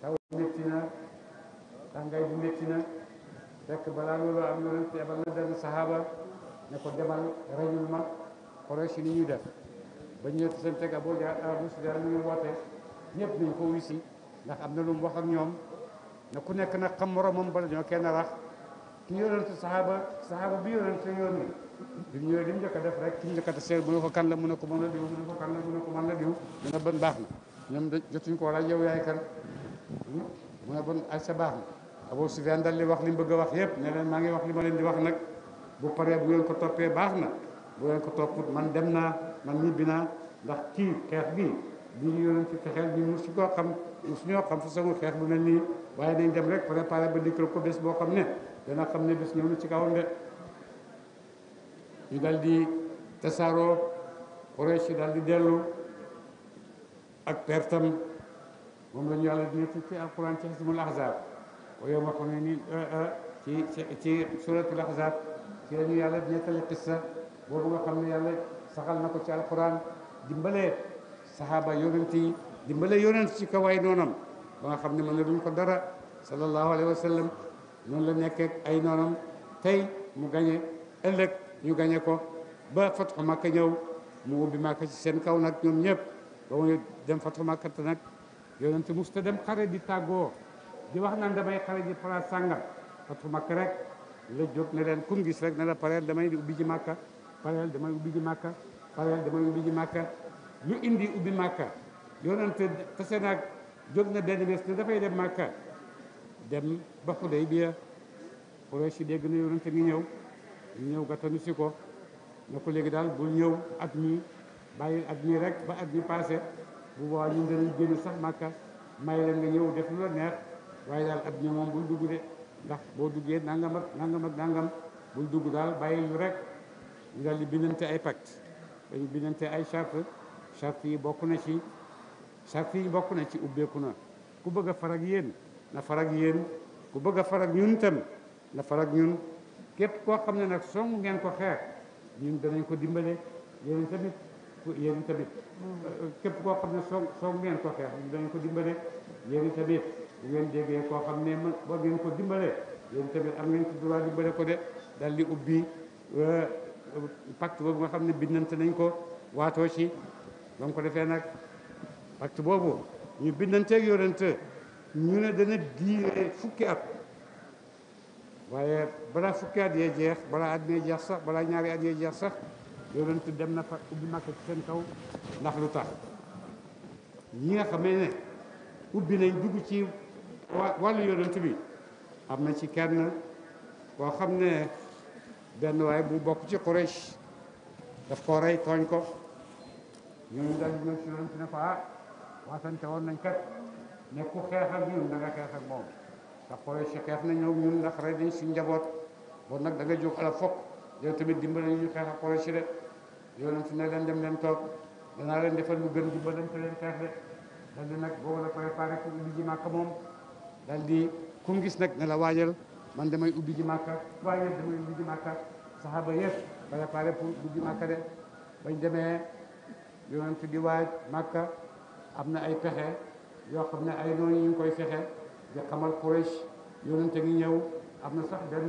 taw métti na tàngaay bi métti na fekk balaa loolu am yonent ebal ko demal rajul ma si ni ñu def ba ñëw seen tega boo jaar mu ngi woote ñëpp nañ ko wuy si ndax am na lu mu wax ak ñoom na ku nekk nag xam moom bala ñoo kenn rax ki yonentu saxaaba saxaaba bi yonentu yoon bi ñëwee li mu njëkk def rek ki mu njëkk a seet mu ne ko kan la mu ne ko mën la diw mu ne ko kan la mu ne baax na ñoom jotuñ ko wala yow yaay kan mu ne bon ay sa baax na Abu Sufyaan dal li wax li mu bëgg a wax yëpp ne leen maa ngi wax li ma leen di wax nag bu paree bu ngeen ko toppee baax na bu ko topput man dem naa man mii binaa ndax kii xeex bi bi ñu yonen ci fexeel ñu musu koo xam musu ñoo xam façon xeex bu mel nii waaye dañ dem rek préparé ba dikkal ko bés boo xam ne dana xam ne bés ñëw na ci kawam de ñu dal di tasaaroo Quraysh dal di dellu ak pertam moom la ñu yàlla di netti ci alquran ci xismul ahzab wa yawma hunayn ci ci suratul ahzab ci la ñu yàlla di nettali qissa boobu nga xam ne yàlla saxal na ko ci alquran dimbale saxaaba yonent yi dimbale yonent ci kaw ay noonam ba nga xam ne ma duñ ko dara sallallahu alayhi wa sallam noonu la nekkee ay noonam tey mu gañe ëllëg ñu gañe ko ba fatxu makk ñëw mu ubbi Makka ci seen kaw nag ñoom ñëpp ba mu dem fatxu Makka te nag yonent mus dem xare di tàggoo di wax naan damay xare ji place sàngam fatxu Makka rek la jóg ne leen kum gis rek ne la pareel damay ubbi ji pareel damay ubbi ji Makka pare dama ubbi ji màkka lu indi ubbi màkka yonent tase nag jóg na benn bés ne dafay dem màkka dem ba Xudaybiya Quraysh yi dégg na yonent ngi ñëw ñëw gàttanu si ko ne ko léegi daal bul ñëw at mi bàyyi at mi rek ba at mi passé bu boobaa ñun danañ génn sax màkka may la nga ñëw def lu la neex waaye daal at mi moom bul dugg de ndax boo duggee nangam ak nangam ak nangam bul dugg daal bàyyi ñu rek ñu daal di bindante ay pacte dañu bindante ay charte charte yi bokk na ci charte bokk na ci ubbeeku na ku bëgg a farag yéen na farag yéen ku bëgg a farag ñun tam na farag ñun képp koo xam ne nag song ngeen ko xeex ñun danañ ko dimbale yéen tamit yéen tamit képp koo xam ne song song ngeen ko xeex ñun ko dimbale yéen ngeen déggee koo xam ne ba ngeen ko dimbale yéen tamit am ngeen ci dimbale ko de dal di ubbi euh, pacte boobu nga xam ne bindante nañ ko waatoo ci ba ko defe nag pacte boobu ñu bindanteeg yonente ñu ne dana diire fukki at waaye balaa fukki at yee jeex balaa at yee jeex sax balaa ñaari at yee jeex sax yonente dem na fa ubbi Makka ci seen kaw ndax lu tax ñi nga xamee ne ubbi nañ dugg ci wàllu yonente bi am na ci kenn koo xam ne benn waaye bu bokk ci Quraysh daf koo rey tooñ ko ñooñu daal di ñëw ci yonent ne ko ah waasante woon nañ kat ne ku xeex ak ñun da nga xeex ak moom ndax Quraysh xeex na ñëw ñun ndax rey nañ suñ njaboot bon nag da nga jóg ala fokk yow tamit na ñu xeex ak Quraysh de yonent ne leen dem leen toog danaa leen defal lu gën dimbalante leen xeex de daal di nag boobu la préparé pour ubbi ji Màkka moom daal di ku gis nag ne la waajal man damay ubbi ji màkka trois yëpp damay ubbi ji màkka saxaaba yëpp préparé pour ubbi màkka de bañ demee yonent di waaj màkka am na ay pexe yoo xam ne ay noonu ñu ngi koy fexe di xamal Quraysh yonent ngi ñëw am na sax benn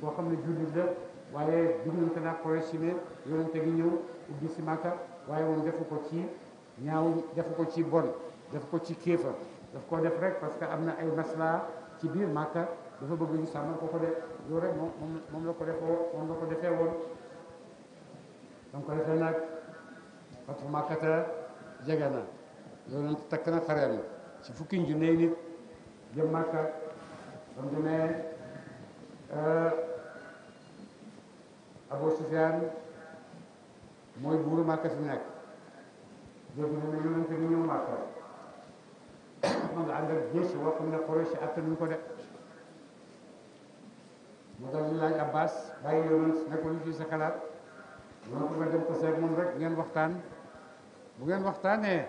boo xam ne jullit la waaye diggante naa Quraysh si ne yonent ngi ñëw ubbi si màkka waaye moom defu ko ci ñaaw defu ko ci bon def ko ci kéefar def ko def rek parce que am na ay masla ci biir màkka dafa bëgg ñu sàmmal ko ko de loolu rek moom moom la ko defoo moom la ko defee woon donc ko defee nag fatu màkkata jege na loolu takk na xareem la si fukki junni nit jëm màkka ba mu demee euh, Abu Sufyaan mooy buuru màkka fi nekk dégg na ne yonente bi ñëw màkka ma nga ànd ak gis wax xam ne Quraysh attanuñ ko de mu dal di laaj Abbas bàyyi yonent ne ko lu ci sa xalaat mu ne ko nga dem ko seet moom rek ngeen waxtaan bu ngeen waxtaanee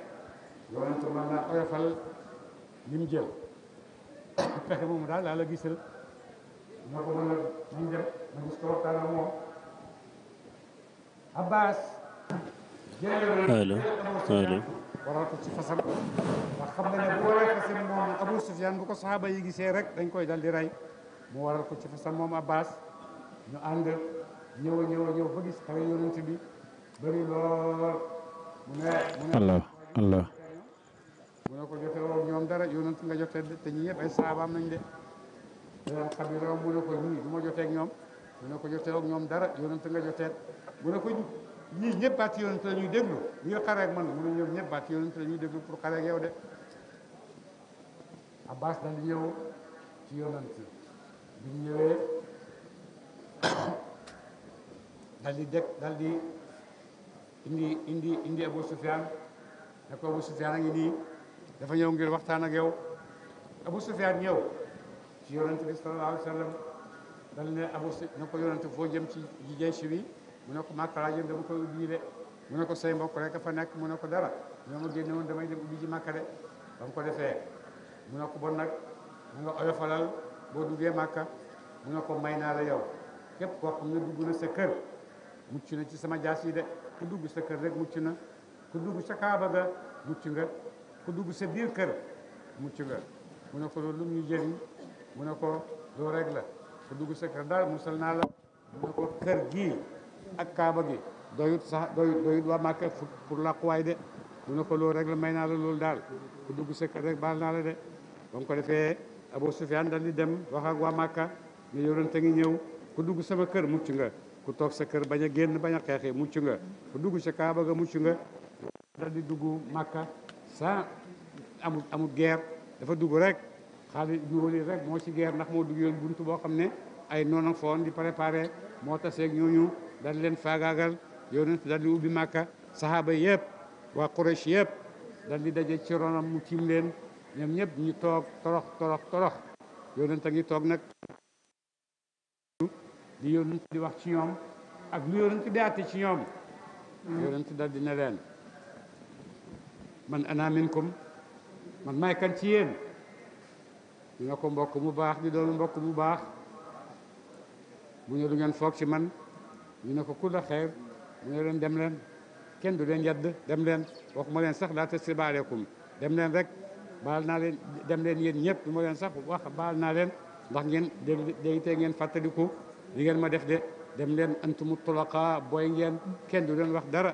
yonent mën naa oyofal li mu jël pexe moomu daal laa la gisal na ko mën a ñu dem na gis ko waxtaan ak moom Abbas allo allo waral ko ci fasam wax xam na ne bu waree fasam moom Abu Sufyaan bu ko saxaaba yi gisee rek dañ koy dal di rey mu waral ko ci fa sa moom Abbas ñu ànd ñëw a ñëw a ñëw ba gis xare yonent bi bëri lool mu ne allah allah mu ne ko jote woo ñoom dara yonent nga jote te ñi ñëpp ay saabaam nañ de xabiro mu ne ko ñii du ma joteeg ñoom mu ne ko jotee ak ñoom dara yonent nga joteet mu ne ko ñii ñëpp baati yonent la ñuy déglu ñuy xare ak man mu ne ñoom ñëpp baati yonent la ñuy déglu pour xare ak yow de Abbas dal di ñëw ci yonent bi mu ñëwee dal indi indi indi Abu Sufyaan ne Abu Sufyaan a ngi nii dafa ñëw ngir waxtaan ak yow Abu Sufyaan ñëw ci yonent bi sallallahu alayhi wa sallam dal ne Abu ne ko yonent foo jëm ci jeysi bi mu ne ko Màkka laa dama koy ubbi de mu ne ko say mbokk rek fa nekk mu ne ko dara ñoo ma génne woon damay dem ubbi ji Màkka de ba mu ko defee mu oyofalal boo duggee màkka mu ne ko may naa la yow képp koo xam ne dugg na sa kër mucc na ci sama jaas yi de ku dugg sa kër rek mucc na ku dugg sa kaaba ga mucc nga ku dugg sa biir kër mucc nga mu ne ko loolu lu ñuy mu ne ko loo rek la ku dugg sa kër daal musal naa la mu ne ko kër gii ak kaaba gi doyut sax doyut doyut waa màkka pour làquwaay de mu ne ko loolu rek la may naa la loolu daal ku dugg sa kër rek baal naa la de ba ko defee Abu Sufyaan dal di dem wax waa Màkka ne yonente ngi ñëw ku dugg sama kër mucc nga ku toog sa kër bañ a génn bañ a xeexee mucc nga ku dugg sa kaaba ga mucc nga dal di dugg Màkka sa amul amul guerre dafa dugg rek Xaalid ibn rek moo ci guerre ndax moo dugg yoon buntu boo xam ne ay noona foon di préparé moo taseeg ñooñu dal leen faagaagal yonent dal di ubbi Màkka sahaaba yëpp waa Quraysh yëpp dal di daje ci ronam mu tiim leen ñoom ñëpp ñu toog torox torox torox yonent a ngi toog nag di yonent di wax ci ñoom ak lu yonent di àtte ci ñoom yonent dal dina leen man ana minkum man maay kan ci yéen ñu ne ko mbokk mu baax di doon mbokk mu baax mu ne du ngeen foog ci man ñu ne ko ku la xeer mu ne dem leen kenn du leen yedd dem leen waxuma leen sax laa tasriba aleykum dem leen rek baal naa leen dem leen yéen ñëpp du ma leen sax wax baal naa leen ndax ngeen day tee ngeen fàttaliku li ngeen ma def de dem leen antumu tulaqa booy ngeen kenn du leen wax dara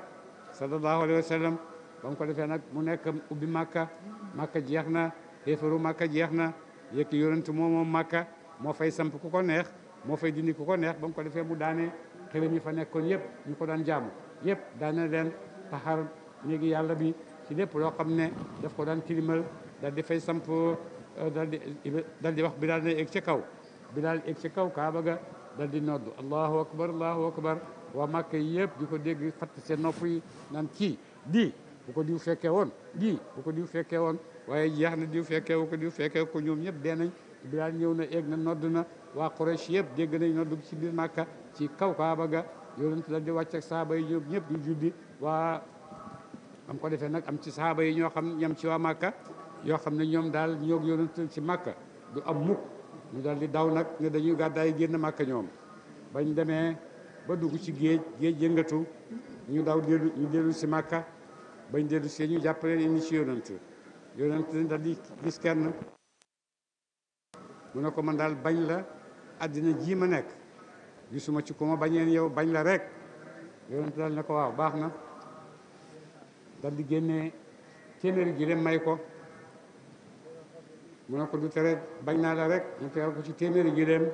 sallallahu alayhi wa sallam ba mu ko defee nag mu nekk ubbi màkka màkka jeex na xéefaru màkka jeex na yëkki yonent moo moom màkka moo fay samp ku ko neex moo fay dindi ku ko neex ba ko defee mu daanee xëy ñi fa nekkoon yëpp ñu ko daan jaamu yëpp daane leen taxar néegi yàlla bi ci lépp loo xam ne daf ko daan tilimal daal di fay samp euh, daal di daal di wax bilaal na egg ca kaw bilaal egg ci kaw kaaba ga daal di noddu allahu akbar allahu akbar waa màkk yëpp di ko dégg fatt seen nopp yi naan kii di bu ko diw fekkee woon di bu ko diw fekkee woon waaye jeex na diw fekkee bu ko diw fekkee ko ñoom ñëpp dee nañ bilaal ñëw na egg na nodd na waa Quraysh yëpp dégg nañ noddu ci biir màkka ci kaw kaaba ga yonent daal di wàcc ak saaba yi ñoom ñëpp di juddi waa am ko defee nag am ci saaba yi ñoo xam ñam ci waa màkka yoo xam ne ñoom daal ñoo yonent ci màkka du am mukk ñu daal di daw nag ne dañuy gàddaay génn màkka ñoom bañ demee ba dugg ci géej géej yëngatu ñu daw dellu ñu dellu si màkka bañ dellu si ñu jàpp leen indi ci yonent yonent daal di gis kenn mu ne ko man daal bañ la àddina jii ma nekk gisuma ci ku bañeen yow bañ la rek yonent daal ne ko waaw baax na daal di génnee téeméeri gi dem may ko mu ne ko du tere bañ naa la rek mu tegal ko ci téeméeri gileem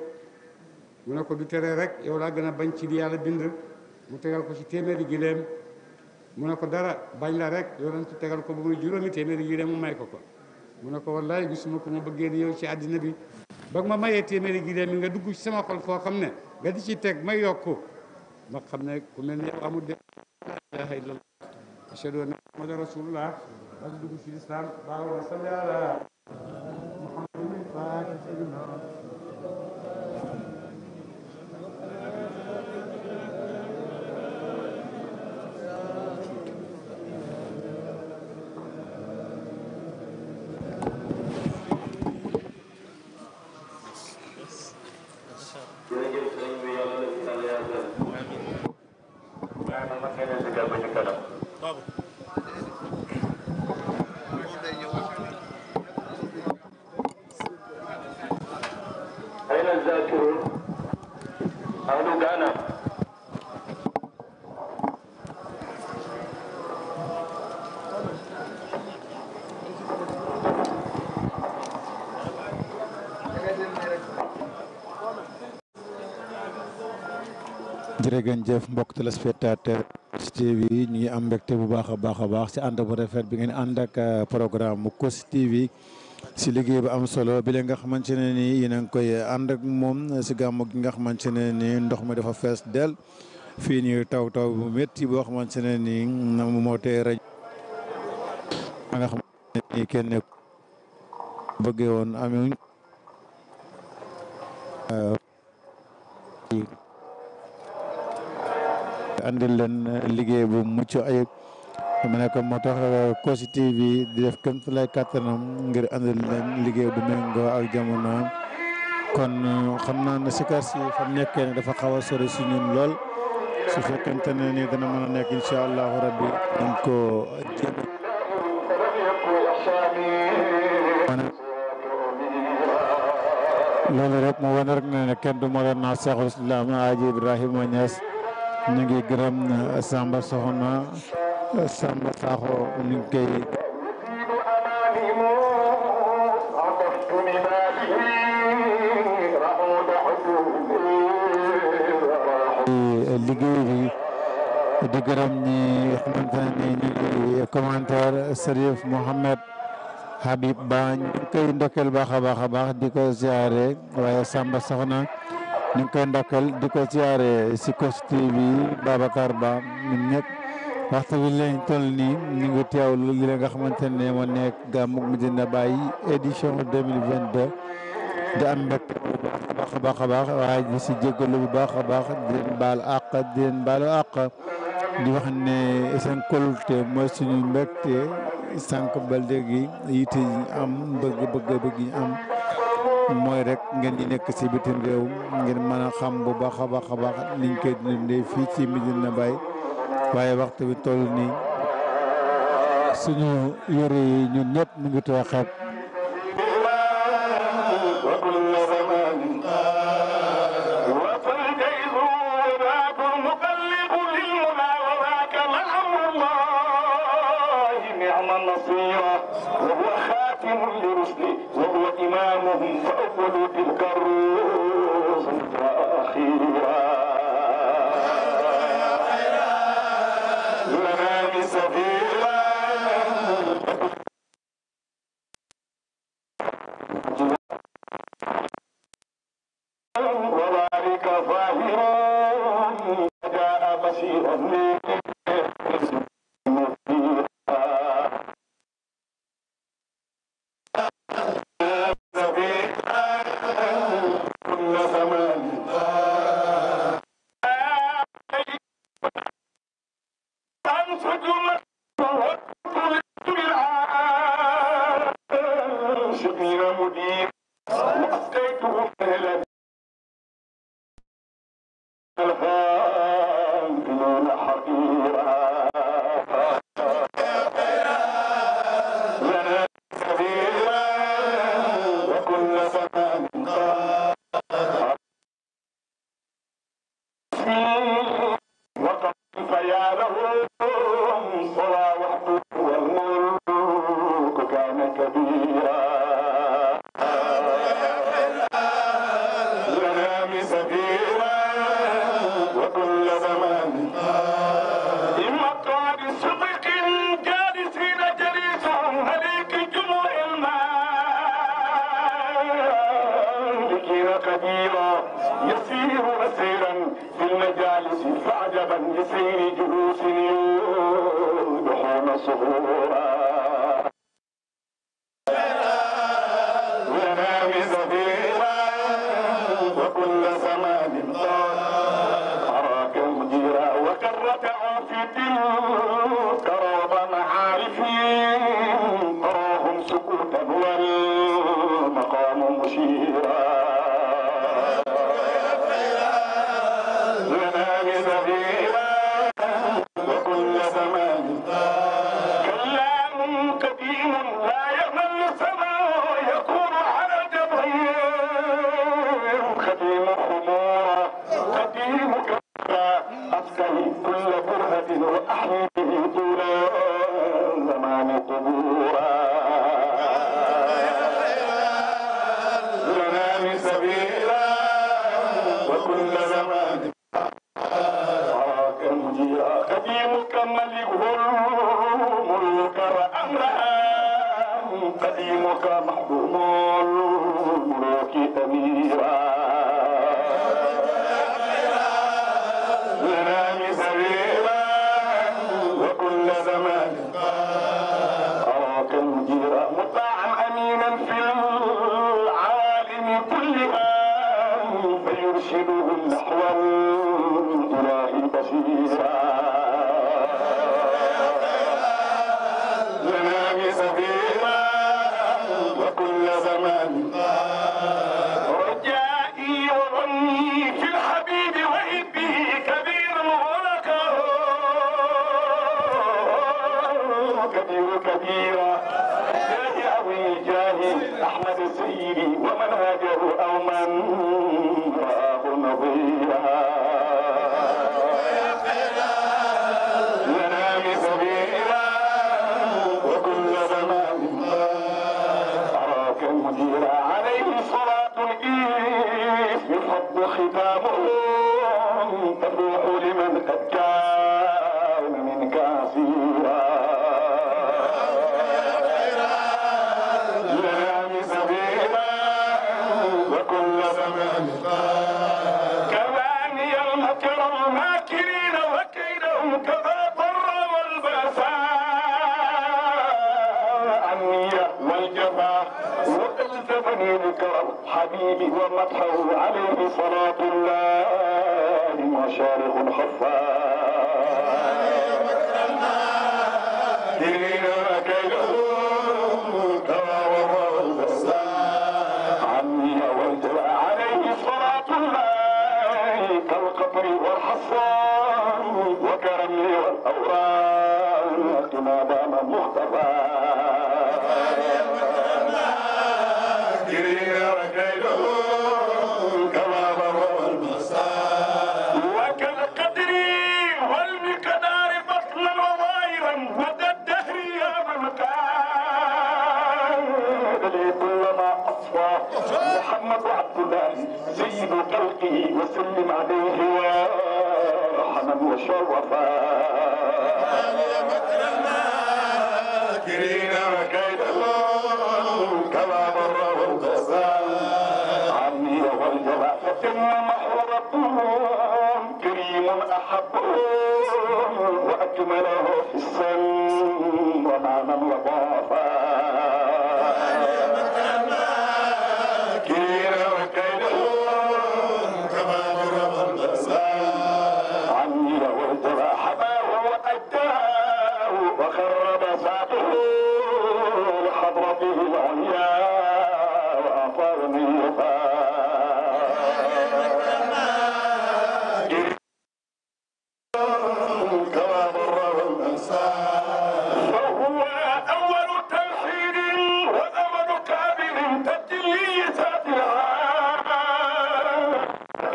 mu ne ko du tere rek yow laa gën a bañ ci li yàlla bind mu tegal ko ci téeméeri gileem mu ne ko dara bañ la rek yonent tegal ko ba muy juróomi téeméeri gileem mu may ko ko mu ne ko wallaay gisuma ko ma bëggee ni yow ci àddina bi ba ma mayee téeméeri gileem mi nga dugg ci sama xol foo xam ne nga di ci teg may yokku ma xam ne ku mel ni yow amul de la ilaha illallah ashhadu anna muhammadan rasulullah dugg ci lislaam baaw wa sallallahu Thank you. jërëgën jëf mbokk téléspectateur Kossy TV ñu ngi am mbégte bu baax a baax a baax si ànd bu rafet bi ngeen ànd ak euh, programme mu Kossy TV si liggéey bu am solo bi nga xamante ne nii yéen a koy ànd ak moom si gàmmu gi nga xamante ne nii ndox mi dafa fees del fii nii taw taw bu métti boo xamante ne nii moo tee rajo nga xamante ne nii kenn bëggee woon amuñ andil leen liggéey bu mucc ayib moo tax euh, Kossy TV di def kéem lay kàttanam ngir andil leen liggéey bu méngoo ak jamono kon euh, xam naa ne sikar si fa nekkee dafa xaw a sori si ñun lool su fekkente ne ni dana mën a nekk incha allahu rabbi dañ ko rek mu kenn du moo doon naa Cheikhul Islam Aji Ibrahima Niass ñu ngi gërëm euh, Samba Soxna euh, Samba Sakho ñu ngi koy liggéey bi di gërëm ñi xamante ne ñu ngi commentaire Serif Mohamed Habib Ba ñu ngi koy ndokkeel baax a baax a baax di ko ziare waaye Samba Soxna ñu ngi koy ndokkal di ko siyaare si Kossy TV Babacar Ba ñun ñëpp waxtu bi lañ toll nii ñu ngi teewlu li nga xamante ne moo nekk gàmmu Medina Baye édition 2022 di am mbégte bu baax a baax a baax waaye di si bu baax a baax di leen baal àq di wax ne seen kóolute mooy suñu mbégte sànq ba gi yitte yi am bëgg bëgg yi am. mooy rek ngeen ñi nekk ci bitim réew ngeen mën a xam bu baax a baax a baax niñ koy dundee fii ci Medina Baye waaye waxtu wi toll nii suñu yore yi ñun ñëpp mu ngi tooy xeet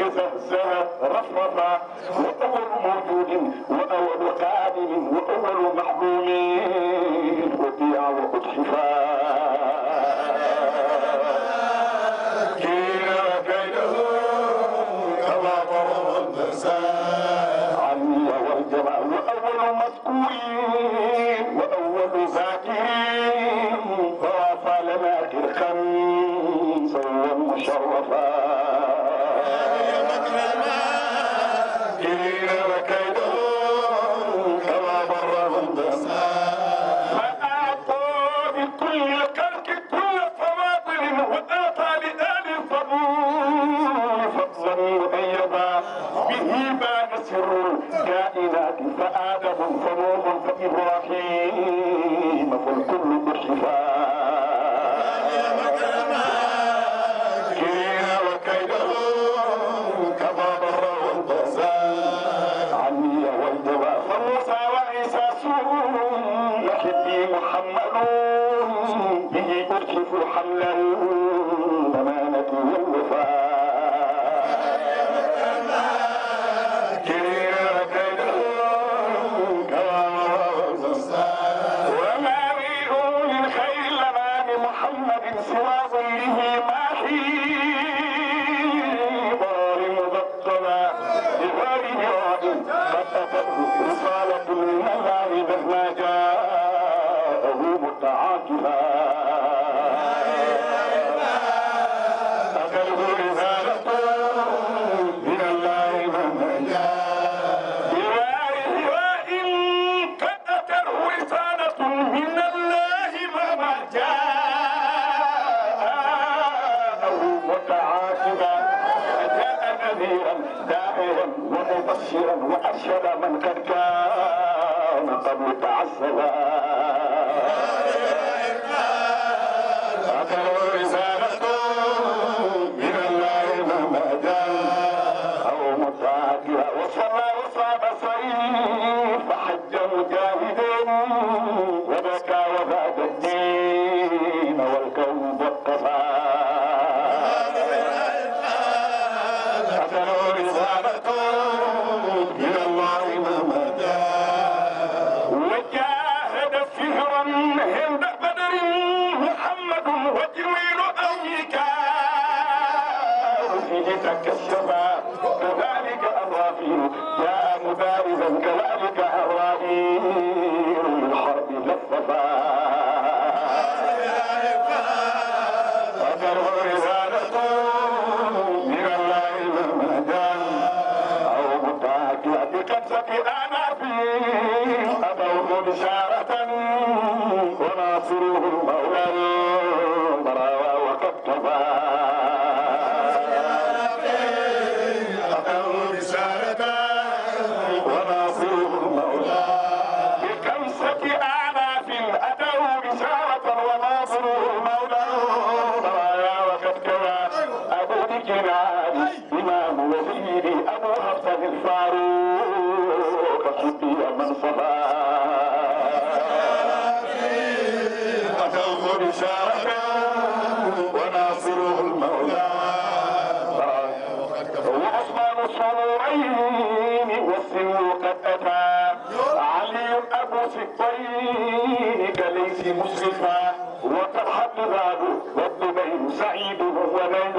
زهزها رفرفا وأول موجود وأول قادم وأول محبوب وبيع وأتحفا إبراهيم قل كل شفاء كيل وكيده كما بره الغزال عني والدواء فموسى وعيسى سور يحبي محمد به أرشف حملا منيرا دائرا ومبشرا وارشد من قد كان قبل تعسلا أكلوا رسالة من الله مهدا أو مطاعتها وصلى وصلى الرحمة أنا فيه أبوه بشارة في طريقك ليس مسرفا وقد حد ذاك وابن سعيد ومن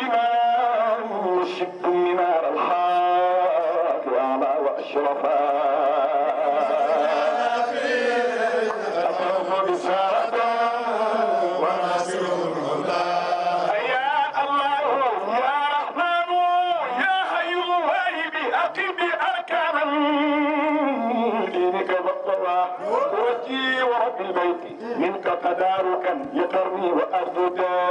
الإمام شق منار الحق أعلى وأشرفا أصرف بسارة وناصر الهدى يا الله يا رحمن يا حي الله بأقم أركانا دينك بقرا وجهي ورب البيت منك تداركا يقرني وأرجو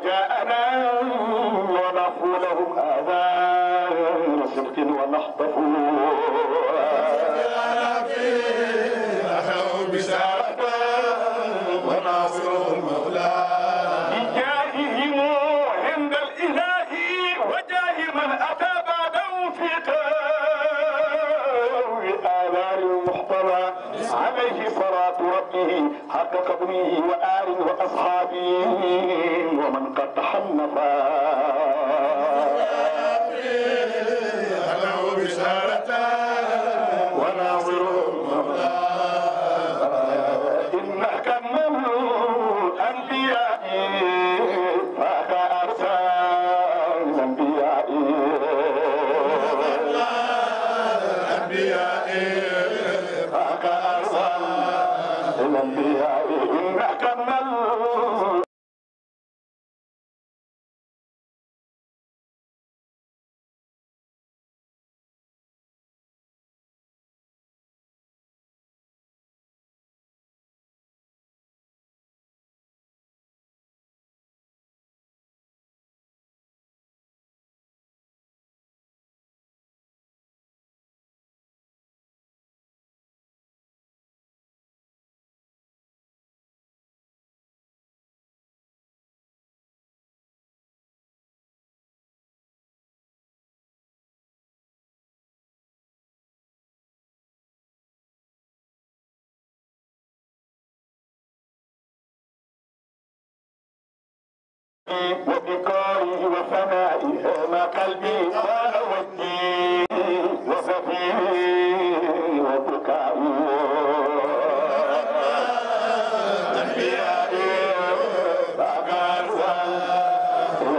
رجاءنا ونحو لهم آذان صدق ونحتفظ حق قبري وآل وأصحابي ومن قد تحنفا وبقائه وسمائه ما قلبي قال ودي وسفيه وبكائي أنبيائي فقالوا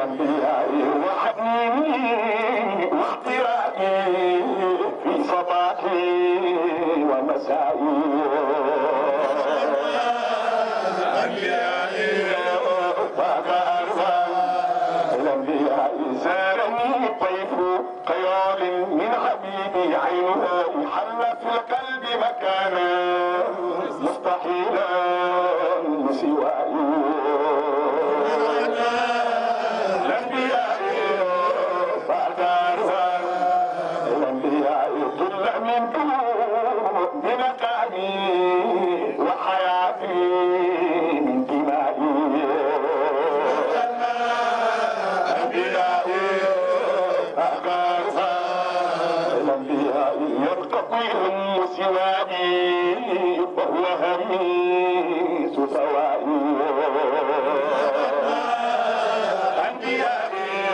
أنبيائي وحنيني واختراعي في صباحي ومسائي هم سوائي فهو هميس سوائي أنبيائي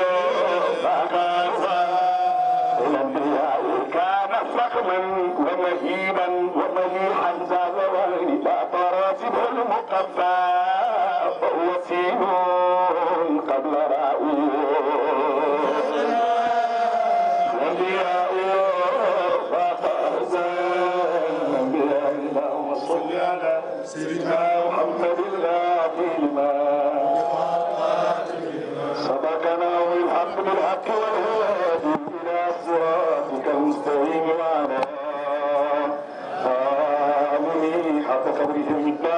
فأخاف الأنبياء كان فخما ومهيبا ومليحا زاد والداء تراتبه المقفى فهو سين قبل رائي الأنبياء صل على سيدنا محمد الفاتحة سبقنا والحق بالحق والهادي إلى صراطك المستقيم وعلى آمين حق قوله الباقي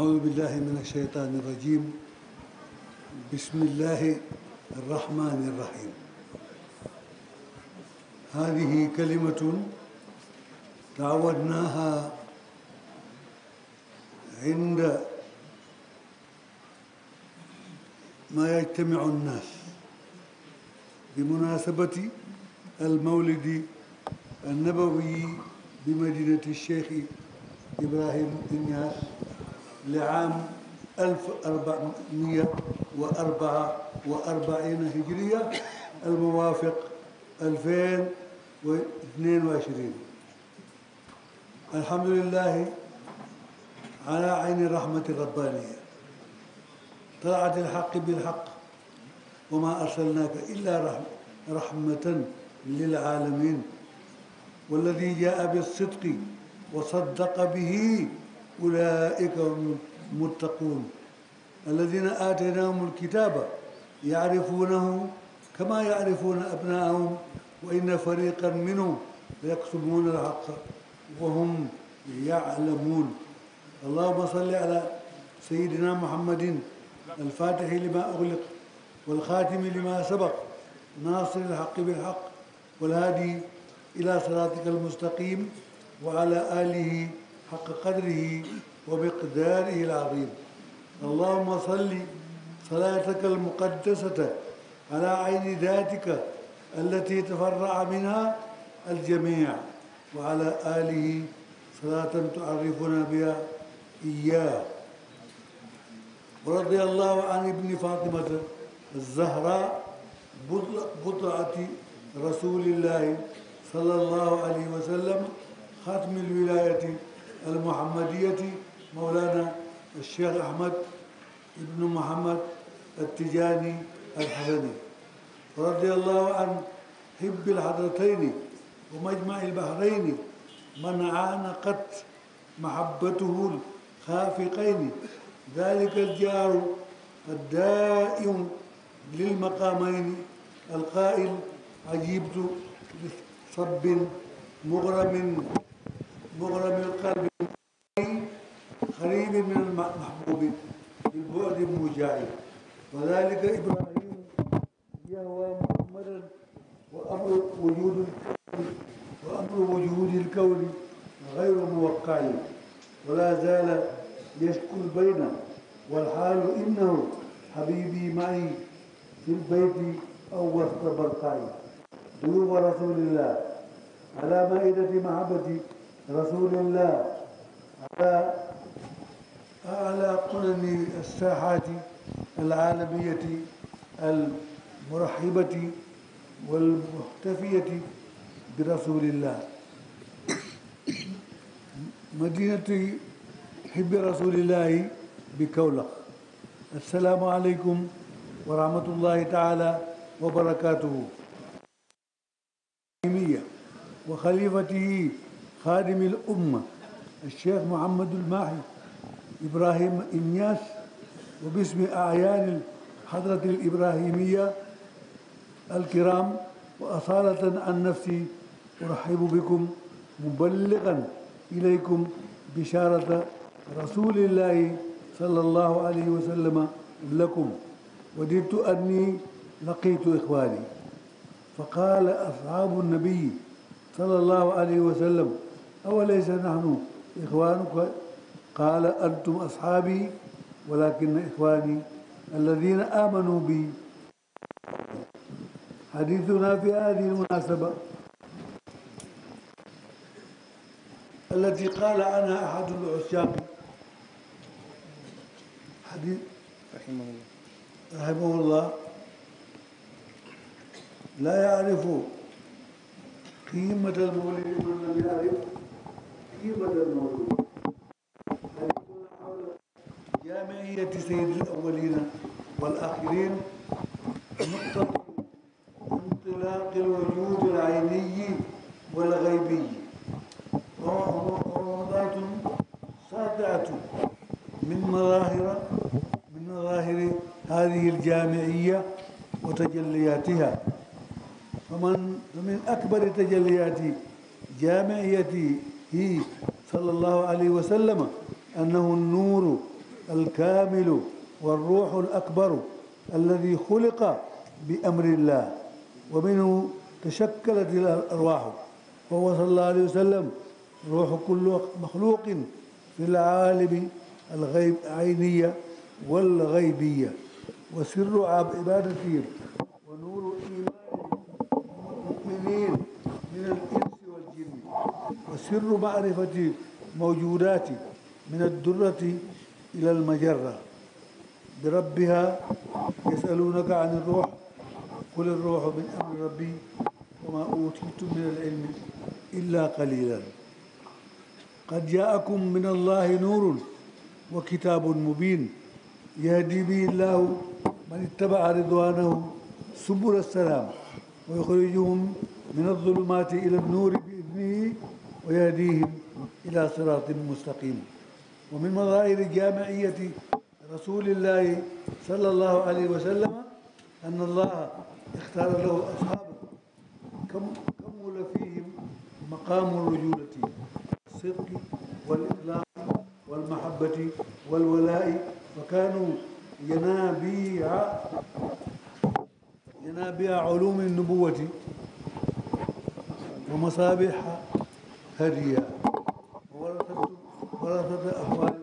أعوذ بالله من الشيطان الرجيم بسم الله الرحمن الرحيم هذه كلمة تعودناها عند ما يجتمع الناس بمناسبة المولد النبوي بمدينة الشيخ إبراهيم إنياس لعام 1444 هجرية الموافق 2022 الحمد لله على عين الرحمة الربانية طلعت الحق بالحق وما أرسلناك إلا رحمة للعالمين والذي جاء بالصدق وصدق به أولئك هم المتقون الذين آتيناهم الكتاب يعرفونه كما يعرفون أبناءهم وإن فريقا منهم ليكتمون الحق وهم يعلمون اللهم صل على سيدنا محمد الفاتح لما أغلق والخاتم لما سبق ناصر الحق بالحق والهادي إلى صراطك المستقيم وعلى آله حق قدره ومقداره العظيم اللهم صل صلاتك المقدسة على عين ذاتك التي تفرع منها الجميع وعلى آله صلاة تعرفنا بها إياه ورضي الله عن ابن فاطمة الزهراء بطعة رسول الله صلى الله عليه وسلم خاتم الولاية المحمدية مولانا الشيخ أحمد بن محمد التجاني الحسني رضي الله عن حب الحضرتين ومجمع البحرين من عانقت محبته الخافقين ذلك الجار الدائم للمقامين القائل عجبت صب مغرم مغرم القلب قريب من المحبوب بالبعد المجاري وذلك إبراهيم يهوى محمدا وأمر وجود وأمر وجود الكون غير موقع ولا زال يشكو البين والحال إنه حبيبي معي في البيت أو وسط برقعي دروب رسول الله على مائدة محبتي رسول الله على أعلى قرن الساحات العالمية المرحبة والمحتفية برسول الله مدينة حب رسول الله بكولة السلام عليكم ورحمة الله تعالى وبركاته وخليفته خادم الأمة الشيخ محمد الماحي إبراهيم إنياس وباسم أعيان الحضرة الإبراهيمية الكرام وأصالة عن نفسي أرحب بكم مبلغا إليكم بشارة رسول الله صلى الله عليه وسلم لكم وددت أني لقيت إخواني فقال أصحاب النبي صلى الله عليه وسلم أوليس نحن إخوانك قال أنتم أصحابي ولكن إخواني الذين آمنوا بي حديثنا في هذه المناسبة التي قال عنها أحد العشاق حديث رحمه الله رحمه الله لا يعرف قيمة المولد من لم يعرف هبة المولود جامعية سيد الأولين والآخرين نقطة انطلاق الوجود العيني والغيبي وموضات ساطعة من مظاهر من مظاهر هذه الجامعية وتجلياتها فمن فمن أكبر تجليات جامعية he صلى الله عليه وسلم أنه النور الكامل والروح الأكبر الذي خلق بأمر الله ومنه تشكلت الأرواح وهو صلى الله عليه وسلم روح كل مخلوق في العالم الغيب عينية والغيبية وسر عبادته ونور إيمان المؤمنين من الإيمان wa sirru maarifati mawjudaati min addurrati ila almajarra bi rabbiha yasaluunaka an irruux qul irruuxu min amri rabbi wama utiitum min alilmi illa qalilan qad jaakum min allahi nuurun wa kitaabun mubiin yahdi bihi llahu man ittabaca ridwaanahu subula salaam wa yuxrijuhum min alzulumaati ila annuuri bi idnihi ويهديهم إلى صراط مستقيم ومن مظاهر جامعية رسول الله صلى الله عليه وسلم أن الله اختار له أصحابه كم كمل فيهم مقام الرجولة الصدق والإخلاص والمحبة والولاء وكانوا ينابيع ينابيع علوم النبوة ومصابيح هديا وورثة ورثة أحوال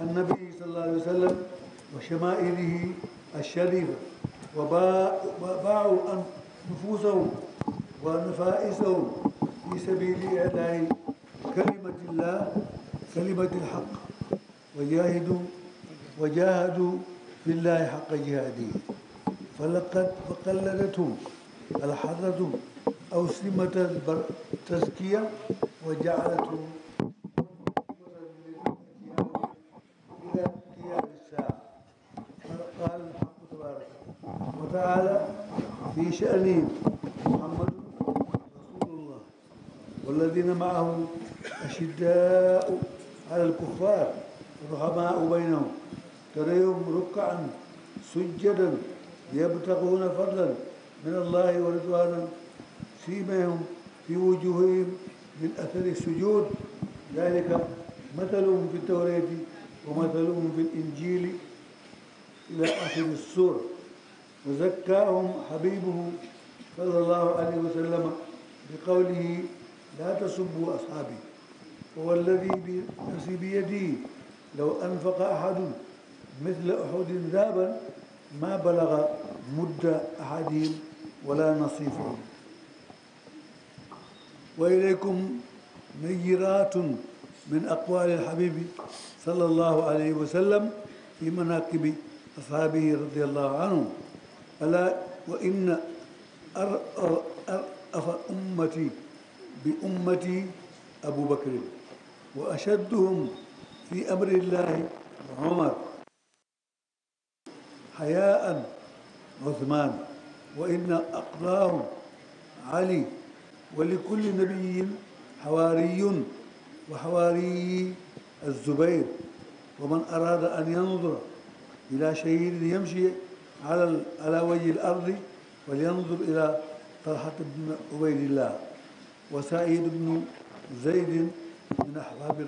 النبي صلى الله عليه وسلم وشمائله الشريفة وباعوا نفوسهم ونفائسهم في سبيل إعلاء كلمة الله كلمة الحق وجاهدوا وجاهدوا في الله حق جهاده فلقد فقلدتهم الحضرة أوسمة التزكية وجعلته إلى قيام الساعة قال الحق تبارك وتعالى في شأنهم محمد رسول الله والذين معه أشداء على الكفار رحماء بينهم تريهم ركعا سجدا يبتغون فضلا من الله ورضوانا سيماهم في وجوههم من أثر السجود ذلك مثلهم في التوراة ومثلهم في الإنجيل إلى آخر السور وزكاهم حبيبه صلى الله عليه وسلم بقوله لا تسبوا أصحابي هو الذي بنفسي بيدي لو أنفق أحد مثل أحد ذهبا ما بلغ مد أحدهم wala nasifa wa ilaykum nayiratun min aqwali alhabibi sal allahu alayhi wa sallam fi manaqibi ashaabihi radi allahu anhum ala wa inna arafa ummati bi ummati abu bakrin wa ashadduhum fi amri llahi umar hayaan usman وإن أقضاهم علي ولكل نبي حواري وحواري الزبير ومن أراد أن ينظر إلى شهيد يمشي على على وجه الأرض ولينظر إلى طلحة بن عبيد الله وسعيد بن زيد من أحباب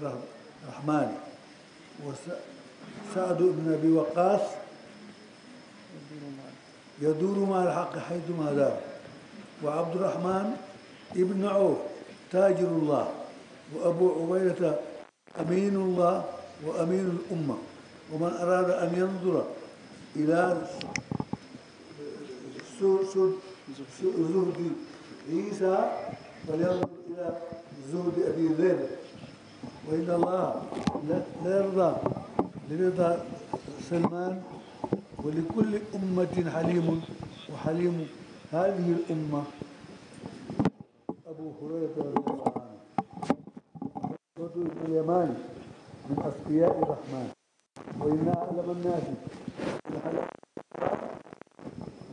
الرحمن وسعد بن أبي وقاص يدور مع الحق حيثما دار وعبد الرحمن ابن عوف تاجر الله وأبو عبيدة أمين الله وأمين الأمة ومن أراد أن ينظر إلى زهد عيسى فلينظر إلى زهد أبي ذر وإن الله لا يرضى لرضا سلمان wa li kulli ummatin halimun wa halimu hadihi l umma abu hurayrata radiallahu anhu rajul min yamani min asqiyai rahman wa inna alama nnasi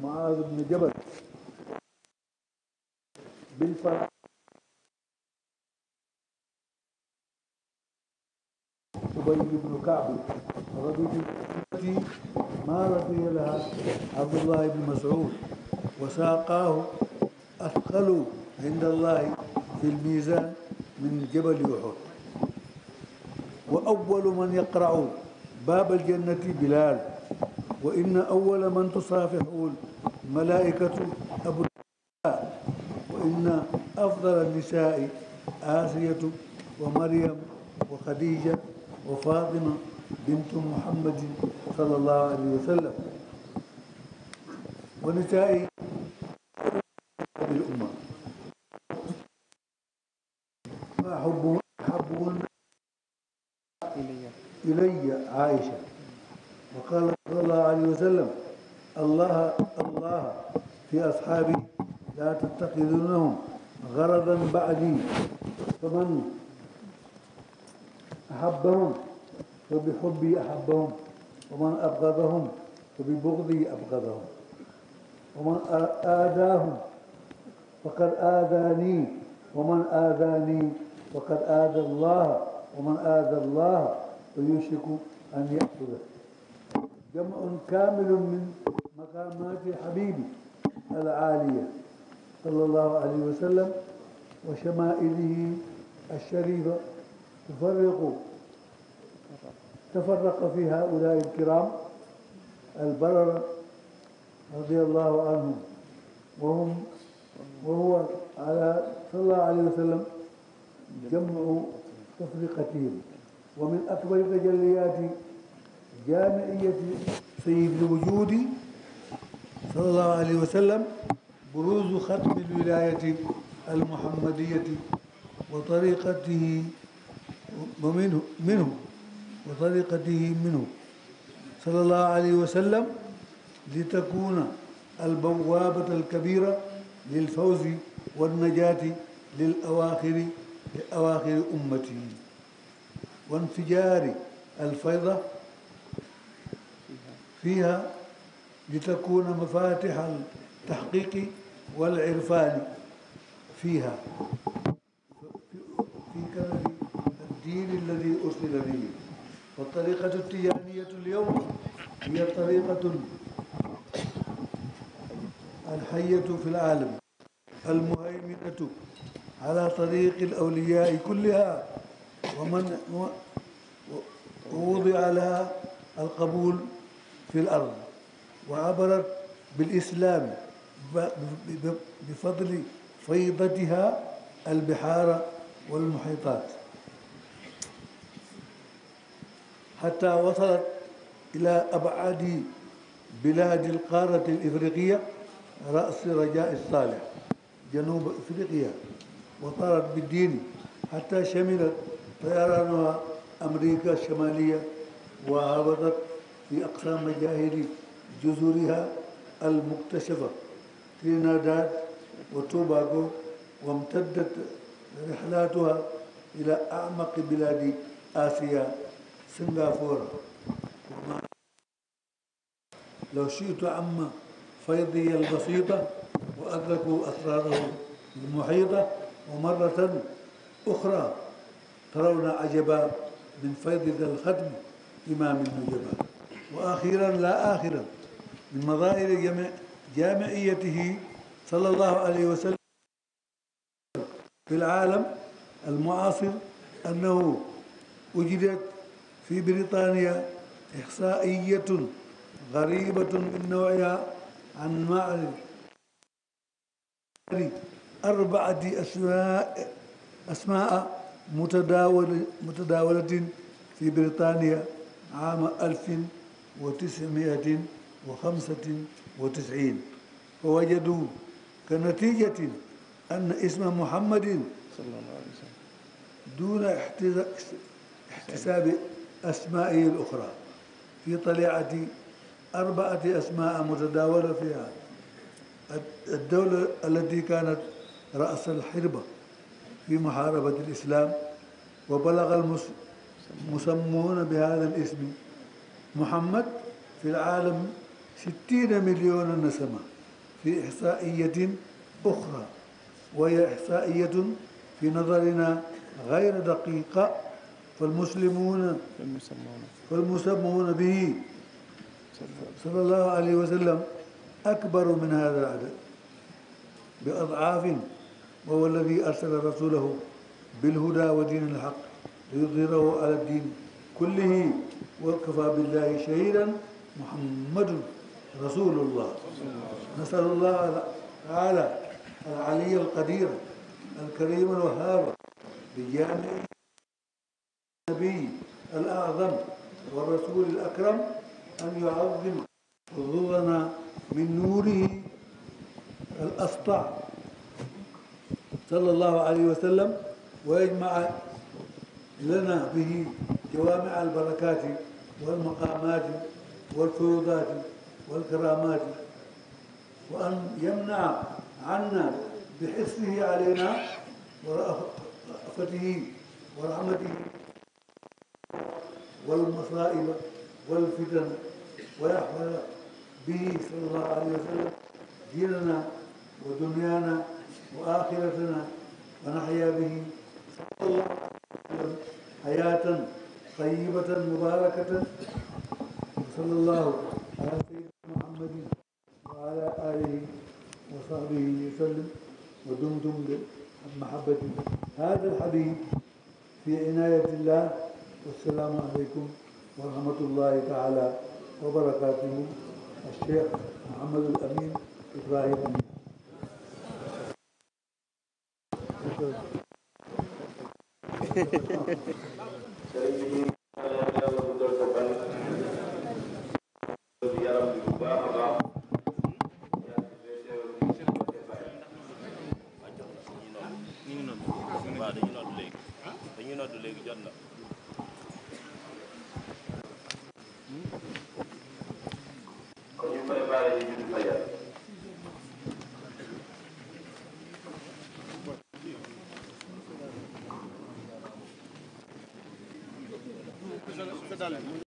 معاذ بن جبل بالفرع أبي بن كعب رضي ما رضي لها عبد الله بن مسعود وساقاه أثقل عند الله في الميزان من جبل أحد وأول من يقرأ باب الجنة بلال وإن أول من تصافحه الملائكة أبو الدرداء وإن أفضل النساء آسية ومريم وخديجة وفاطمة بنت محمد صلى الله عليه وسلم ونساء بالأمة فأحبهن أحبهن إلي عائشة وقال صلى الله عليه وسلم الله الله في أصحابي لا تتخذونهم غرضا بعدي فمن أحبهم وبحبي أحبهم ومن أبغضهم وببغضي أبغضهم ومن آذاهم فقد آذاني ومن آذاني فقد آذى الله ومن آذى الله فيوشك أن يقتله جمع كامل من مقامات حبيبي العالية صلى الله عليه وسلم وشمائله الشريفة تفرق تفرق في هؤلاء الكرام البررة رضي الله عنهم وهم وهو على صلى الله عليه وسلم جمع تفرقتهم ومن أكبر تجليات جامعية سيد الوجود صلى الله عليه وسلم بروز ختم الولاية المحمدية وطريقته ومنه منه وطريقته منه صلى الله عليه وسلم لتكون البوابة الكبيرة للفوز والنجاة للأواخر لأواخر أمته وانفجار الفيضة فيها لتكون مفاتح التحقيق والعرفان فيها الدين الذي أرسل به والطريقة التيانية اليوم هي طريقة الحية في العالم المهيمنة على طريق الأولياء كلها ومن ووضع لها القبول في الأرض وعبرت بالإسلام بفضل فيضتها البحار والمحيطات حتى وصلت إلى أبعاد بلاد القارة الإفريقية رأس رجاء الصالح جنوب إفريقيا وطارت بالدين حتى شملت طيرانها أمريكا الشمالية وهبطت في أقصى مجاهل جزرها المكتشفة تريناداد وتوباغو وامتدت رحلاتها إلى أعمق بلاد آسيا سنغافورة لو شئت عم فيضي البسيطة وأدركوا أسراره المحيطة ومرة أخرى ترون عجبا من فيض ذا الختم إمام النجبا وأخيرا لا آخرا من مظاهر جامع جامعيته صلى الله عليه وسلم في العالم المعاصر أنه وجدت في بريطانيا إحصائية غريبة من نوعها عن معرض أربعة أسماء أسماء متداولة متداولة في بريطانيا عام 1995 فوجدوا كنتيجة أن اسم محمد صلى الله عليه وسلم دون احتساب أسمائه الأخرى في طليعة أربعة أسماء متداولة فيها الدولة التي كانت رأس الحربة في محاربة الإسلام وبلغ المسمون بهذا الاسم محمد في العالم ستين مليون نسمة في إحصائية أخرى وهي إحصائية في نظرنا غير دقيقة والمسلمون والمسلمون به صلى الله عليه وسلم أكبر من هذا العدد بأضعاف وهو الذي أرسل رسوله بالهدى ودين الحق ليظهره على الدين كله وكفى بالله شهيدا محمد رسول الله نسأل الله تعالى العلي القدير الكريم الوهاب بجامعه النبي الأعظم والرسول الأكرم أن يعظم حظوظنا من نوره الأسطع صلى الله عليه وسلم ويجمع لنا به جوامع البركات والمقامات والفيوضات والكرامات وأن يمنع عنا بحسه علينا ورأفته ورحمته والمصائب والفتن ويحفظ به صلى الله عليه وسلم ديننا ودنيانا وآخرتنا ونحيا به صلى الله عليه وسلم حياة طيبة مباركة صلى الله على سيدنا محمد وعلى آله وصحبه وسلم ودمتم بمحبة هذا الحبيب في عناية الله والسلام عليكم ورحمة الله تعالى وبركاته الشيخ محمد الأمين إبراهيم أمين dañu noddu léegi jot na waaye ñu fa yàlla dale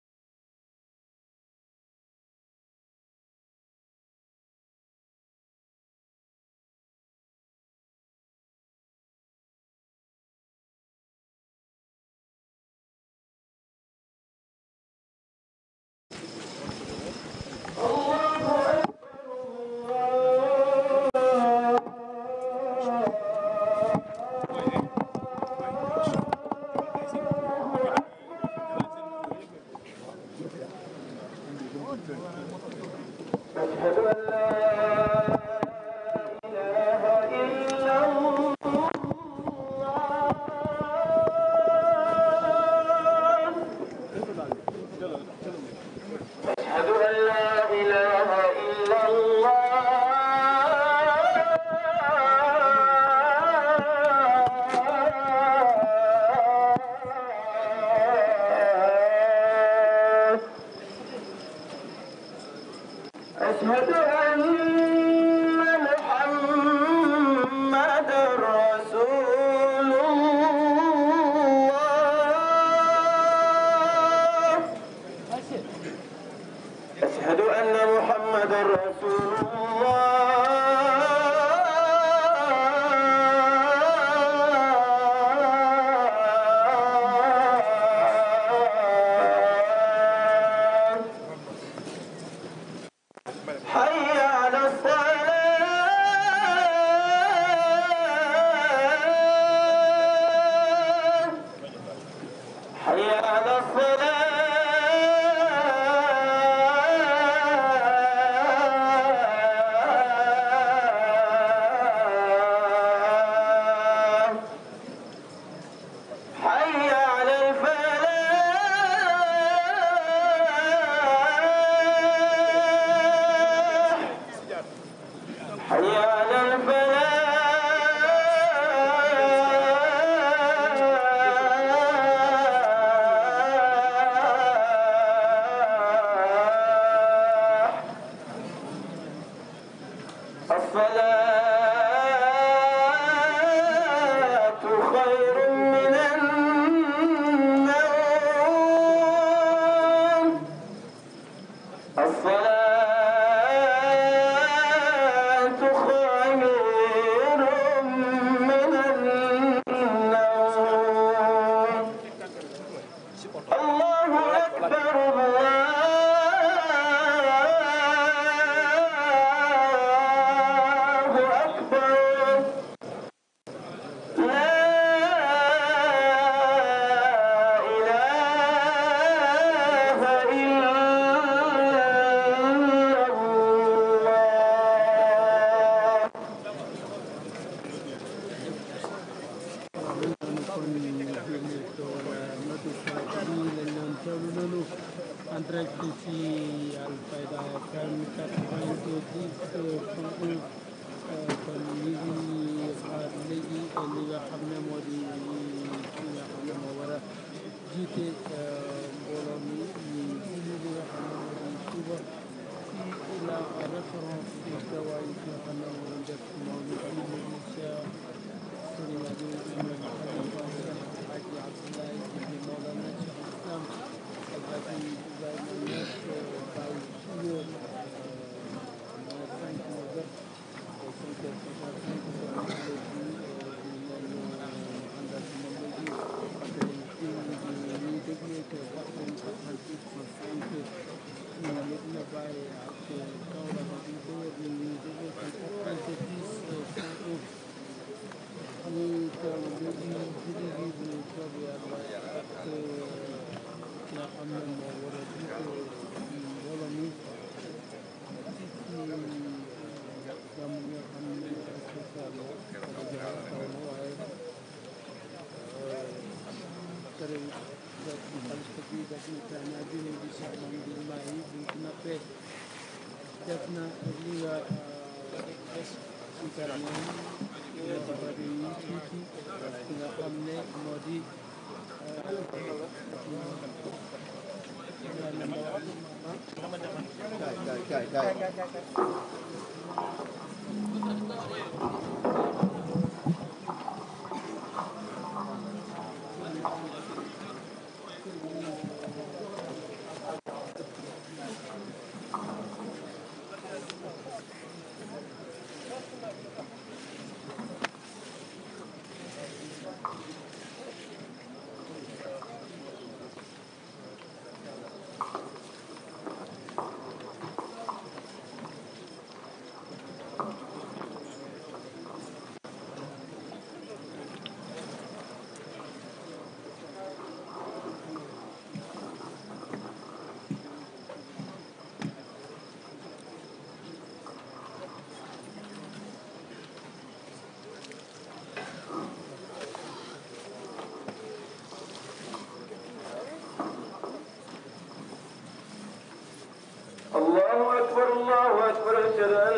الله أكبر الله أكبر أشهد أن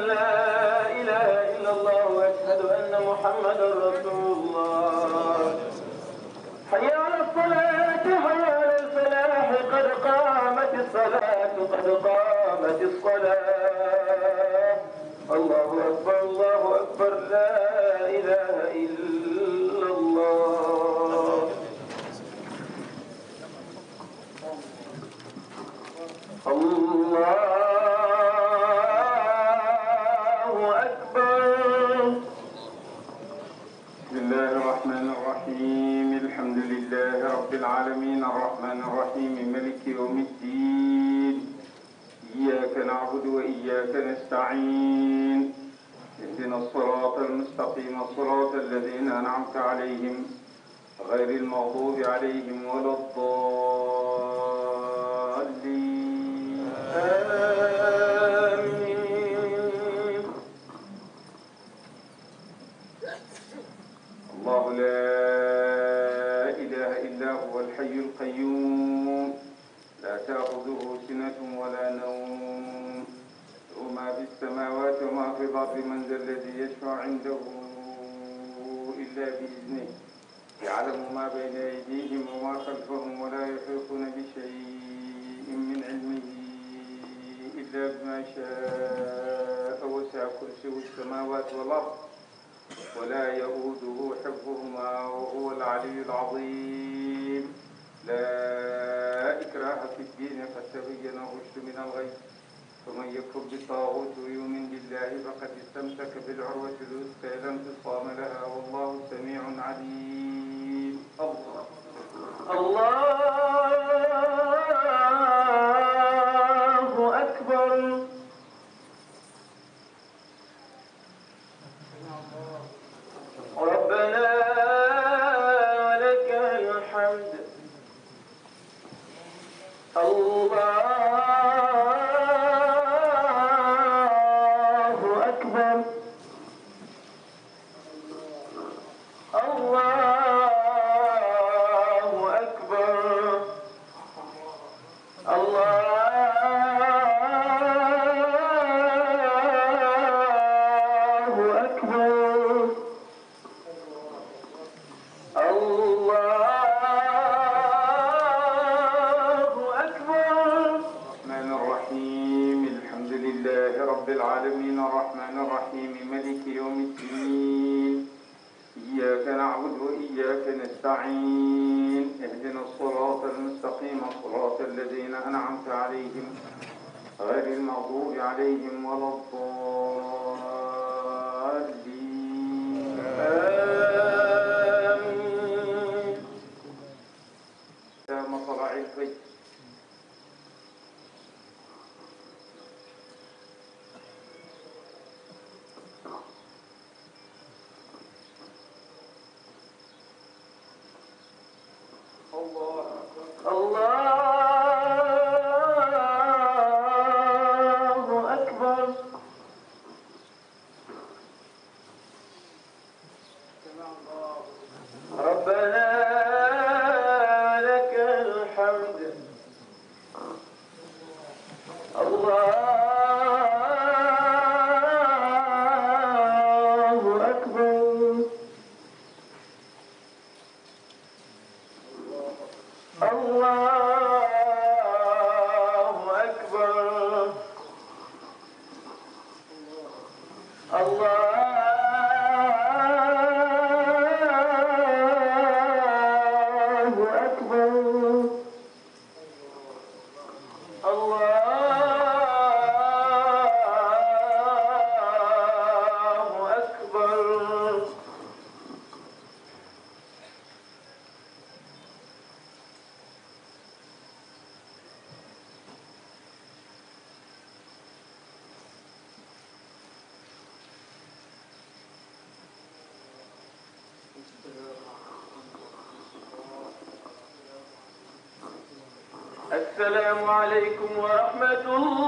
السلام عليكم ورحمة الله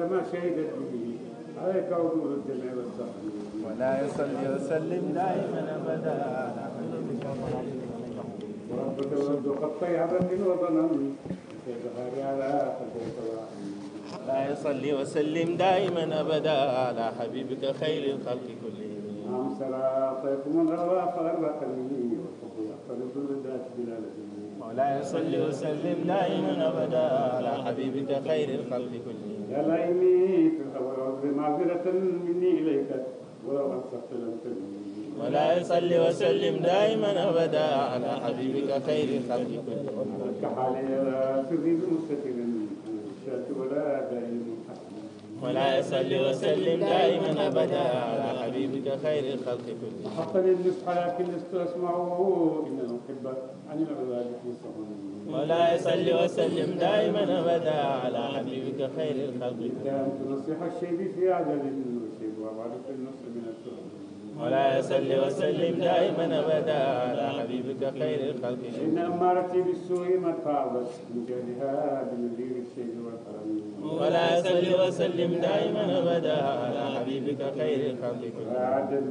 هذا ما شهدت به عليك وجوه الجميع والسلام ولا يصلي وسلم دائما ابدا على حبيبك وربك ورد خطي عبد وظنن لا يصلي وسلم دائما ابدا على حبيبك خير الخلق كلهم. نعم سلام طيب من روى فغرق مني والحب يختلط بالذات بلا لزم. مولاي صل وسلم دائما ابدا على حبيبك خير الخلق كلهم يا لا يميت الخبر بمعذرة مني اليك ولو انصفت لم تبني مولاي صل وسلم دائما ابدا على حبيبك خير الخلق كلهم لك حالي لا سري بمستتر شات ولا دائم ولا يصلي وسلم دائما ابدا على حبيبك خير الخلق كلهم حقا النصح على كل تسمعه ان المحب عن العباد يصحون ولا يصلي وسلم دائما ابدا على حبيبك خير الخلق كلهم نصيحه الشيب في عدد الوشيب وبعد النصر من التهم ولا يصلي وسلم دائما ابدا على حبيبك خير الخلق ان امارتي بالسوء مدفع بس من جهلها بمدير الشيب والحرمين ولا يسل وسلم دائما أبدا على حبيبك خير الخلق كلهم ولا عدد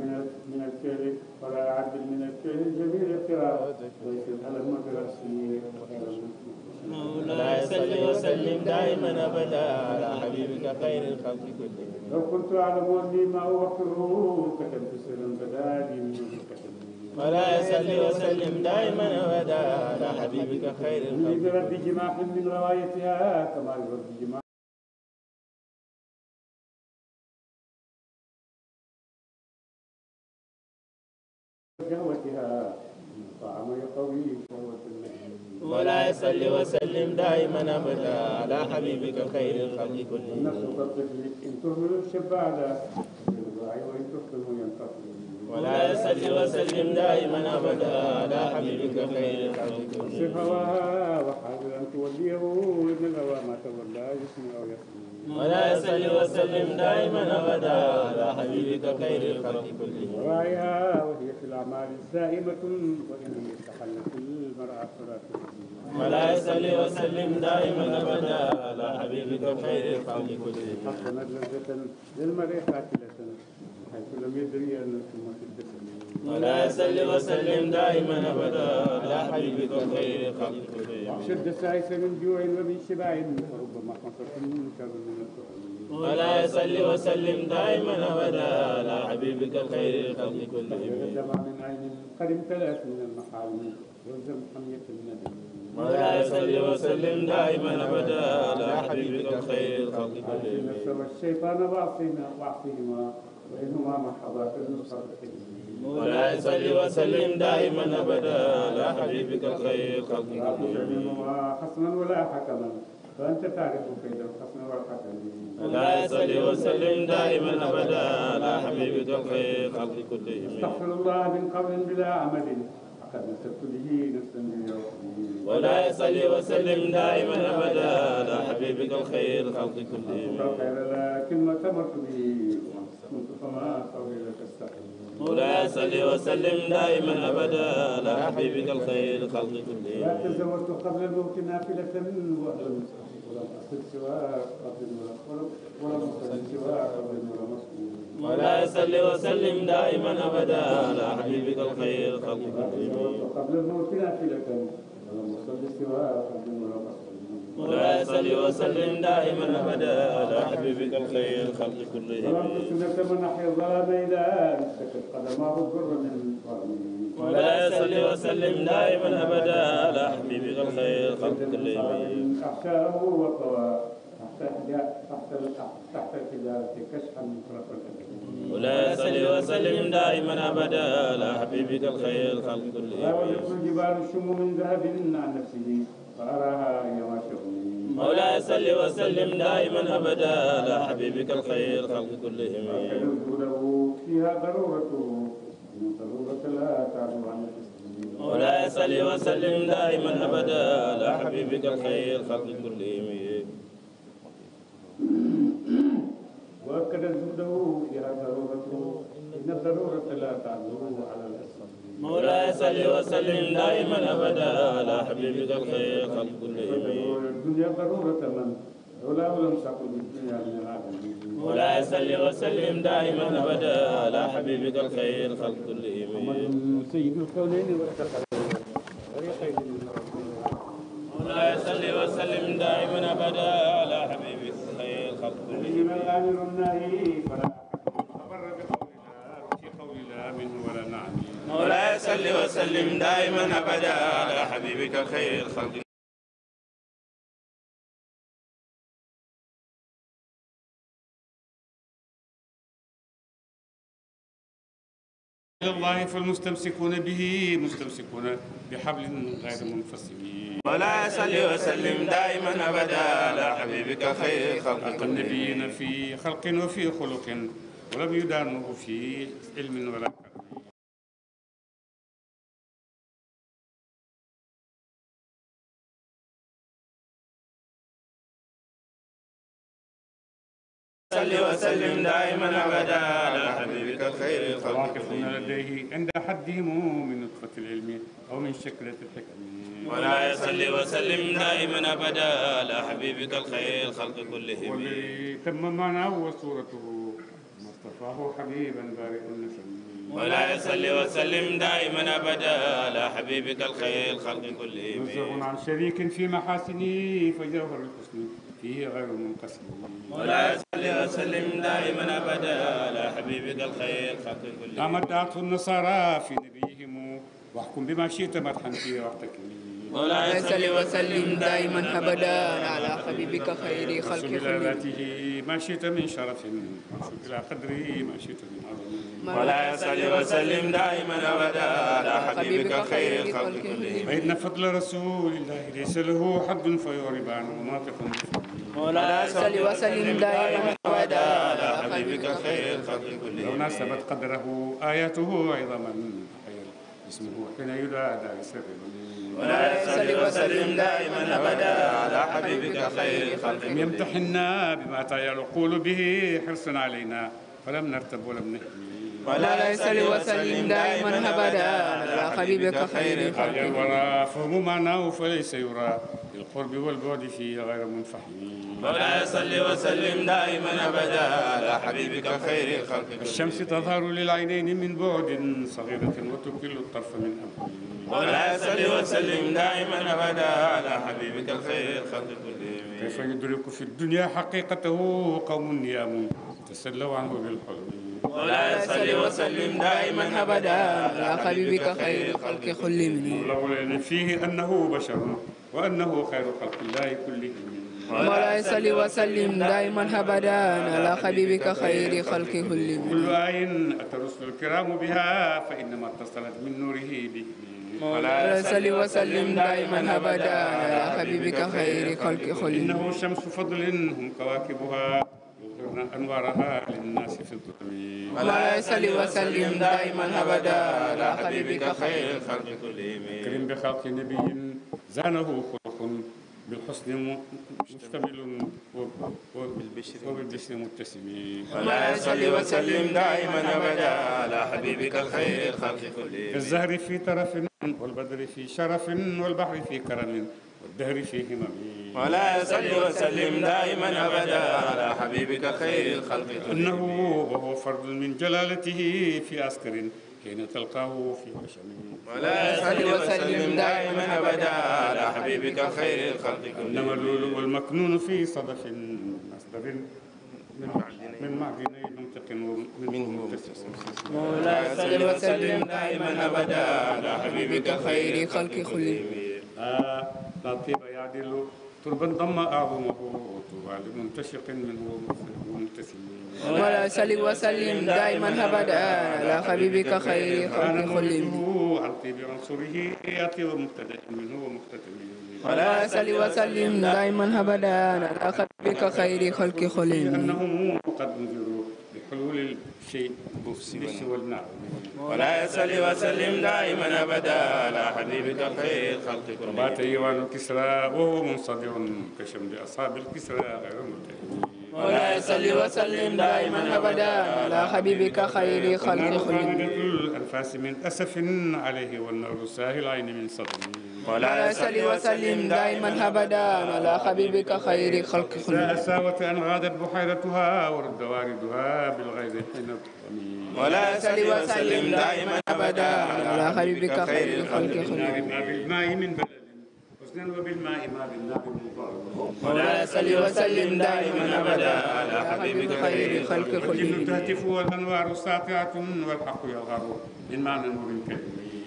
من الفعل ولا عدد من الفعل الجميل اقتراء ولا يسل وسلم دائما أبدا على حبيبك خير الخلق كلهم لو كنت أعلم أني ما أوفره كتبت سرا بدالي من ولا يسل وسلم دائما أبدا على حبيبك خير الخلق كلهم برب جماح من روايتها كما يربي جماح دعوتها طعم يقوي قوة المجد مولاي صل وسلم دائما ابدا على حبيبك خير الخلق كلهم نفسك الطفل ان تهمل الشبع على وان ولا يصلي وسلم دائما ابدا على حبيبك خير خلق شفاها وحاول ان توليه ابن الهوى ما تولى يسمع او يسمع ولا يصلي وسلم دائما ابدا على حبيبك خير الخلق كلهم رايها وهي في الاعمال سائمه وانهم استحلت المراه صلاه ولا يصلي وسلم دائما ابدا على حبيبك خير الخلق كلهم حقنا لذه للمرء قاتله ولا سل وسلم دائما ابدا على حبيبك خير خلق شد السائس من جوع ومن شبع فربما قصرت منك من ولا يصل وسلم دائما ابدا على حبيبك خير الخلق كلهم من عين قد امتلأت من المحارم والزم حمية الندم ولا يصل وسلم دائما ابدا على حبيبك خير الخلق كلهم الشيطان واعصينا واعصيهما وإنما مرحبا كل صدقه مولاي صل وسلم دائما أبدا على حبيبك الخير خلق كلهم حسنا ولا حكما فأنت تعرف كيد الحسن والحكم لا صل وسلم دائما أبدا على حبيبك الخير خلق كلهم استغفر الله من قبل بلا أمل قد نسبت به نفسا بيومه ولا يصلي وسلم دائما أبدا على حبيبك الخير خلق كلهم خير لكن ما تمرت به مولاي صل وسلم دائما ابدا على حبيبك الخير خلق كلهم. لا تزوجت قبل الموت نافلة واهلا ولم اصل سوى قبل ولم اصل سوى قبل ولم مولاي صل وسلم دائما ابدا على حبيبك الخير خلق كلهم. قبل الموت نافلة ولم اصل سوى قبل ولم اصل ولا يصلي وسلم دائما ابدا على حبيبك الخير الخلق كلهم ولا يصلي وسلم دائما ابدا على حبيبك الخير الخلق كلهم احشاه وطوى تحت حجارة كشفا من كرة الأبد ولا يصلي وسلم دائما أبدا على حبيبك الخير الخلق كلهم لا يكون جبال الشم من ذهب عن نفسه مولاي صل وسلم دائما ابدا على حبيبك الخير خلق كلهم فيها ضرورته ضرورة لا تعلو عن مولاي صل وسلم دائما ابدا على حبيبك الخير خلق كلهم واكد جوده فيها ضرورته ان الضروره لا تعلو على الاسلام مولاي صل وسلم دائما ابدا على حبيبك الخير خلق كلهم الدنيا ضروره من مولاي صل وسلم دائما ابدا على حبيبك الخير خلق كلهم سيد الكونين مولاي صل وسلم دائما ابدا على حبيبك الخير خلق كلهم مولاي صل وسلم دائما أبدا على حبيبك خير خلق الله فالمستمسكون به مستمسكون بحبل غير منفصلين ولا صل وسلم دائما ابدا على حبيبك خير خلق النبيين في خلق وفي خلق ولم يدانه في علم ولا صل وسلم دائما ابدا على حبيبك الخير الخلق واقفون لديه عند حدهم من نطفه العلم او من شكله الحكم ولا يصلي وسلم دائما ابدا على حبيبك الخير الخلق كلهم والذي تم معناه وصورته مصطفاه حبيبا بارئ النسم ولا يصلي وسلم دائما ابدا على حبيبك الخير الخلق كلهم منزه عن شريك في محاسنه فجوهر الحسن فيه غير منقسم ولا صل وسلم دائما ابدا على حبيبك الخير خلق كل امدعته النصارى في نبيهم واحكم بما شئت مدحا في وقتك مولاي صل وسلم دائما أبدا على حبيبك خير خلق خلقه ما شئت من شرف إلى قدره ما شئت من عظم مولاي صل وسلم دائما أبدا على حبيبك خير خلق كله فإن فضل رسول الله ليس له حد فيعرب عنه مناطق مولاي صل وسلم دائما أبدا على حبيبك خير خلق كله لو ناسبت قدره آياته عظما اسمه حين يدعى دار السر ولا يسلم وسلم دائما أبدا على حبيبك خير خلق يمتحنا بما تعي العقول به حرصا علينا فلم نرتب ولم نهمل ولا يسلي وسلم دائما أبدا على حبيبك خير الخلق ولا فهما ناه فليس يرى بالقرب والبعد فيه غير منفحم ولا يصلي وسلم دائما أبدا على حبيبك خير الخلق الشمس تظهر للعينين من بعد صغيرة وتكل الطرف من أمر ولا يصلي وسلم دائما أبدا على حبيبك خير الخلق كلهم كيف يدرك في الدنيا حقيقته قوم نيام تسلوا عنه بالحلم ولا صل وسلم دائما ابدا على حبيبك خير الخلق خلمني الله فيه انه بشر وانه خير خلق الله كلهم مولاي صل وسلم دائما ابدا على حبيبك خير خلق كل كل عين اتى الرسل الكرام بها فانما اتصلت من نوره به مولاي صل وسلم دائما ابدا على حبيبك خير خلق كل انه شمس فضل هم كواكبها أنوارها للناس في الظلم ولا صل وسلم دائما أبدا على حبيبك خير الخلق كلهم كريم بخلق نبي زانه خلق بالحسن مشتمل وبالبشر وبالبشر متسم ولا صل وسلم دائما أبدا على حبيبك خير الخلق كلهم الزهر في طرف والبدر في شرف والبحر في كرم والدهر فيهما ولا يصل وسلم دائما ابدا على حبيبك خير الخلق انه وهو فرد من جلالته في عسكر حين تلقاه في وشمه ولا يصل وسلم دائما ابدا على حبيبك خير الخلق انما اللؤلؤ المكنون في صدف مصدر من معدن منطق منه مولاي صل وسلم دائما ابدا على حبيبك خير خلق خلق لطيب يعدل تربا ضم أعظمه طوبى لمنتشق منه مبتسم ولا سل وسلم دائما أبدا على حبيبك خير خلق خلق عن طيب عنصره يأتي ومقتدى منه ومقتدى ولا سل وسلم دائما أبدا على حبيبك خير خلق خلق لأنهم قد انذروا حلول الشيء بالس والنار ولا يصلي وسلم دائما ابدا على حبيبك خير خلق كلهم. مات ايوان كسرى وهو منصدر كشمل اصحاب الكسرى غير ملتهب. مولاي صل وسلم دائما ابدا على حبيبك خير خلق خلق الانفاس من اسف عليه والنور ساهل العين من صدر مولاي صل وسلم دائما ابدا على حبيبك خير خلق خلق لا اساوه ان غادت بحيرتها ورد واردها بالغيظ حين ولا صل وسلم دائما ابدا على حبيبك خير الخلق خلق بالماء من مولاي صل وسلم دائما ابدا على حبيبك خير خلق كلهم تهتف والانوار ساطعه والحق يظهر من معنى نور كريم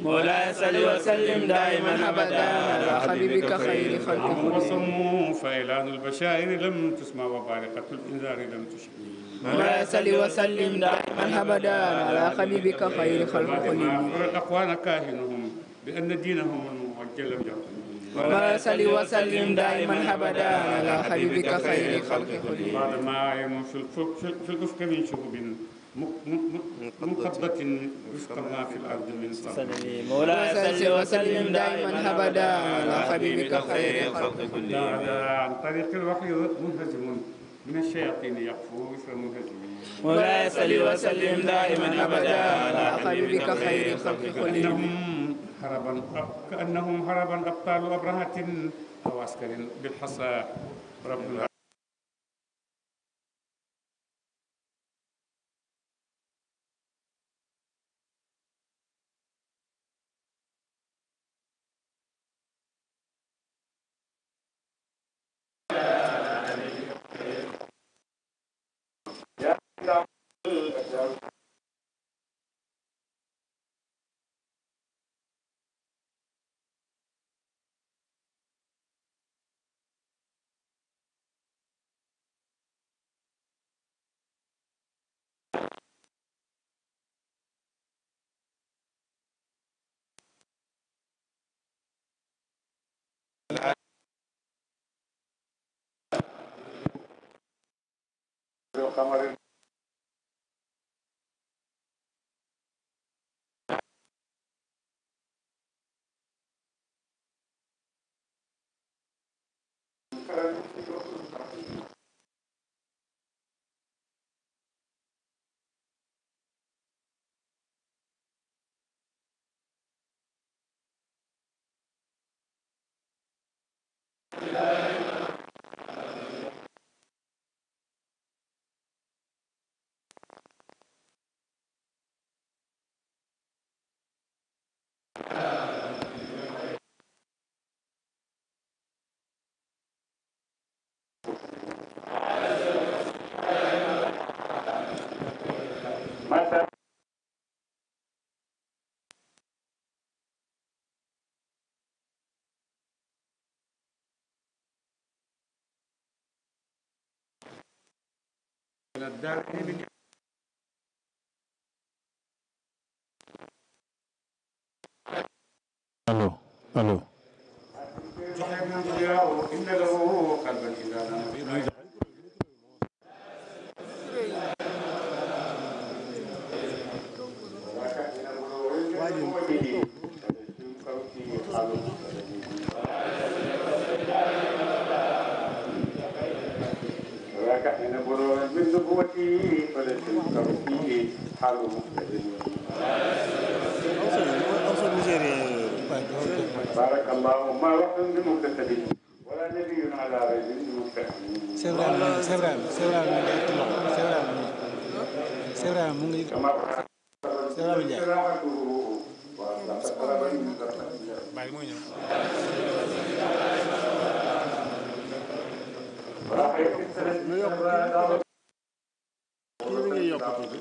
مولاي صل وسلم دائما ابدا على حبيبك خير خلق كلهم وصموا فإعلان البشائر لم تسمع وبارقة الإنذار لم تشكي مولاي صل وسلم دائما ابدا على حبيبك خير خلق كلهم الأقوان كاهنهم بأن دينهم الموجه لم يقل ولا سل وسلم دائما أبدا على حبيبك خير الخلق كلهم قال ما في الأفق من شهب مقبة وفق ما في الأرض من صلب مولاي صل وسلم دائما أبدا على حبيبك خير الخلق كلهم عن طريق الوحي منهزم من الشياطين يقفو وفق منهزم مولاي صل وسلم دائما أبدا على حبيبك خير الخلق كلهم هربا كأنهم هربا أبطال أبرهة أو عسكر بالحصى رب العالمين Camarin Thank you. allo allo قوتي ولا تنفع فيه حال مقتدر بارك الله ما وقت بمقتدر ولا نبي على رجل مستحيل سيبرام سيبرام سيبرام سيبرام سيبرام ممكن سيبرام جاي yokk tuuti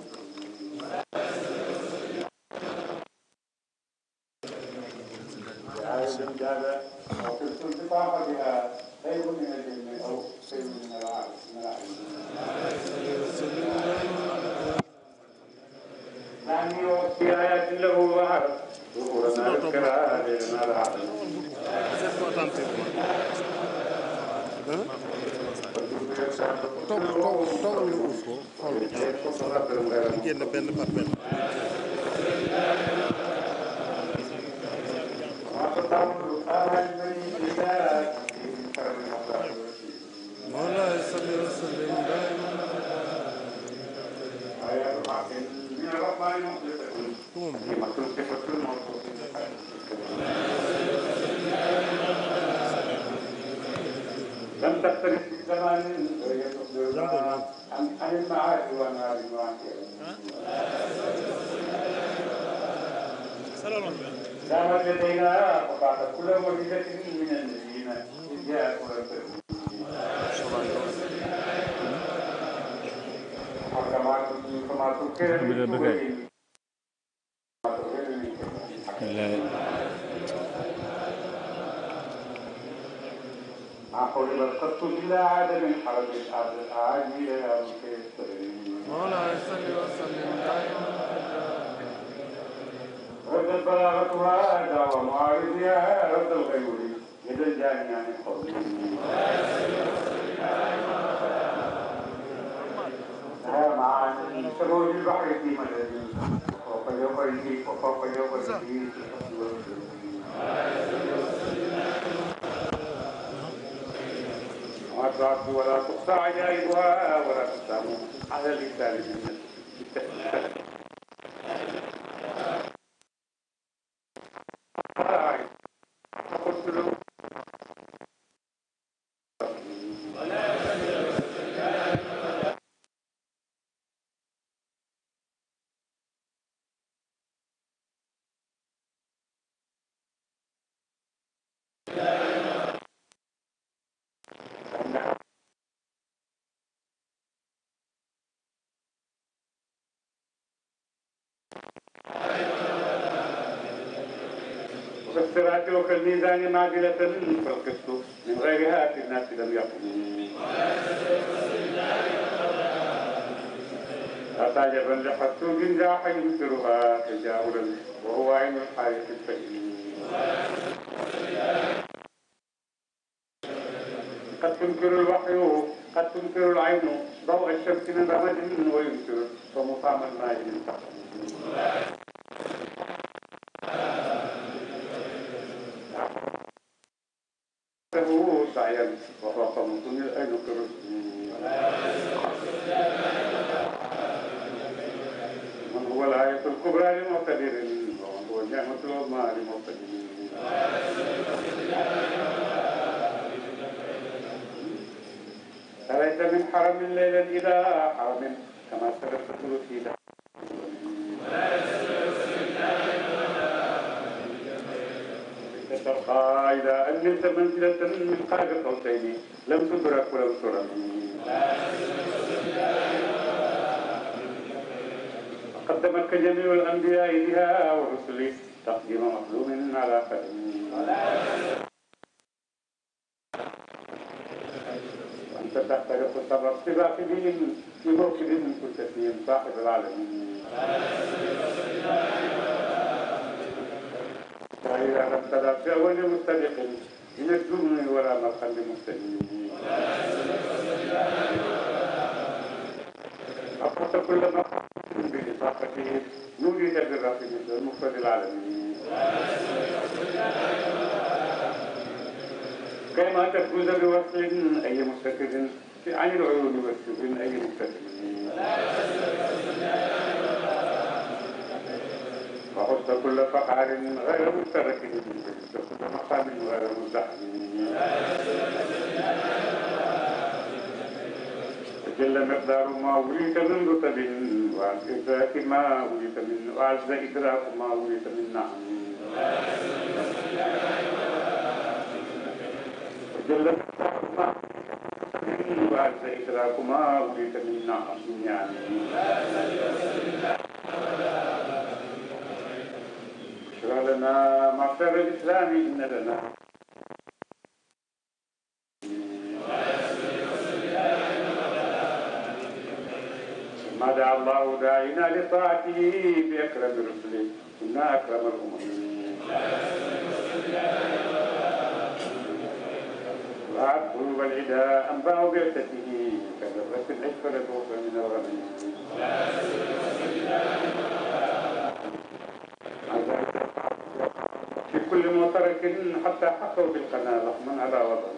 Huh? toog toog toog ñu uuf ko xool ko génn benn par benn Como? أن تختلف بزمان ويفضل الله عن المعاد والنار المعاد دامت لدينا وبعد كل معجزة من النبيين إذ جاءكم وكما تذكر ما حرم القط بلا عدم حرم العاجل يا مكيسرين مولاي صل وسلم دائما رد بلاغة هذا ومعارضها رد الغيور يد الجاني عن القول مع سروج البحر في مدد وفوق يوم الدين وفوق يوم الدين مرات ولا تقطع عجائبها ولا تقطع على الإنسان من والصراط والميزان معدلة فالقسط من غيرها في الناس لم يقم عجبا لحسود لا يمسرها تجاهلا وهو عين الحارث الفقير قد تنكر الوحي قد تنكر العين ضوء الشمس من رمد ويمسر فمقام الماء من تحت سعيا وفاق من دون الأين من هو الآية الكبرى لمعتدر ومن هو النعمة العظمى لمعتدر سريت من حرم ليلا إلى حرم كما سلفت في دار ترقى إذا أنلت منزلة من قاب قوسين لم تدرك ولو ترى قدمتك جميع الأنبياء بها ورسله تقديم مظلوم على قدم أنت تخترق الصبر سباق بهم في موكب من كل تسليم صاحب العالمين يا رب فلا تأول مستبق إلى الدنيا ولا ملقا لمستجيبين أخذت كل ما بإضافته نريد بالرحيم المفرد العالمين كما تفوز بوصف أي مستكد عن العيون والسجن أي مستكد وحط كل فقار غير مشترك وكل مقام غير مزحزح جل مقدار ما وليت من رتب وعن إدراك ما وليت من وعز إدراك ما وليت من نعم جل مقدار ما وعز إدراك ما وليت من نعم يعني اشرح لنا مكتب الإسلام إن لنا ثم دعا الله داعينا لطاعته بأكرم رسله إنا أكرم الأمم والعبد والعدا أنباء بعثته كذبت العشرة من الغنم في كل مترك حتى حكوا بالقناة من على وطن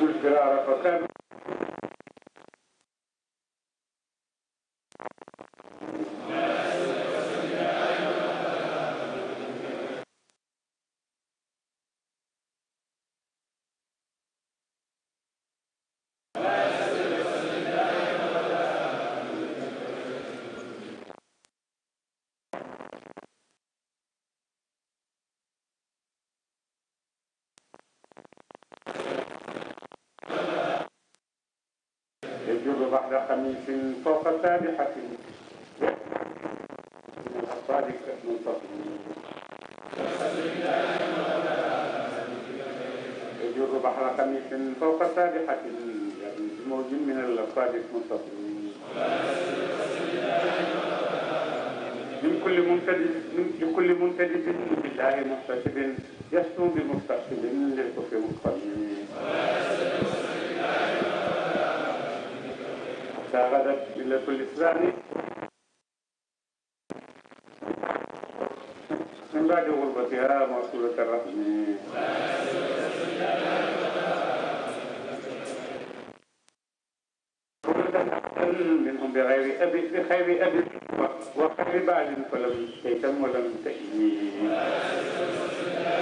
ذو الفرار فكان mumtadi li kulli mumtadi bin billahi muhtasibin yastu bi muhtasibin lil kufri muqtamin حتى غدت ملة الإسلام من بعد غربتها موصولة الرحم منهم بغير أب بخير أب وخير بعد فلم تيتم ولم تهين وسل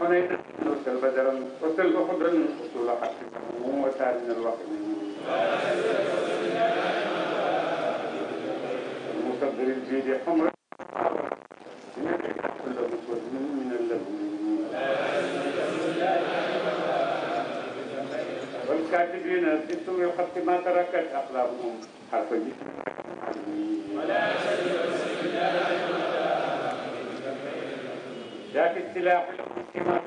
حنينا وسل بدرا وسل خضرا وصول حقه وتعال من الوحيد المصدر الجيد حمرا الكاتبين سبتم الخط ما تركت أقلامهم حرف ولا ذاك السلاح والاقتماس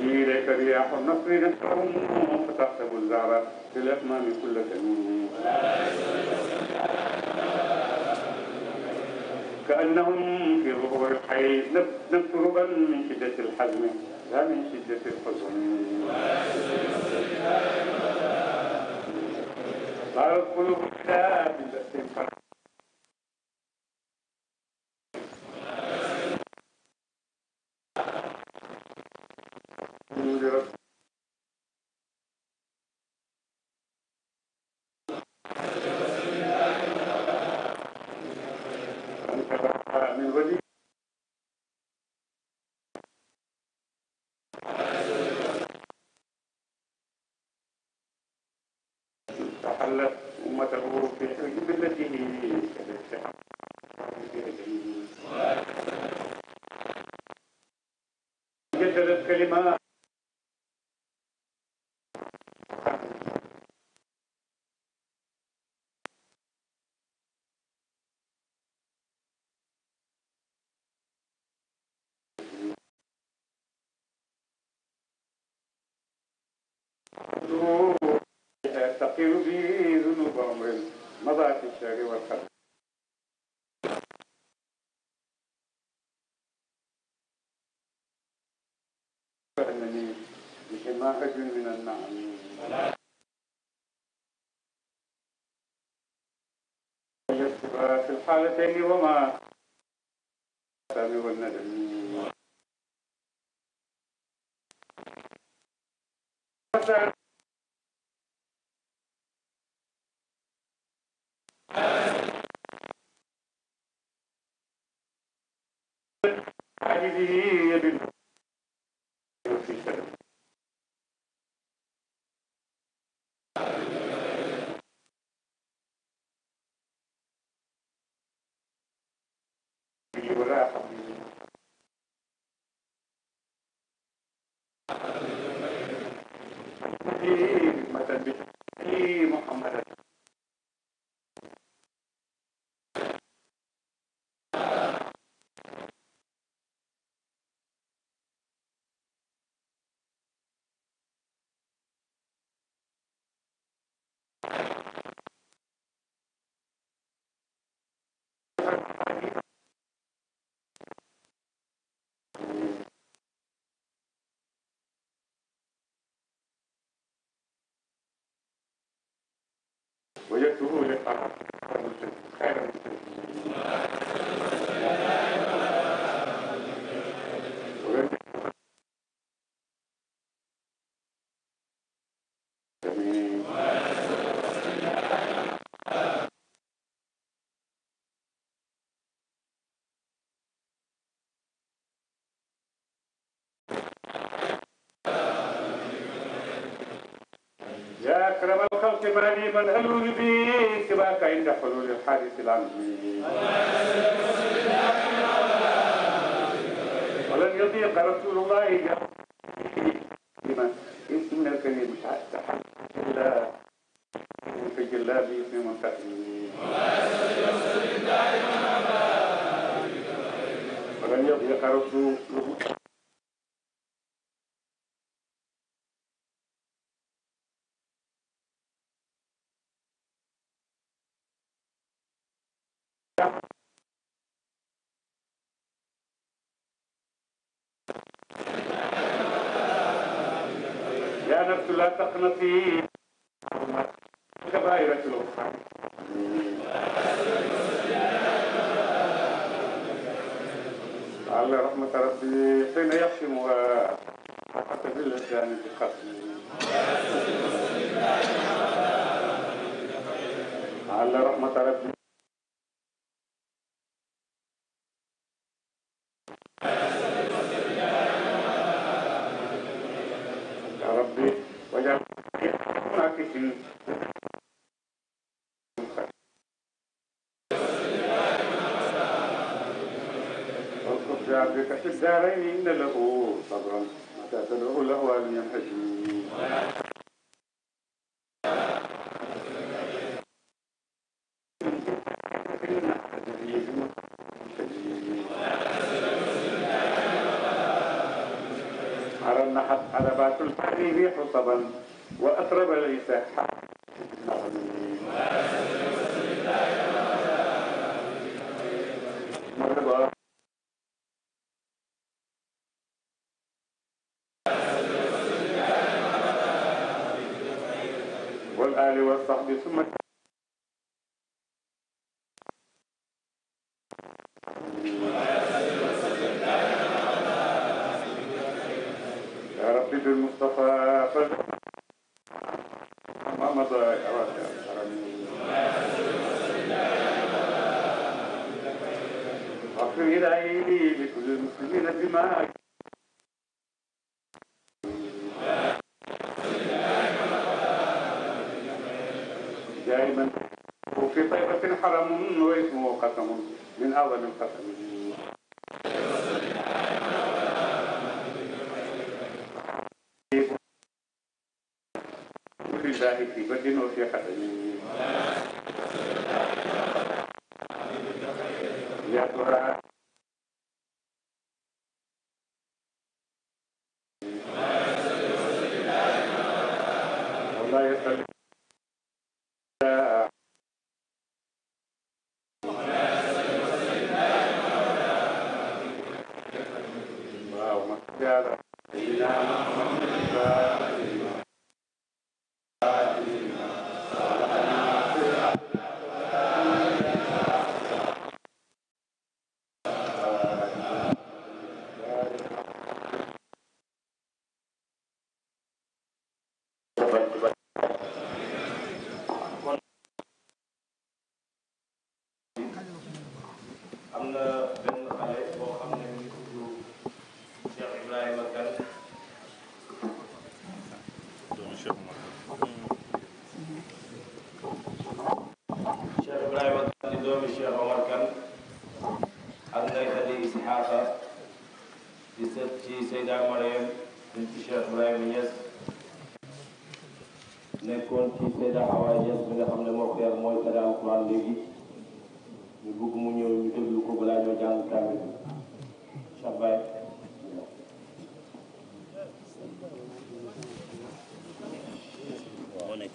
إليك رياح النصر نسرهم فتحسب الزعر في الأكمام كل تميم كأنهم وهو يحيي نطلبا من شدة الحزم لا من شدة الحزن لا القلوب لا بالتي وجدته لقاء خير من الزارين له Ismaïla di Isxaaqa di sët ci Seyda Mariam di ci Cheikh Ibrahima Niass nekkoon ci Seyda Awa Niass bi nga xam ne moo ko yar mooy kada alquran léegi ñu bëgg mu ñëw ñu déglu ko balaa ñoo jàng kaamil bi Cheikh Baye moo nekk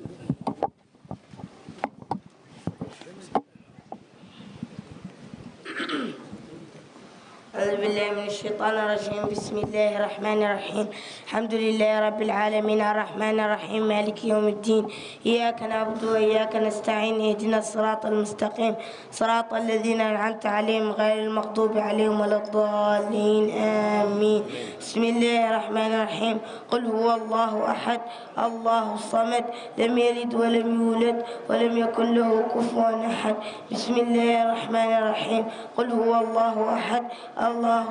بالله من الشيطان الرجيم بسم الله الرحمن الرحيم الحمد لله رب العالمين الرحمن الرحيم مالك يوم الدين إياك نعبد وإياك نستعين اهدنا الصراط المستقيم صراط الذين أنعمت عليهم غير المغضوب عليهم ولا الضالين آمين بسم الله الرحمن الرحيم قل هو الله أحد الله الصمد لم يلد ولم يولد ولم يكن له كفوا أحد بسم الله الرحمن الرحيم قل هو الله أحد الله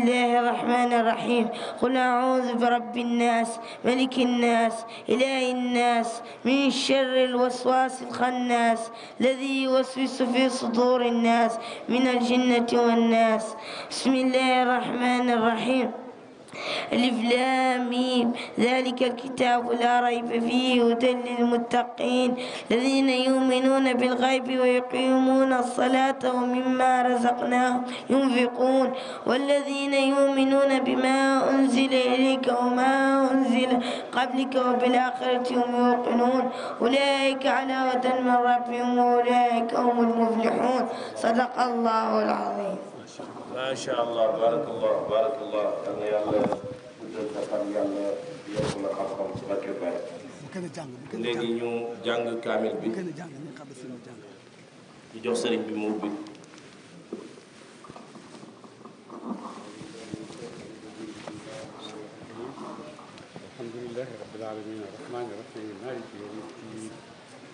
الله الرحمن الرحيم قل أعوذ برب الناس ملك الناس إله الناس من شر الوسواس الخناس الذي يوسوس في صدور الناس من الجنة والناس بسم الله الرحمن الرحيم ألف لام ميم ذلك الكتاب لا ريب فيه هدى للمتقين الذين يؤمنون بالغيب ويقيمون الصلاة ومما رزقناهم ينفقون والذين يؤمنون بما أنزل إليك وما أنزل قبلك وبالآخرة هم يوقنون أولئك على هدى من ربهم وأولئك هم المفلحون صدق الله العظيم macha allah barakallah barakallah da nga yàlla guddal sa fan yàlla yokk la xam-xam ci barke bare léegi ñu jàng kaamil bi ñu jox sëriñ bi mu ubbi alhamdulillahi rabbil alamin arrahmani rahim maliki yawmi ddin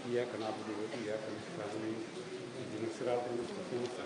iyyaka na'budu wa iyyaka nasta'in ihdinas siratal mustaqim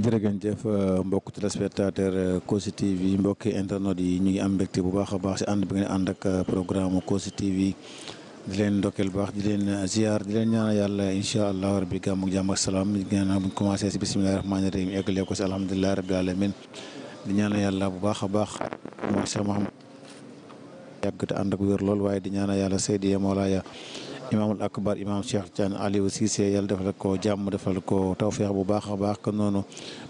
jërëjëf euh, mbokk téléspectateur euh, Kossy TV mbokki internet yi ñu ngi am mbégte bu baax a baax si ànd bi ngeen ànd ak euh, programme Kossy TV di leen ndokkeel baax di leen ziar di leen ñaanal yàlla incha allah rabbi gàmmu jàmm ak salaam ñaanal bu ñu commencé si bisimilah rahmaani rahim eggalee ko si alhamdulilah rabbil alamin di ñaanal yàlla bu baax a baax mooy Cheikh Mahamad yàgg te ànd ak lool waaye di ñaana yàlla Seydi Mawlaaya imaamul akbar imaam Cheikh Tidiane Aliou Cissé yàlla defal ko jàmm defal ko tawféex bu baax a baax kon noonu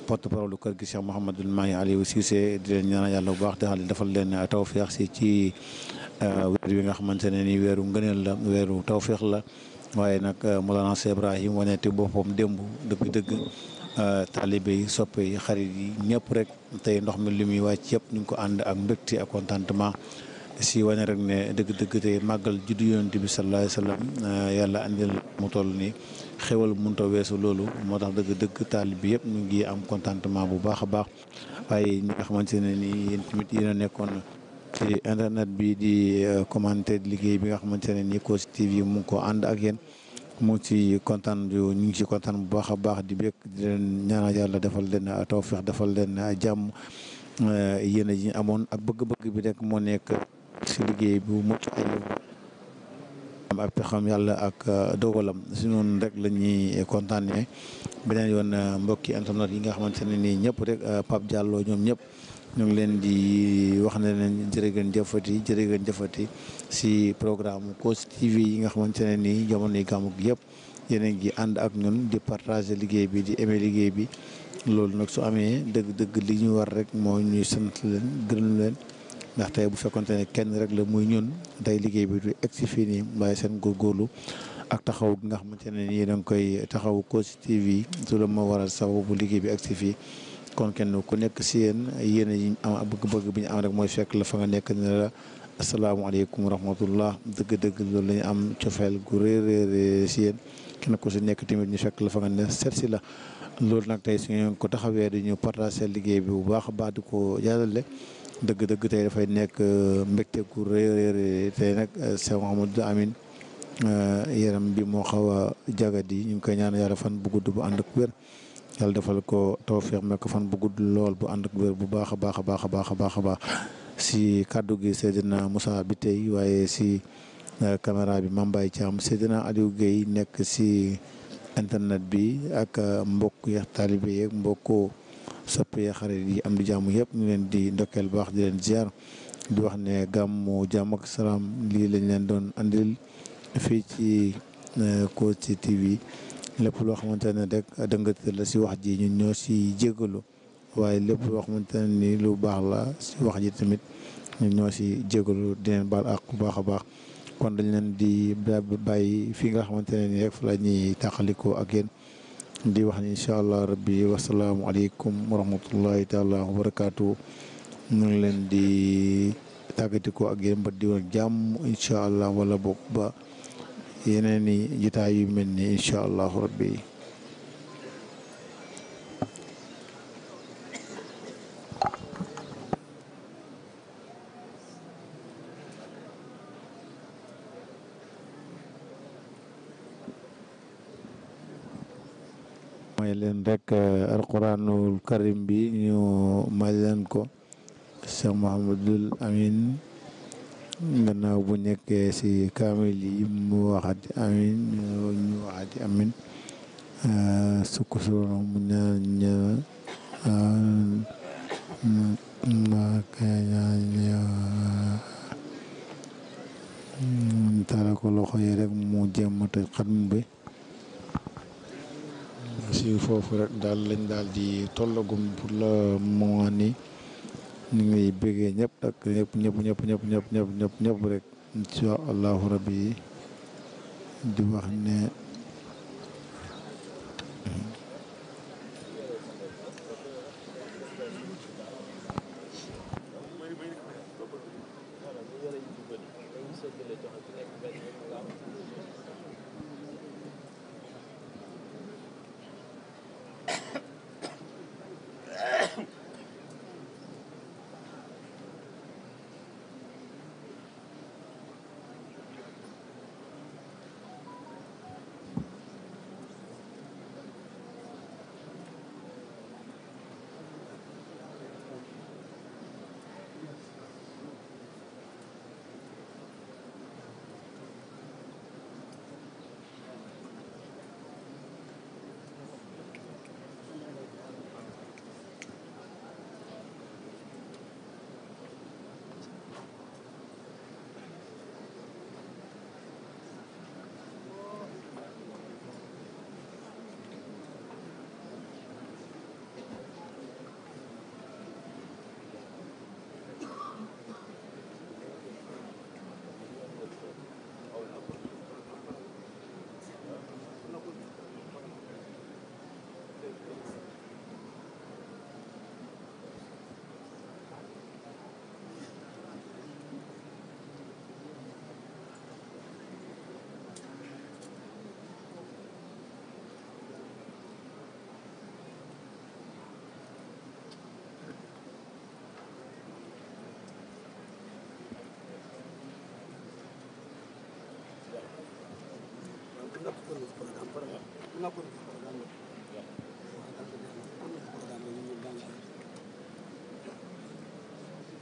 porte parole kër gi Cheikh Mouhamadul Mahi Aliou Cissé di leen ñaanal yàlla bu baax defal leen tawféex si ci euh, weer wi nga xamante ne ni weeru ngëneel la weeru tawféex la waaye nag euh, Mawlana Cheikh Ibrahim waneeti boppam démb dëgg dëgg euh, taalibe yi soppe yi xarit yi ñëpp rek tey ndox mi li muy wàcc yëpp ñu ngi ko ànd ak mbégte ak contentement. si wane rek ne dëgg-dëgg tey màggal juddu yonent bi sallallahu alayhi ah, yàlla andil mu toll nii xewal munta weesu loolu moo tax dëgg-dëgg taalib bi yëpp ñu ngi am contentement bu baax a baax waaye ñi nga xamante ne ni yéen tamit yéen a nekkoon ci internet bi di euh, commenter liggéey bi nga xamante ne nii Kossy TV mu ngi ko ànd ak yéen mu ngi ci kontaan ñu ngi ci kontaan bu baax a baax di békk di leen ñaanal yàlla defal leen euh, tawfeex defal leen euh, jàmm yéen ji amoon ak bëgg-bëgg bi rek moo nekk. si liggéey bu mucc ayib am ak pexam yàlla ak euh, dogalam si noonu rek la ñuy kontaanee beneen yoon euh, mbokki internet yi nga xamante ne nii ñëpp rek euh, Pape Diallo ñoom ñëpp ñu ngi leen di wax ne leen jërëgën jëfati jërëgën jëfati si programme Kossy TV yi nga xamante ne nii jamono yi gàmmu gi yëpp yéen a ngi ànd ak ñun di partager liggéey bi di aimer liggéey bi loolu nag su amee dëgg-dëgg li ñu war rek moo ñuy sant leen gërëm leen. ndax tey bu fekkonte ne kenn rek la muy ñun day liggéey bi du egg si fii nii waaye seen góorgóorlu ak taxaw gi nga xamante ne nii da nga koy taxaw Kossy TV la ma waral sababu liggéey bi egg si fii kon kenn ku nekk si yéen yéen a yi am bëgg-bëgg bi ñu am mooy fekk la fa nga nekk ne la asalaamaaleykum wa rahmatullah dëgg-dëgg loolu la am cofeel gu réeréer si yéen kenn ku si nekk tamit ñu fekk la fa nga ne si la loolu nag tey su ngeen ko taxawee dañu partagé liggéey bi bu baax a baax di ko jàllale dëgg-dëgg tey dafay nekk euh, mbégte gu rëy a rëy tey nag euh, Cheikh Mouhamadou Amine euh, yaram bi moo xaw a jagat yi ñu ngi koy ñaan yàlla fan bu gudd bu ànd ak wér yàlla defal ko tawféex ma ko fan bu gudd lool bu ànd ak bu baax a baax a baax a baax baax a baax si kaddu gi Seydina Moussa bi tey waaye si caméra bi Mambaye sedd Seydina Aliou Guèye nekk si internet bi ak mbokk yeex taalibe yeeg soppee xarit yi am di jàmm yëpp ñu leen di ndokkeel baax di leen ziar di wax ne gàmmu jàmm ak salaam lii lañ leen doon indil fii ci euh, Kossy TV lépp loo xamante ne rek dëngate la si wax ji ñu ñoo si jégalu waaye lépp loo xamante ne ni lu baax la si wax ji tamit ñu ñoo si jégalu di leen baal ak bu baax a baax kon dañ leen di bàyyi fii nga xamante ne nii rek fa la ñuy tàqalikoo ak yéen. di wax ni incha allah rabbi wasalaamualeykum wa rahmatullahi taala wa barakaatu ñu leen di tàggatikoo ak yéen ba diw ak jàmm incha allah wala boog ba yeneen yu mel ni incha allah rabbi leen rek eh, alquranul karim bi ñu may leen ko Cheikh Mouhamadul Amin gannaaw bu nekkee ci kaamil yi mu waxati amin ñu waxati amin eh, mu ñaan ñaan ah, tala loxo yi rek mu jéem a bi si foofu rek daal lañ daal di tollagum pour le moment ni ñu bëggee ñëpp ak ñëpp ñëpp ñëpp ñëpp ñëpp ñëpp ñëpp rek incha allahu rabbi di wax ne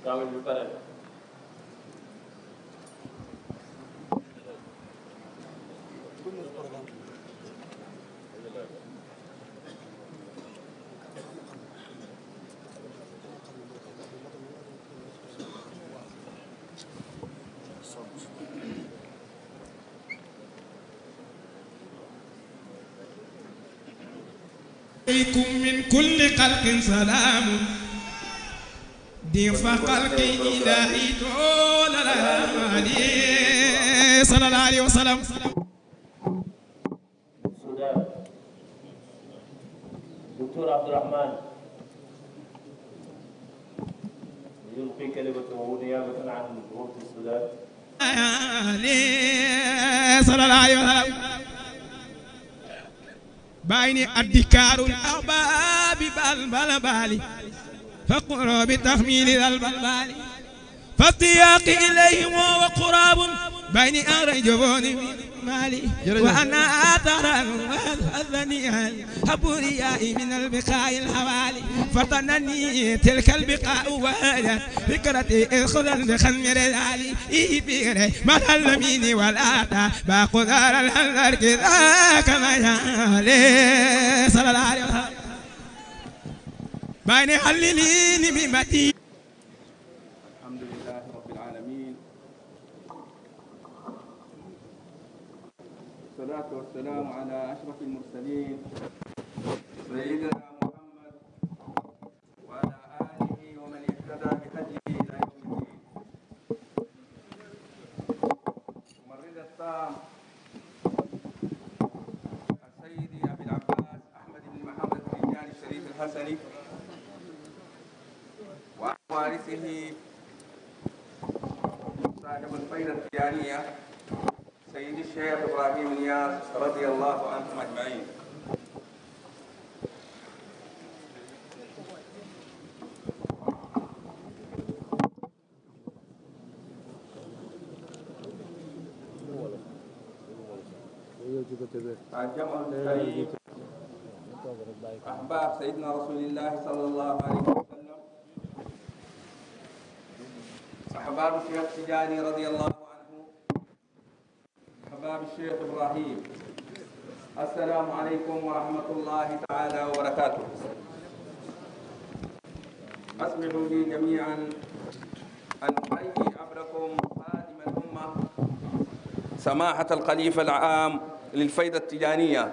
kaamil bi pare عليكم من كل خلق سلام دي فخلق إلهي دول الأمالي صلى الله عليه وسلم تخميل البلبال فالسياق إليهم وقراب بين أمري جبون مالي وأنا آثر وأذني حب ريائي من البقاع الحوالي فطنني تلك البقاع وهذا فكرتي إخذ بخمر العالي إيه بيري مثل المين والآتا باقدر الهندر كذاك ما يالي صلى الله عليه وسلم baay ne xalliliini bi mati alhamdulillahi rabbil alamin salaatu wassalaamu ala ashrafil mursalin سماحة الخليفة العام للفيدة التجانية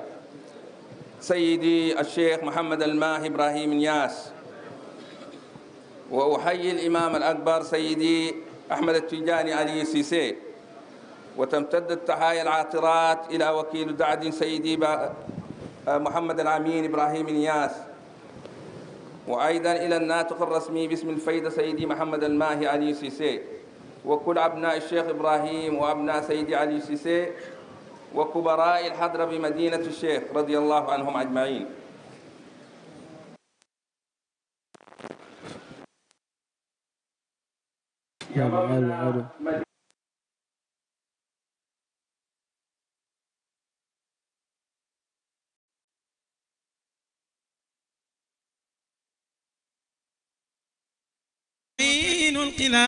سيدي الشيخ محمد الماهي إبراهيم نياس وأحيي الإمام الأكبر سيدي أحمد التجاني علي سيسي وتمتد التحايا العاطرات إلى وكيل دعد سيدي محمد العمين إبراهيم نياس وأيضا إلى الناطق الرسمي باسم الفيدة سيدي محمد الماهي علي سيسي وكل أبناء الشيخ إبراهيم وأبناء سيدي علي سيسي وكبراء الحضرة بمدينة الشيخ رضي الله عنهم أجمعين القلال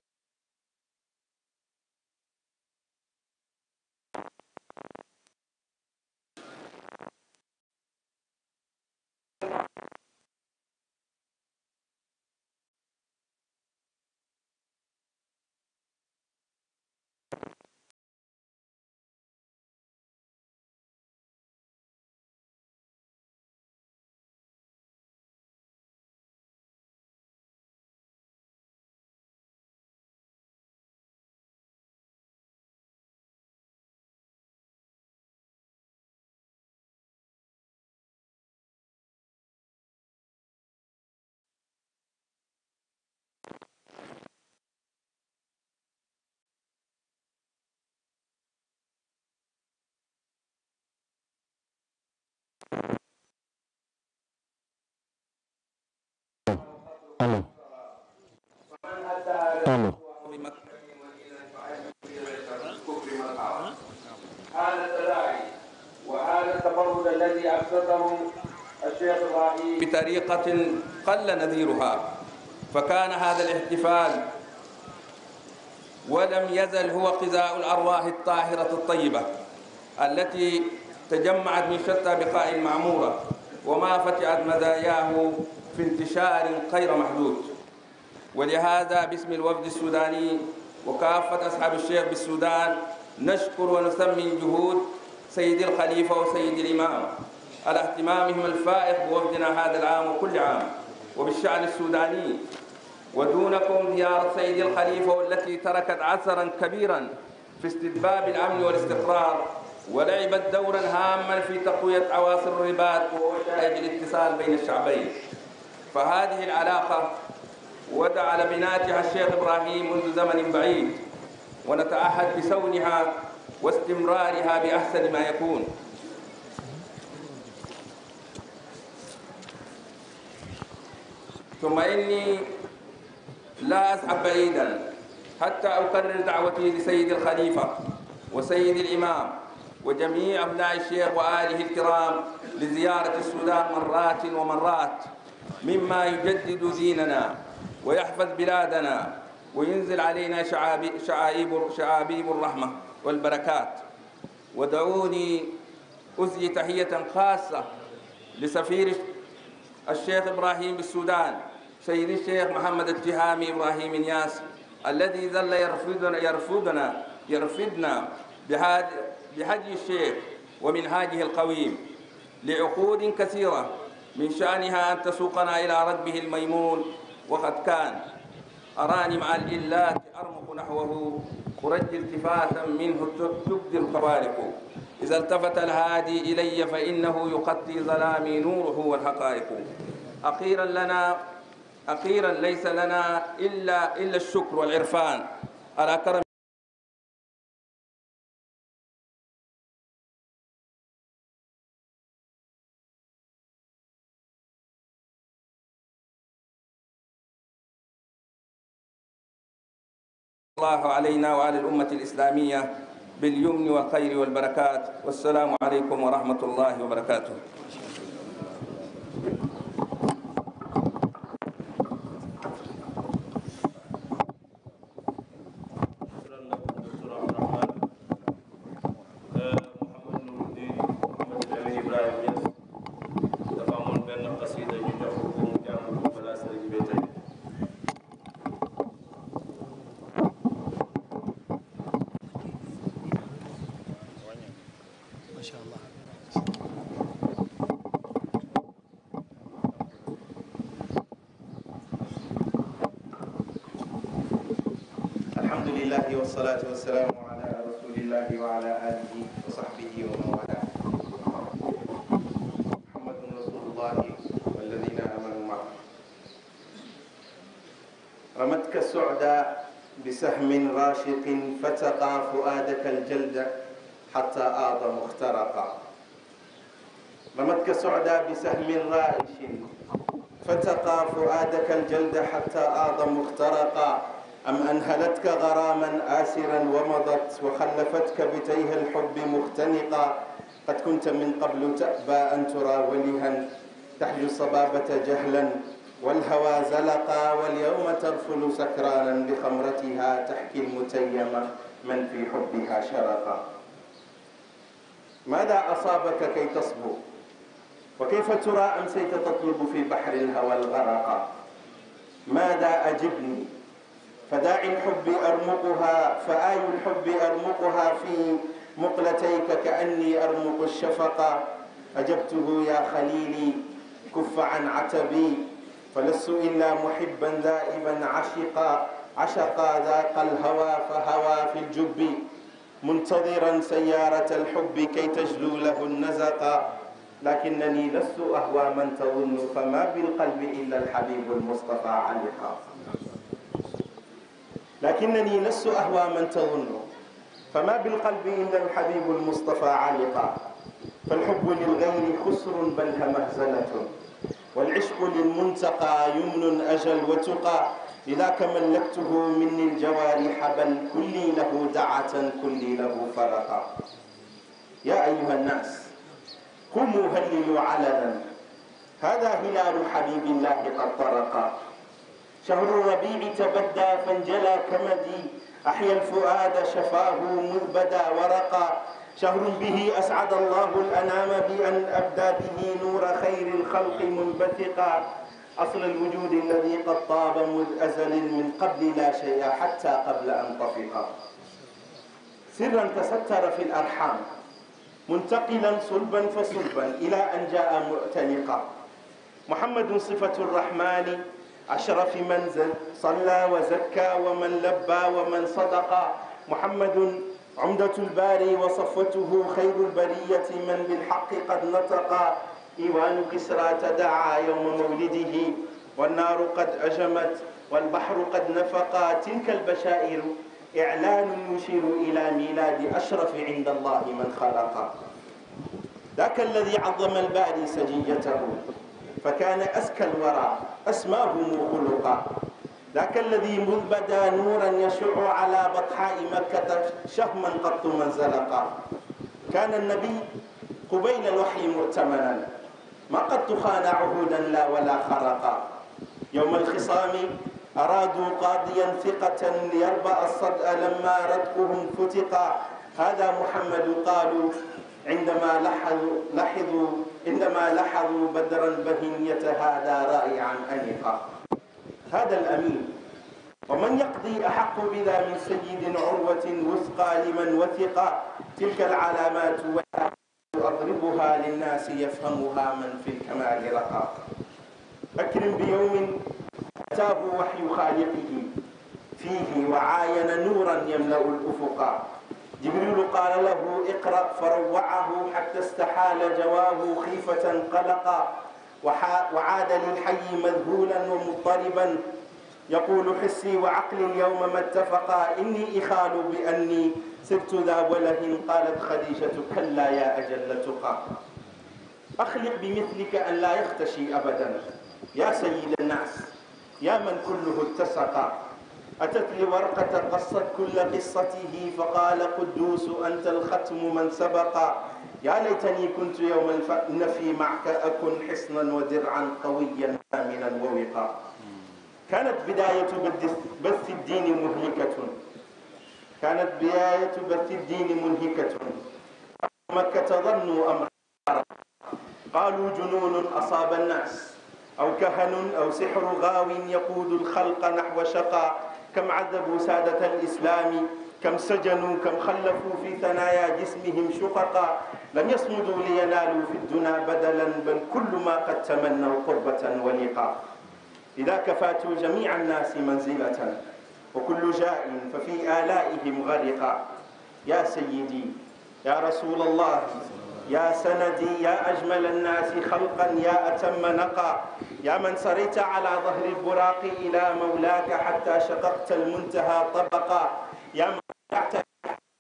allo allo بطريقة قل نذيرها فكان هذا الاحتفال ولم يزل هو غذاء الأرواح الطاهرة الطيبة التي تجمعت من شتى بقاع معمورة وما فتئت مزاياه في انتشار غير محدود ولهذا باسم الوفد السوداني وكافة أصحاب الشيخ بالسودان نشكر ونسمي جهود سيد الخليفة وسيد الإمام على اهتمامهم الفائق بوفدنا هذا العام وكل عام وبالشعب السوداني ودونكم زيارة سيد الخليفة والتي تركت أثرا كبيرا في استتباب الأمن والاستقرار ولعبت دورا هاما في تقوية عواصر الرباط ووسائل الاتصال بين الشعبين فهذه العلاقة ودعا لبناتها الشيخ إبراهيم منذ زمن بعيد ونتعهد بسونها واستمرارها بأحسن ما يكون ثم إني لا أذهب بعيدا حتى أكرر دعوتي لسيد الخليفة وسيد الإمام وجميع أبناء الشيخ وآله الكرام لزيارة السودان مرات ومرات مما يجدد ديننا ويحفظ بلادنا وينزل علينا شعائب شعابيب الرحمة والبركات ودعوني أزي تحية خاصة لسفير الشيخ إبراهيم بالسودان سيد الشيخ محمد التهامي إبراهيم ياس الذي ظل يرفضنا يرفضنا يرفضنا بهذا بهدي الشيخ ومنهاجه القويم لعقود كثيرة من شأنها أن تسوقنا إلى ركبه الميمون وقد كان أراني مع الإلات أرمق نحوه أرجي التفاتا منه تبدي الخوارق إذا التفت الهادي إلي فإنه يقطي ظلامي نوره والحقائق أخيرا لنا أخيرا ليس لنا إلا إلا الشكر والعرفان على كرم الله علينا وعلى الأمة الإسلامية باليمن والخير والبركات والسلام عليكم ورحمة الله وبركاته كالسعدى بسهم رائش فتقى فؤادك الجلد حتى أعظم مخترقا أم أنهلتك غراما آسرا ومضت وخلفتك بتيه الحب مختنقا قد كنت من قبل تأبى أن ترى ولها تحجو الصبابة جهلا والهوى زلقا واليوم تغفل سكرانا بخمرتها تحكي المتيم من في حبها شرقا ماذا أصابك كي تصبو وكيف ترى أمسيت تطلب في بحر الهوى الغرقا ماذا أجبني فداعي الحب أرمقها فآي الحب أرمقها في مقلتيك كأني أرمق الشفقة أجبته يا خليلي كف عن عتبي فلست إلا محبا ذائبا عشقا عشقا ذاق الهوى فهوى في الجب منتظرا سيارة الحب كي تجلو له النزقا لكنني لست أهوى من تظن فما بالقلب إلا الحبيب المصطفى علي الحافظ لكنني لست أهوى من تظن فما بالقلب إلا الحبيب المصطفى علقا فالحب للغير خسر بل همهزلة والعشق للمنتقى يمن أجل وتقى لذاك ملكته مني الجوارح بل كلي له دعة كلي له فرقا يا أيها الناس قوموا هللوا علنا هذا هلال حبيب الله قد طرقا شهر الربيع تبدى فانجلى كمدي أحيا الفؤاد شفاه مذ بدا ورقا شهر به أسعد الله الأنام بأن أبدى به نور خير الخلق منبثقا أصل الوجود الذي قد طاب مذ أزل من قبل لا شيء حتى قبل أن طفقا سرا تستر في الأرحام منتقلا صلبا فصلبا إلى أن جاء معتنقا محمد صفة الرحمن أشرف منزل صلى وزكى ومن لبى ومن صدق محمد عمدة الباري وصفوته خير البرية من بالحق قد نطق إيوان كسرى تدعى يوم مولده والنار قد أجمت والبحر قد نفقا تلك البشائر إعلان يشير إلى ميلاد أشرف عند الله من خلق ذاك الذي عظم الباري سجيته فكان أسكى الورى أسماهم خلقا ذاك الذي مذ بدا نورا يشع على بطحاء مكة شهما قط منزلقا كان النبي قبيل الوحي مؤتمنا ما قد خان عهودا لا ولا خرقا يوم الخصام أرادوا قاضيا ثقة ليربأ الصدأ لما ردقهم فتقا هذا محمد قالوا عندما لحظوا لحظوا عندما لحظوا بدرا بهنية هذا رائعا أنيقا هذا الأمين ومن يقضي أحق بذا من سيد عروة وثقى لمن وثق تلك العلامات أضربها للناس يفهمها من في الكمال رقى أكرم بيوم أتاه وحي خالقه فيه وعاين نورا يملأ الأفق جبريل قال له اقرأ فروعه حتى استحال جواه خيفة قلقا وعاد للحي مذهولا ومضطربا يقول حسي وعقلي اليوم ما اتفقا إني إخال بأني صرت ذا وله قالت خديجة كلا يا أجل تقى أخلق بمثلك أن لا يختشي أبدا يا سيد الناس يا من كله اتسق أتت لي ورقة قصت كل قصته فقال قدوس أنت الختم من سبق يا ليتني كنت يوم النفي معك أكن حصنا ودرعا قويا آمنا ووقا كانت بداية بث الدين مهلكة كانت بداية بث الدين منهكة مكة ظنوا أمر قالوا جنون أصاب الناس أو كهن أو سحر غاو يقود الخلق نحو شقا كم عذبوا سادة الإسلام كم سجنوا كم خلفوا في ثنايا جسمهم شققا لم يصمدوا لينالوا في الدنا بدلا بل كل ما قد تمنوا قربة ولقاء إذا كفاتوا جميع الناس منزلة وكل جاع ففي آلائهم غرقا يا سيدي يا رسول الله يا سندي يا أجمل الناس خلقا يا أتم نقا يا من سريت على ظهر البراق إلى مولاك حتى شققت المنتهى طبقا يا من رفعت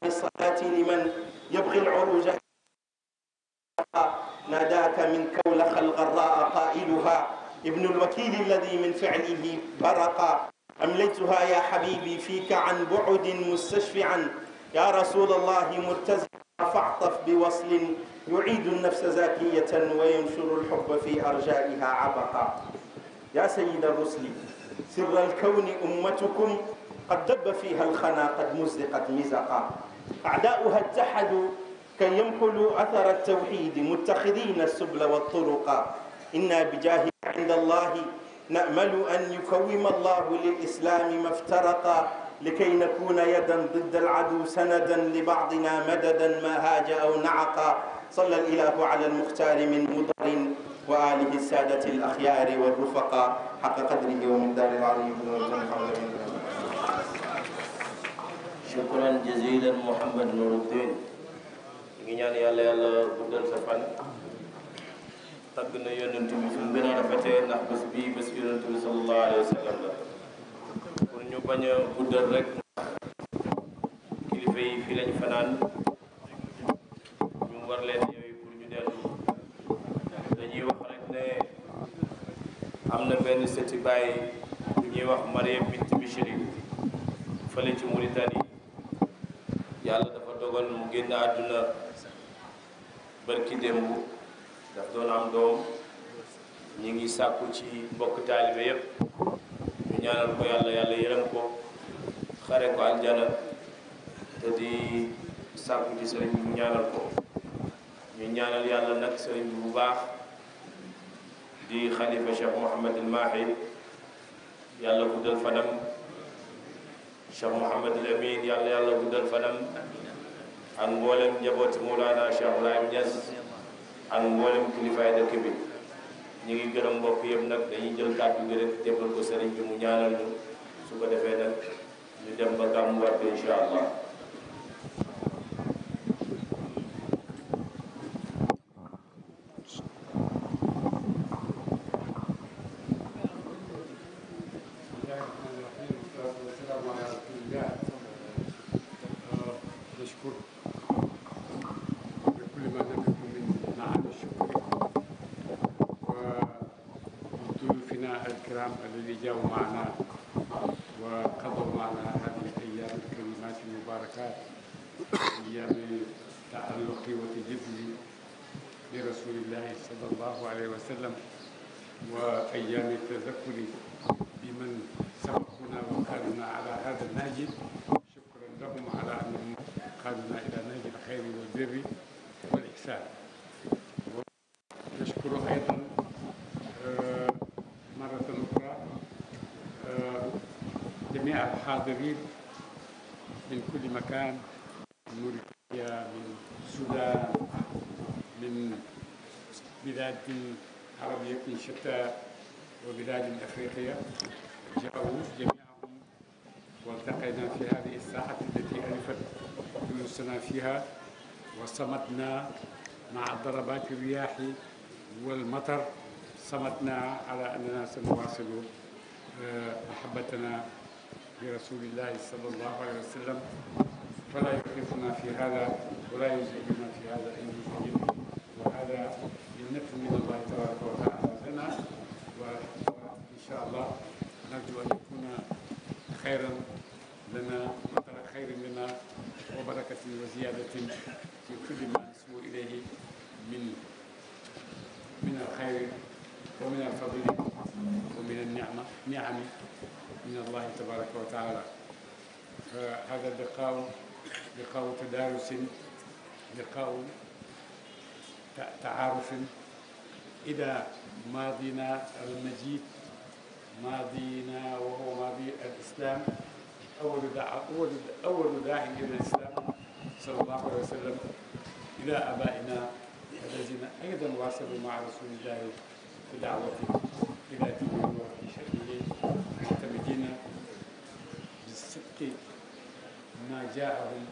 الصلاة لمن يبغي العروج ناداك من كولخ الغراء قائلها ابن الوكيل الذي من فعله برقا أمليتها يا حبيبي فيك عن بعد مستشفعا يا رسول الله مرتزقا فاعطف بوصل يعيد النفس زاكية وينشر الحب في أرجائها عبقا يا سيد الرسل سر الكون أمتكم قد دب فيها الخنا قد مزقت مزقا أعداؤها اتحدوا كي ينقلوا أثر التوحيد متخذين السبل والطرق إنا بجاه عند الله نأمل أن يكوم الله للإسلام ما افترقا لكي نكون يدا ضد العدو سندا لبعضنا مددا ما هاج أو نعقا صلى الإله على المختار من مضر وآله السادة الأخيار والرفقاء حق قدره ومن دار العظيم شكرا جزيلا محمد نور الدين ñu ñaan yàlla yàlla guddal sa fan tagg na yonent bi fi mu gën a rafetee ndax bés bii bés yonent bi sallallahu alayhi wa sallam la ñu bañ a guddal rek kilifa yi fii lañ fanaan ñu war leen yooyu pour ñu dellu dañuy wax rek ne am na benn sëti bàyyi ñuy wax Mariam bint Bichri fële ci Mauritanie yàlla dafa dogal mu génn àdduna barki démb daf doon am doom ñi ngi sàkku ci mbokk taalibe yépp ñaanal ko yàlla yàlla yërëm ko xare ko aljana te di sàkku ci sëriñ bi ñaanal ko ñu ñaanal yàlla nag sëriñ bi bu baax di xalifa Cheikh Mouhamadul Mahi yàlla guddal fanam Cheikh Mouhamadul Amin yàlla yàlla guddal fanam ak mboolem njabooti Mawlana Cheikh Ibrahim Niass ak mboolem kilifaay dëkk bi ñu ngi gërëm mbokk yëpp nag dañuy jël kàddu gi rek jébbal ko sëriñ bi mu ñaanal ñu su ko defee nag ñu dem ba gàmmuwaat bi incha allah الحاضرين من كل مكان من موريتانيا من السودان من بلاد عربية شتى وبلاد أفريقية جاءوا جميعهم والتقينا في هذه الساعة التي ألفت دروسنا فيها وصمتنا مع ضربات الرياح والمطر صمتنا على أننا سنواصل محبتنا li rasulillahi sallallahu alayhi wa sallam fala yuxlifuna fi hada wala yuziduna fi hada indi sajid wa hada minnatun min allahi tabaraka wa taala lana wa insha allah narju an yakuna xayran lana wa tara xayran lana wa barakatin wa ziyadatin fi kulli ma nasubu ilayhi min min alxayri wa min alfadli wa min anniama niami من الله تبارك وتعالى فهذا لقاء لقاء تدارس لقاء تعارف إلى ماضينا المجيد ماضينا وهو ماضي الإسلام أول داع أول أول داعي إلى الإسلام صلى الله عليه وسلم إلى آبائنا الذين أيضا واصلوا مع رسول الله في دعوته إلى دين الله شرعي يخبرنا بالصدق ما جاءهم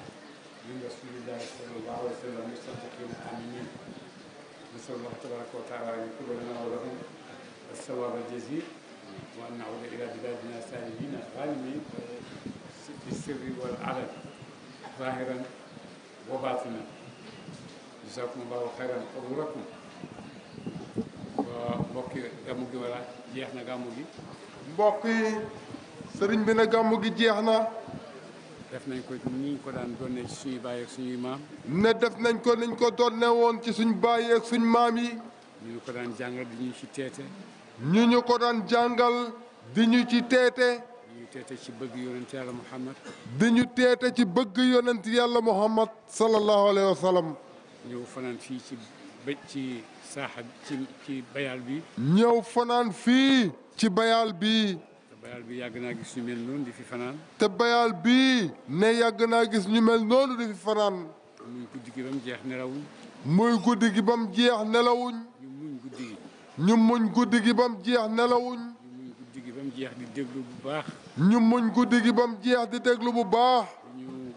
من رسول الله صلى الله عليه وسلم مصدقين آمنين نسأل الله تبارك وتعالى أن يكتب لنا ولهم الثواب الجزيل وأن نعود إلى بلادنا سالمين غانمين في السر والعلن ظاهرا وباطنا جزاكم الله خيرا قبولكم mbokk yi gàmmu gi wala jeex na gàmmu gi mbokk yi sëriñ bi ne gàmmu gi jeex na. def nañ ko ni ñu ko daan doonee ci suñuy baay ak maam. ne def nañ ko ni ñu ko doonee woon ci suñu bàyyeek ak suñu maam yi. ñu ñu ko daan jàngal di ñu ci teete. ñu ñu ko daan jàngal di ñu ci teete. di ñu teete ci bëgg yonent yàlla Muhammad. di ñu teete ci bëgg yonent yàlla Muhammad sallallahu alayhi wa ñëw fanaan fii ci ba ci saaxa ci ci bayal bi. ñëw fanaan fii ci bayal bi. bayal bi yàgg naa gis ñu mel noonu di fi fanaan. te bayaal bi ne yàgg naa gis ñu mel noonu di fi fanaan. muy guddi gi ba mu jeex nelawuñ. muy guddi gi ba mu jeex nelawuñ. ñu muñ guddi gi. ñu ba mu jeex nelawuñ. ñu muñ guddi gi ba mu jeex di déglu bu baax. ñu muñ guddi gi ba mu di déglu bu baax. li ñu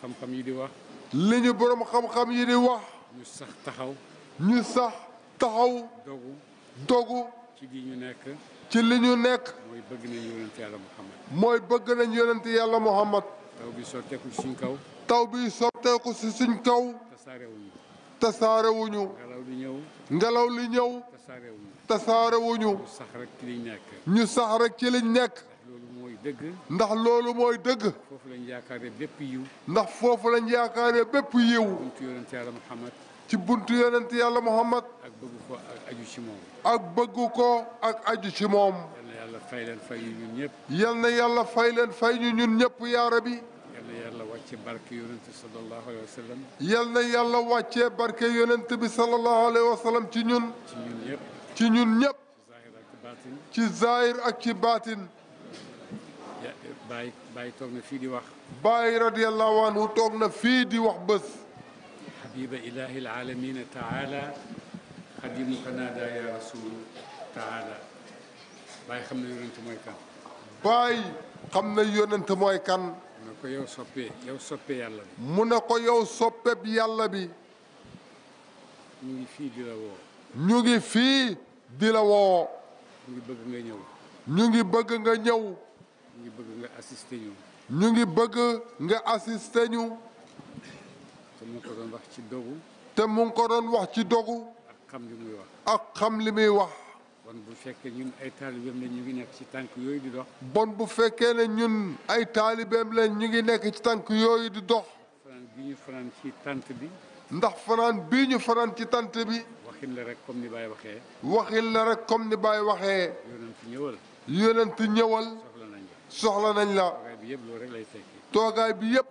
xam-xam yi di wax. li ñu borom xam-xam yi di wax. ñu sax taxaw. ñu sax taxaw. dogu dogu. ci li ñu nekk. mooy bëgg nañ yonent yàlla Muhammad. mooy bëgg nañ yonent yàlla Muhammad. taw bi sotteeku si suñ kaw. taw bi sotteeku ci suñ kaw. tasaarewuñu. tasaarewuñu. ngelaw li ñëw. ngelaw li ñëw. tasaarewuñu. tasaarewuñu. ñu sax rek ci liñ nekk. ñu sax rek ci liñ nekk. ndax loolu mooy dëgg. foofu lañ yaakaaree bépp yiw. ndax foofu lañ yaakaaree bépp yiw. ci buntu yonent yàlla Muhammad ak bëgg ak aju ci moom. ak bëgg ko ak aju ci moom. yal na yàlla fay leen fay ñu ñun ñëpp. yal na yàlla fay leen fay ñu ñun ñëpp yaa rabbi. yal na yàlla wàccee barke yonent bi sallallahu alayhi yal na yàlla wàccee barke yonent bi sallallahu alayhi wa sallam ci ñun. ci ñun ñëpp. ci ñun ñëpp. ci zaahir ak ci baatin. Baay Baay toog na fii di wax. Baay radiyallahu anhu toog na fii wax bés. حبيب إله العالمين تعالى خديمك نادى يا رسول تعالى xam na yonent mooy kan baay xam na mu ne ko yow soppe yow yàlla bi mu ngi fii di la woo ñu ngi fii di la woo ñu ngi bëgg nga ñëw ñu ngi bëgg nga ñëw ñu ngi bëgg nga assisté mu ngi ko doon wax ci dogu. te mu ngi ko doon wax ci dogu. ak xam li muy wax. ak xam li muy wax. bon bu fekkee ñun ay taalibeem lañ ñu ngi nekk ci tànk yooyu di dox. bon bu fekkee ne ñun ay taalibeem lañ ñu ngi nekk ci tànk yooyu di dox. fanaan bi ñu fanaan ci tànt bi. ndax fanaan bii ñu fanaan ci tant bi. waxin la rek comme ni Baye waxee. waxin la rek comme ni Baye waxee. yonent ñëwal. yonent ñëwal. soxla nañ la soxla la. yëpp loolu rek lay tekki. toogaay bi yëpp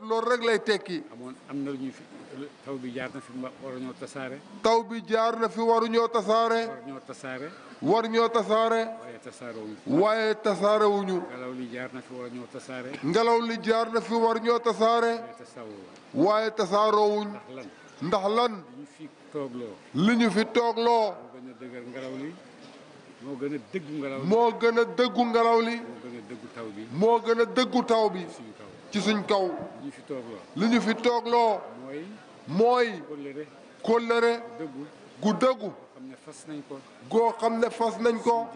taw bi jaar na fi waruñoo tasaare. taw bi jaar na fi waruñoo tasaare. waruñoo tasaare. waruñoo tasaare. waaye tasaare wuñu. waaye tasaare wuñu. ngelaw li jaar na fi waruñoo tasaare. ngelaw li jaar na fi waruñoo tasaare. waaye tasaaroo ndax lan. li ñu fi toogloo. li ñu fi toogloo. moo gën a dëgër ngelaw li. moo gën a dëggu ngelaw li. moo gën a dëggu ngelaw li. moo taw bi. moo gën a taw bi. ci suñ kaw. li ñu fi toogloo. li ñu fi toogloo. mooy kóllëre gu dëggu xam ne fas nañ ko. goo xam ne fas nañ ko.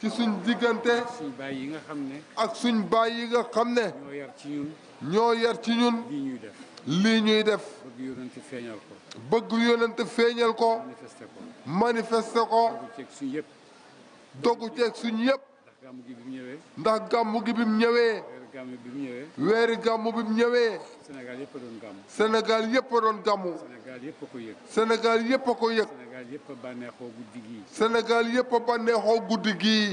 ci suñ diggante. suñ yi nga xam ne. ak suñ baay yi nga xam ne. ñoo yar ci ñun. ñoo yar ci ñun. lii ñuy def. lii ñuy def. bëgg yonent feeñal ko. bëgg feeñal ko. manifester ko. ko. dogu ceeg suñ yëpp. suñ yëpp. ndax gàmmu gi ñëwee. gàmmu bi mu ñëwee. weeri gàmmu bi mu ñëwee. Sénégal yëpp a doon gàmmu. Sénégal yëpp a doon gàmmu. Sénégal yëpp a ko yëg. Sénégal yëpp a ko yëg. Sénégal yëpp a bànneexoo guddi gii. Sénégal yëpp a bànneexoo guddi gii.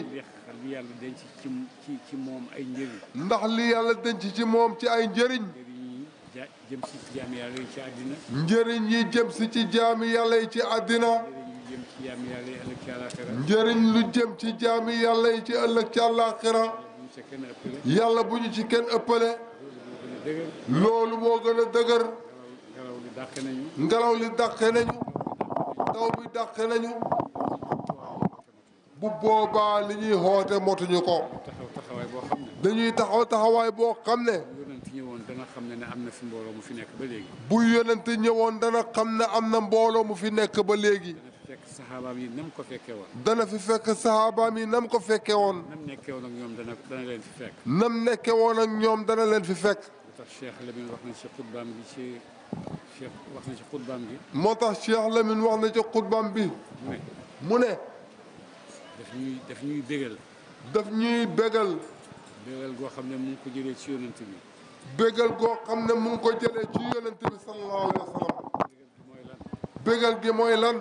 li yàlla denc ci ci ci moom ay njëriñ. ndax li yàlla denc ci moom ci ay njëriñ. jëm si ci jaami yàlla yi ci àddina. njëriñ yi jëm si ci jaami yàlla yi ci àddina. njëriñ lu jëm ci jaami yàlla yi ci ëllëg ci àllaaxira. yàlla bu ñu ci kenn ëppale. loolu moo gën a dëgër. ngelaw li dàqe nañu. ngelaw li dàqe nañu. taw bi dàqe nañu. bu boobaa li ñuy xoote motuñu ko. dañuy taxaw taxawaay boo xam ne. dana xam ne ne am na fi mbooloo mu fi nekk léegi. bu yonent ñëwoon dana xam ne am na mbooloo mu fi nekk ba léegi. saxaabaam yi nam ko fekkee woon. dana fi fekk saxaabaam yi nam ko fekkee woon. nam nekkee woon ak ñoom dana dana leen fi fekk. nam nekkee woon ak ñoom dana leen fi fekk. moo tax Cheikh Lamine wax na ci xutbaam gi ci Cheikh wax na ci xutbaam bi. moo tax Cheikh Lamine wax na ci xutbaam bi. mu ne. mu ne. daf ñuy daf ñuy bégal. daf ñuy bégal. bégal goo xam ne mu ngi ko jëlee ci yonent bi. bégal goo xam ne mu ngi ko jëlee ci yonent bi sallallahu alayhi wa sallam. bégal gi mooy lan. bégal gi mooy lan.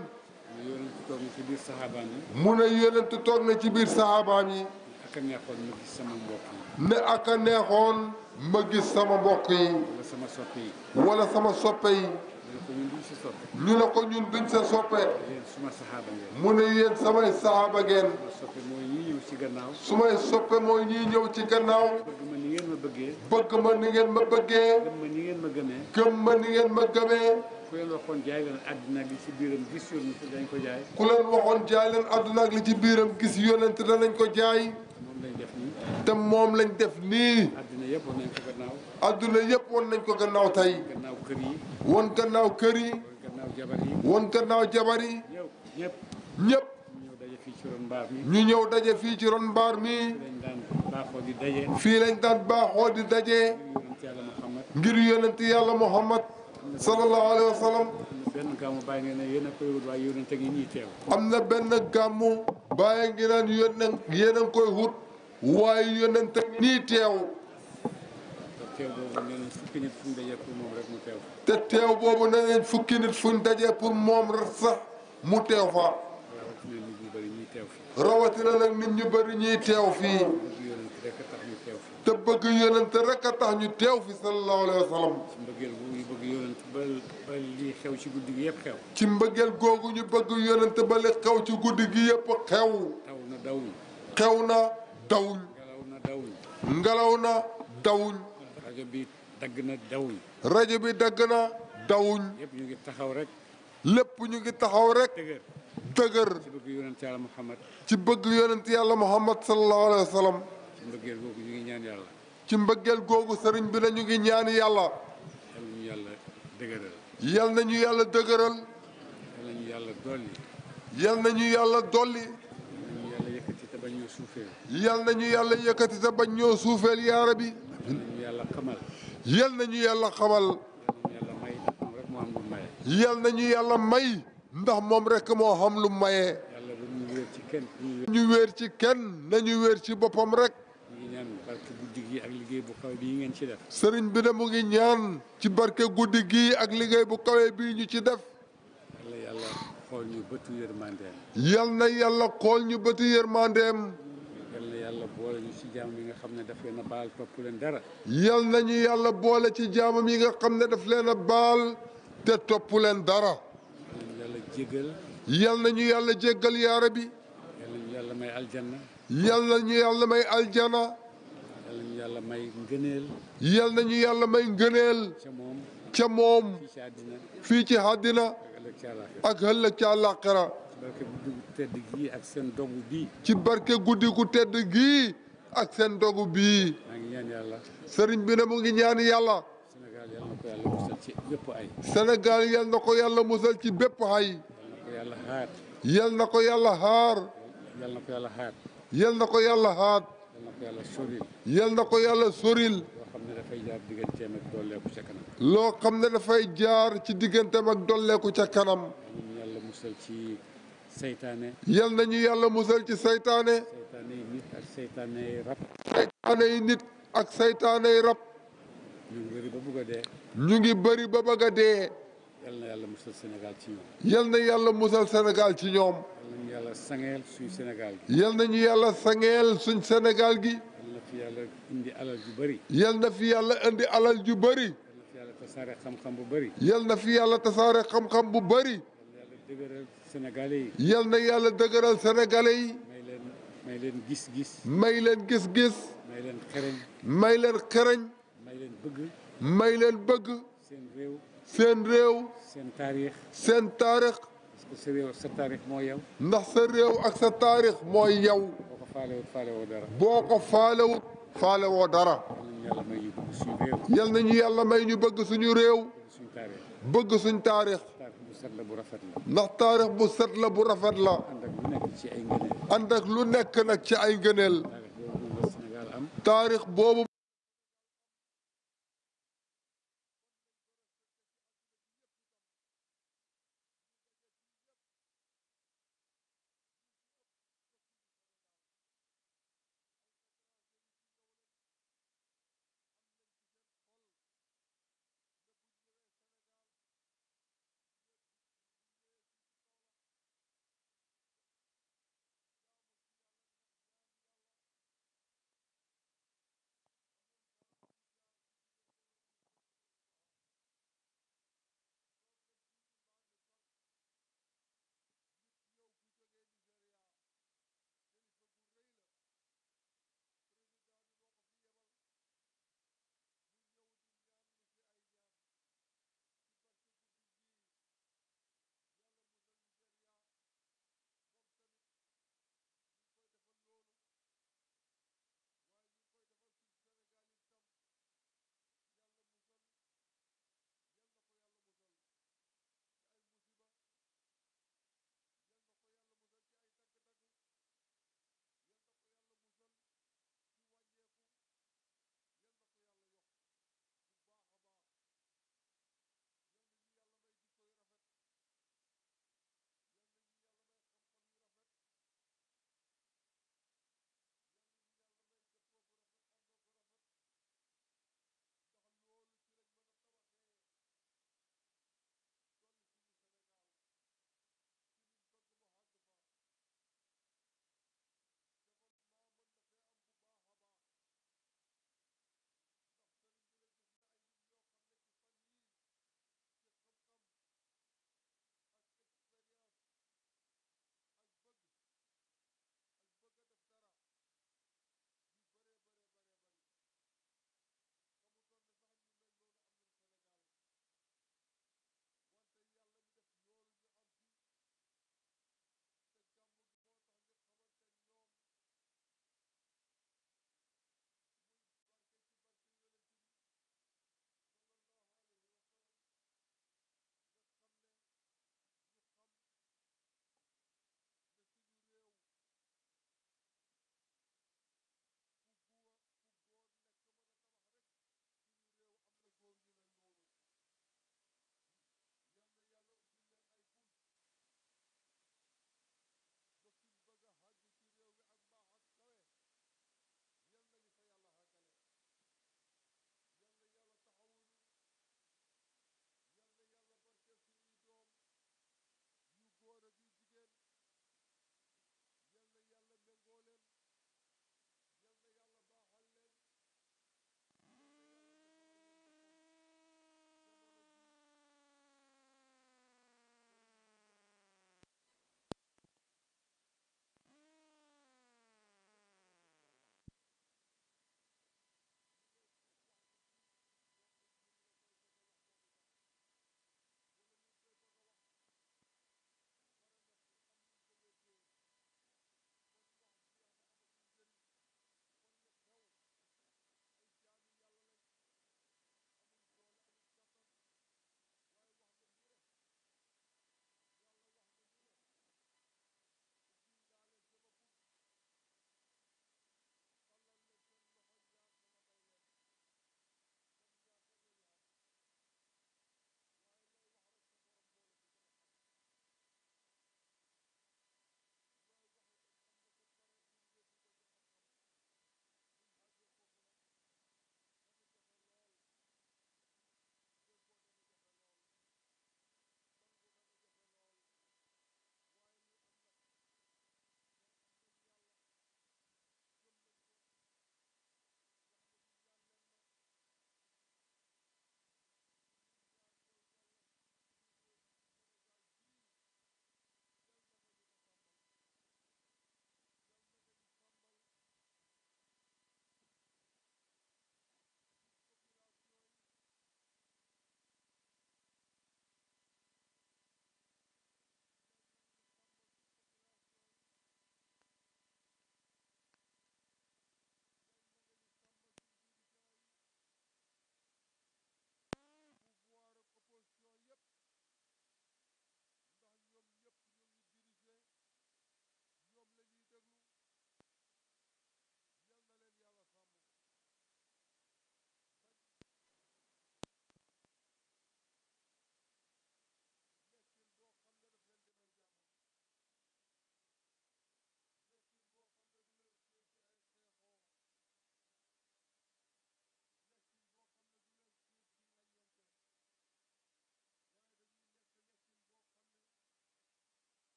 toog na ci biir saxaabaam yi. mu ne yonent toog na ci biir saxaabaam yi. ak a neexoon ma gis sama mbokk ne ak neexoon ma gis sama mbokk yi. wala sama soppe yi. wala sama soppe yi. ñu ne ko ñun duñ sa soppe. mu ne yéen samay saxaaba ngeen. su may soppe mooy ñii ñëw ci gannaaw. bëgg ma ni ngeen ma bëggee. ngeen ma bëggee. gëm ma ni ngeen ma gëmee. ma ngeen ma gëmee. ku leen waxoon jaay leen àdduna ak li ci biiram gis yonent danañ ko jaay. ku leen waxoon jaay leen àdduna ak li ci biiram gis yonent danañ ko jaay. moom lañ def te moom lañ def nii. àdduna yëpp wan nañ ko gannaaw. àdduna wan nañ ko gannaaw tey. gannaaw kër yi. wan gannaaw kër yi. wan gannaaw jabar yi. wan gannaaw jabar yi. ñëpp ñëpp. ñu ñëw daje fii ci ron mbaar mi. fii lañ daan baaxoo di daje. ngir yonent yàlla Muhammad. sallallahu alayhi wa benn gàmmu bàyyi ngeen ne yéen a koy wut waaye yéen am na benn gàmmu bàyyi ngeen naan yéen a ngi koy wut waaye yéen a ngi nii teew. te teew boobu nee nañ fukki nit fuñ dajee pour moom rek mu teew. te teew boobu nit fuñ dajee fa. rawatina nit ñu bëri fii. rawatina nag nit ñu bëri ñuy teew fii. te bëgg yonent rek a tax ñu teew fi sallallahu alayhi wa ba xew ci guddi yëpp ci mbëggeel googu ñu bëgg yonent ba li xew ci guddi gi yëpp xew. xew na dawuñ. xew na dawuñ. ngelaw na dawuñ. ngelaw na dawuñ. rajo bi dagg na dawuñ. rajo bi dagg na dawuñ. lépp ñu ngi taxaw rek. lépp ñu ngi taxaw rek. dëgër. dëgër. ci bëgg ci bëgg yonent yàlla googu ñu ngi ñaan yàlla. ci mbëggeel googu sëriñ bi na ñu ngi ñaan dëgëral. yal na ñu yàlla dëgëral. yal na ñu yàlla dolli. yal na ñu yàlla dolli. yal na ñu yàlla yëkkati sa bañ ñoo suufeel yaara bi. yal na ñu yàlla xamal. yal na ñu yàlla xamal. yal na ñu yàlla may. ndax moom rek moo xam lu maye. ñu wéer ci kenn nañu wéer ci boppam rek. gi ak liggéey bu kawe bii ngeen ci def. sëriñ bi de mu ngi ñaan ci barke guddi gii ak liggéey bu kawe bii ñu ci def. yal na xool ñu bëtu yërmandeem. yal na yàlla xool ñu bëtu yërmandeem. yal na yàlla boole ci jaamam yi nga xam ne daf leen a baal topp leen dara. na ñu yàlla boole ci jaamam yi nga xam ne daf leen a baal te topp leen dara. yàlla jégal. yal na ñu yàlla jégal yaara bi. yal na ñu yàlla may aljanna. yàlla may ngëneel. yal nañu yàlla may ngëneel. ca moom ca moom. fii ci àddina fii ak ëllëg ca àllaaxira. ci barke guddi gu tedd gii ak seen dogu bii. ci barke guddi gu tedd gii ak seen dogu bii. maa sëriñ bi ne mu ngi ñaan yàlla. senegal yal na ko yàlla musal ci bépp ay. yal na ko yàlla musal ci bépp ay. yal na ko yàlla xaar. yal na ko yàlla soril. loo xam ne dafay jaar ci digganteem ak dolleeku ca kanam. seytaane. yal nañu yàlla musal ci seytaane. seytaane yi nit ak seytaane yi rab. seytaane yi nit ak seytaane yi rab. ñu ngi bëri ba bëgg a dee. ñu ngi bëri ba bëgg dee. yal na yàlla musal Sénégal ci ñoom. yal na yàlla musal Sénégal ci ñoom. yàlla sangeel suñ Sénégal gi. yal ñu yàlla sangeel suñ Sénégal gi. yal na fi yàlla indi alal ju bëri. yal na fi yàlla indi alal ju bëri. yal na tasaare xam-xam bu bari yal na fi yàlla tasaare xam-xam bu bari dëgëral Sénégalais yi. yal na yàlla dëgëral Sénégalais yi. may leen may leen gis-gis. may leen gis-gis. may leen xereñ. may leen xereñ. may leen bëgg. leen bëgg. seen réew. seen réew. seen taarix. seen taarix. parce que sa réew ak sa taarix mooy yow. ndax sa réew ak sa taarix mooy yow. boo ko faalewut faalewoo dara. boo ko faalewut faalewoo dara. yal nañu yàlla may ñu bëgg suñu réew. bëgg suñ taarix. ndax taarix bu set la bu rafet la. ànd ak lu nekk nag ci ay ngëneel. taarix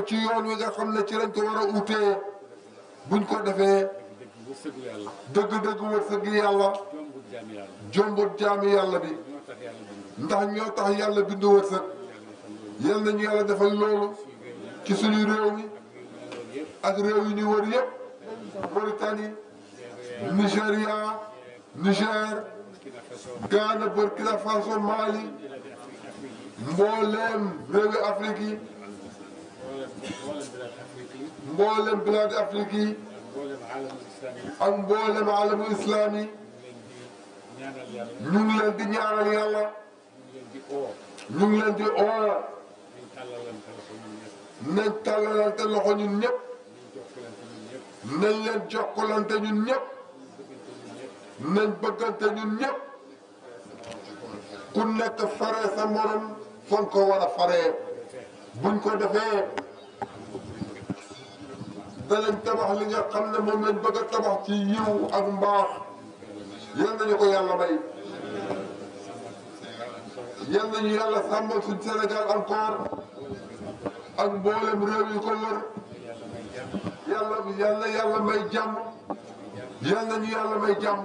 ko ci yoon wi nga xam ne ci lañ ko war a utee buñ ko defee dëgg-dëgg wërsëg yi yàlla jombut jaami yàlla bi ndax ñoo tax yàlla bindu wërsëg yal nañu yàlla defal loolu ci suñu réew mi ak réew yi ñu wër yëpp Mauritanie Nigéria Niger Ghana Burkina Faso Mali mbooleem réewi Afrique yi mboolem bilaad Afrique yi. ak mboolem alamu islam yi. ñu ngi leen di ñaanal yàlla. ñu ngi leen di oo. nañ tàllalante loxo ñun ñëpp. nañ leen jokkalante ñun ñëpp. nañ bëggante ñun ñëpp. ku nekk fare sa morom fan ko war a faree. buñ ko defee. danañ tabax li nga xam ne moom lañ bëgg a tabax ci yiw ak mbaax yal nañu ko yàlla may yal nañu yàlla sàmmal suñ Sénégal encore ak mboolem réew yi ko wër yàlla yàlla yàlla may jàmm yal nañu yàlla may jàmm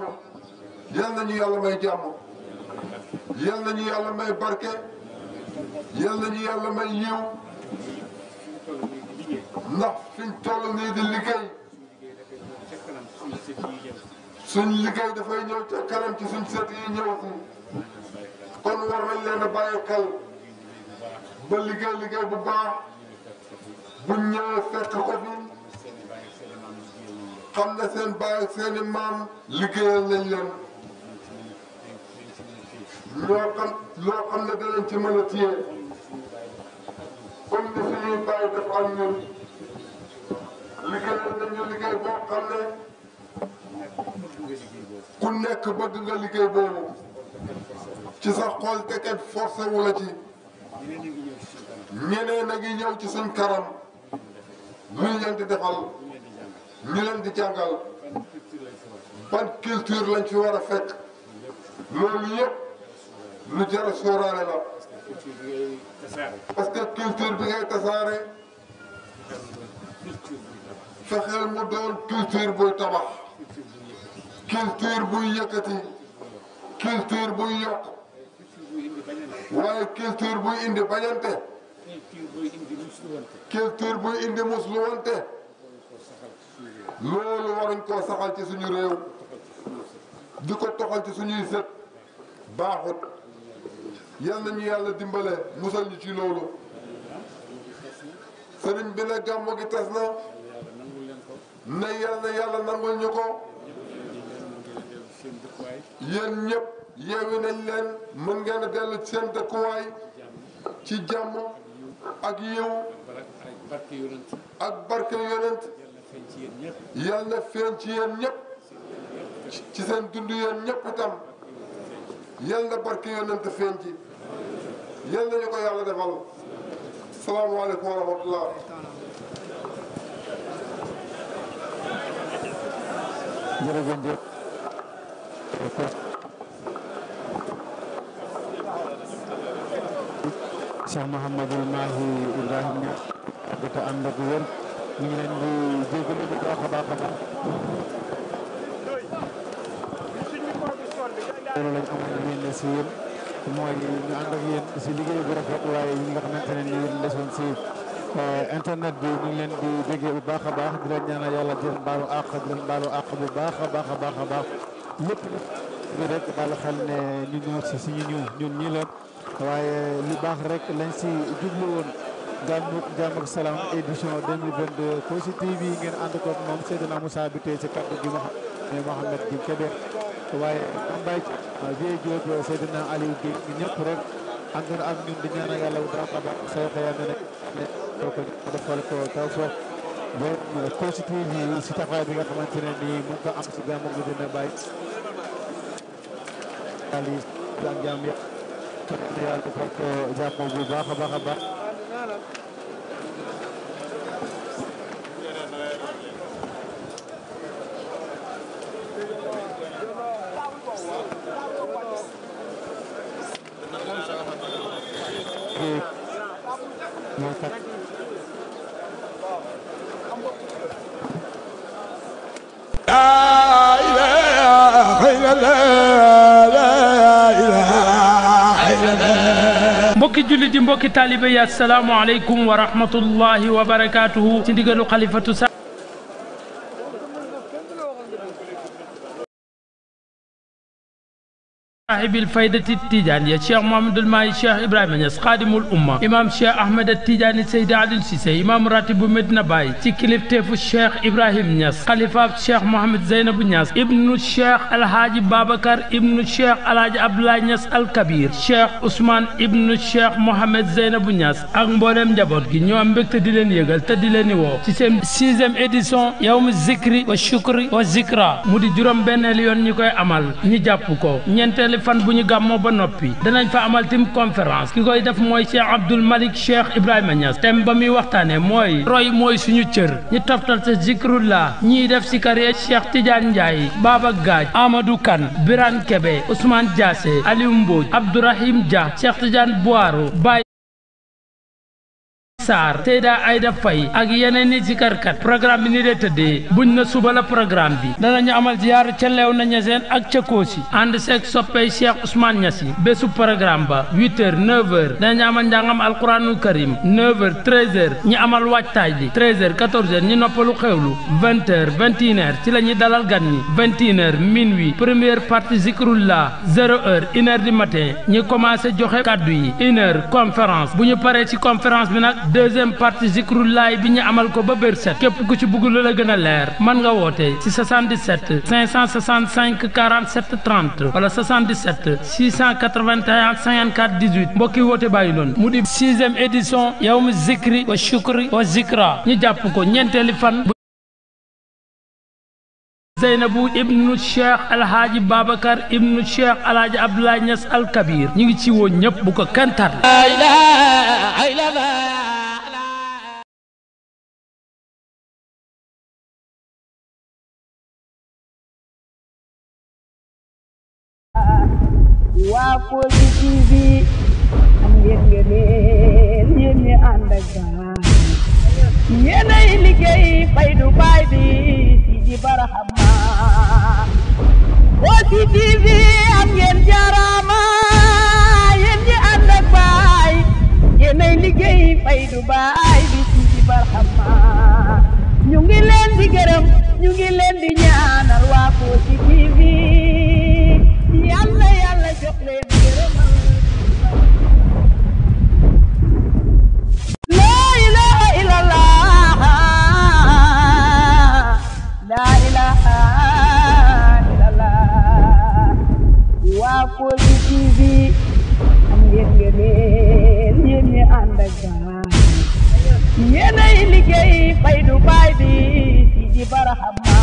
yal nañu yàlla may jàmm yal nañu yàlla may barke yal nañu yàlla may yiw ndax fiñ toll nii di liggéey. suñ liggéey dafay ñëw ca kanam ci suñ seet yi ñëw si kon war a leen a bàyyi xel ba liggéey liggéey bu baax buñ ñëwee fekk ko fi xam ne seen baay ak seen i maam liggéeyal loo xam loo xam ne danañ ci mën a buñ di suñuy bàyyi def ak ñun liggéeyal nañu liggéey boo ne ku nekk bëgg nga liggéey boobu ci sa xol te kat forcé wu la ci ñeneen a ngi ñëw ci suñ kanam ñu leen di defal ñu leen di jàngal ban culture lañ ci war a fekk loolu yëpp lu jar a la. culture bi ngay tasaare. parce que culture bi ngay tasaare. fexeel mu doon culture buy indi bañante. culture indi suñu réew. di ko toxal ci suñuy yal nañu yàlla dimbale musal ñu ci loolu sëriñ bi ne gàmmu gi tas na na yàlla na yàlla nangul ñu ko yéen ñëpp yeewi nañ leen mën ngeen a ci seen dëkkuwaay ci jàmm ak yiw ak barke yonent yal feeñ ci yéen ñëpp ci seen dund yéen ñëpp itam yal na barke yonent feeñ ci yàlla ñu ko yàlla defal salaamaaleykum wa rahmatullah jërëjëf Cheikh Mouhamadul Mahi Ibrahima Niass di ko ànd ak wér ñu ngi leen di jégalu bu baax a baax a baax loolu lañ amoon yéene si yéen mooy ànd ak yéen si liggéey bu rafet waaye ñi nga xamante ne nii lesoon si euh, internet bi ñu leen di déggee bu baax a baax di leen a yàlla di leen baalu àq di leen baalu àq bu baax a baax a baax a baax lépp lépp rek daal xel ne ñu ñëw si suñu ñu ñun ñii la waaye lu baax rek lañ si jublu woon gàmmu jàmm ak salaam édition 2022 Kossy TV ngeen ànd ko moom Seydina Moussa bi tey si kàddu gi Mouhamed Kébé waaye Mbaye Vieux Diop Seydina Aliou Guèye ñëpp rek ànd na ñun di ñaanal yàlla bu baax a baax say xëy doo ko defal ko bi si taxawaay bi nga xamante ne nii mu ngi ko bu baax a baax a baax mbokki julli di mbokki taalibe yi assalaamu aleykum wa rahmatullahi wa barakaatuhu ci ndigalu xalifatu saahibil faydati tijaaniya cheikh Mouhamadul Mahi cheikh Ibrahima Niass xaadimul umma imaam cheikh Ahmed Tidiane Seydi Aliou Cissé imaam ratibu Medina Baye ci kilifteefu cheikh Ibrahim Niass xalifaab cheikh Mohamed Zeynabu Niass ibnu cheikh Alhaji Babacar ibnu cheikh Alhaji Abdoulaye Niass al Kabir cheikh Ousmane ibnu cheikh Mohamed Zeynabu Niass ak mboolem njaboot gi ñoo am mbégte di leen yëgal te di leen woo ci seen sixième édition yawmu zikri wa mu di juróom-benneelu yoon ñi koy amal ñu jàpp ko fan bu ñu gàmmoo ba noppi danañ fa amal tim conférence ki koy def mooy cheikh Abdul Malik cheikh Ibrahima Niass thème ba muy waxtaane mooy roy mooy suñu cër ñu toftal sa zikrullah ñiy def si kare cheikh Tidiane Ndiaye Baba Gaaj Amadou Kane Birane Kebe Ousmane Diassé Aliou Mbodj Abdourahim Dia cheikh Tidiane Boiro Baye Sarr Seyda Aida Faye ak yeneen i zikarkat programme bi ni dee tëddee buñ na suba la programme bi danañu amal ziyaara ca leew na ñaseen ak ca Koosi ànd seeg soppey Cheikh Ousmane Niassi bésu programme ba 8 heures 9 heures danañu amal njàngam alquranul karim 9 heures 13 heures ñu amal waajtaay bi 13 heures 14 heures ñu noppalu xewlu 20 heures 21 heures ci la ñuy dalal gan ñi 21 heures minuit première partie zikrullah 0 heure 1 heure du matin ñu commencé joxe kàddu yi 1 heure conférence bu ñu bi nag deuxième partie zikrullaay bi ñu amal ko ba bër set képp ku ci bugg lu la gën a leer mën nga woote ci 77 565 47 30 wala 77 681 54 18 mbokki woote bàyyi loon mu di sixième édition yawmu zikri wa shukri wa zikra ñu jàpp ko ñeenteeli fan Zeynabu ibnu Cheikh Alhaji Babacar ibnu Cheikh Alhaji Abdoulaye Al Kabir ñu ngi ci woon ñëpp bu ko kantar Napoli TV am ngeen ngeen yéen ñi ànd ak gaal yéenay liggéey faydu baay bi Sidi Barahama Kossy TV am ngeen jaaraama yéen ñi ànd ak baay yéenay liggéey faydu baay bi Sidi Barahama ñu ngi leen di gërëm ñu ngi leen di ñaanal waa Kossy TV Sapouli TV am ngeen ngeen baay bi Sidi Barhama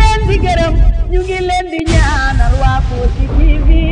leen di gërëm ñu leen di ñaanal waa Kossy TV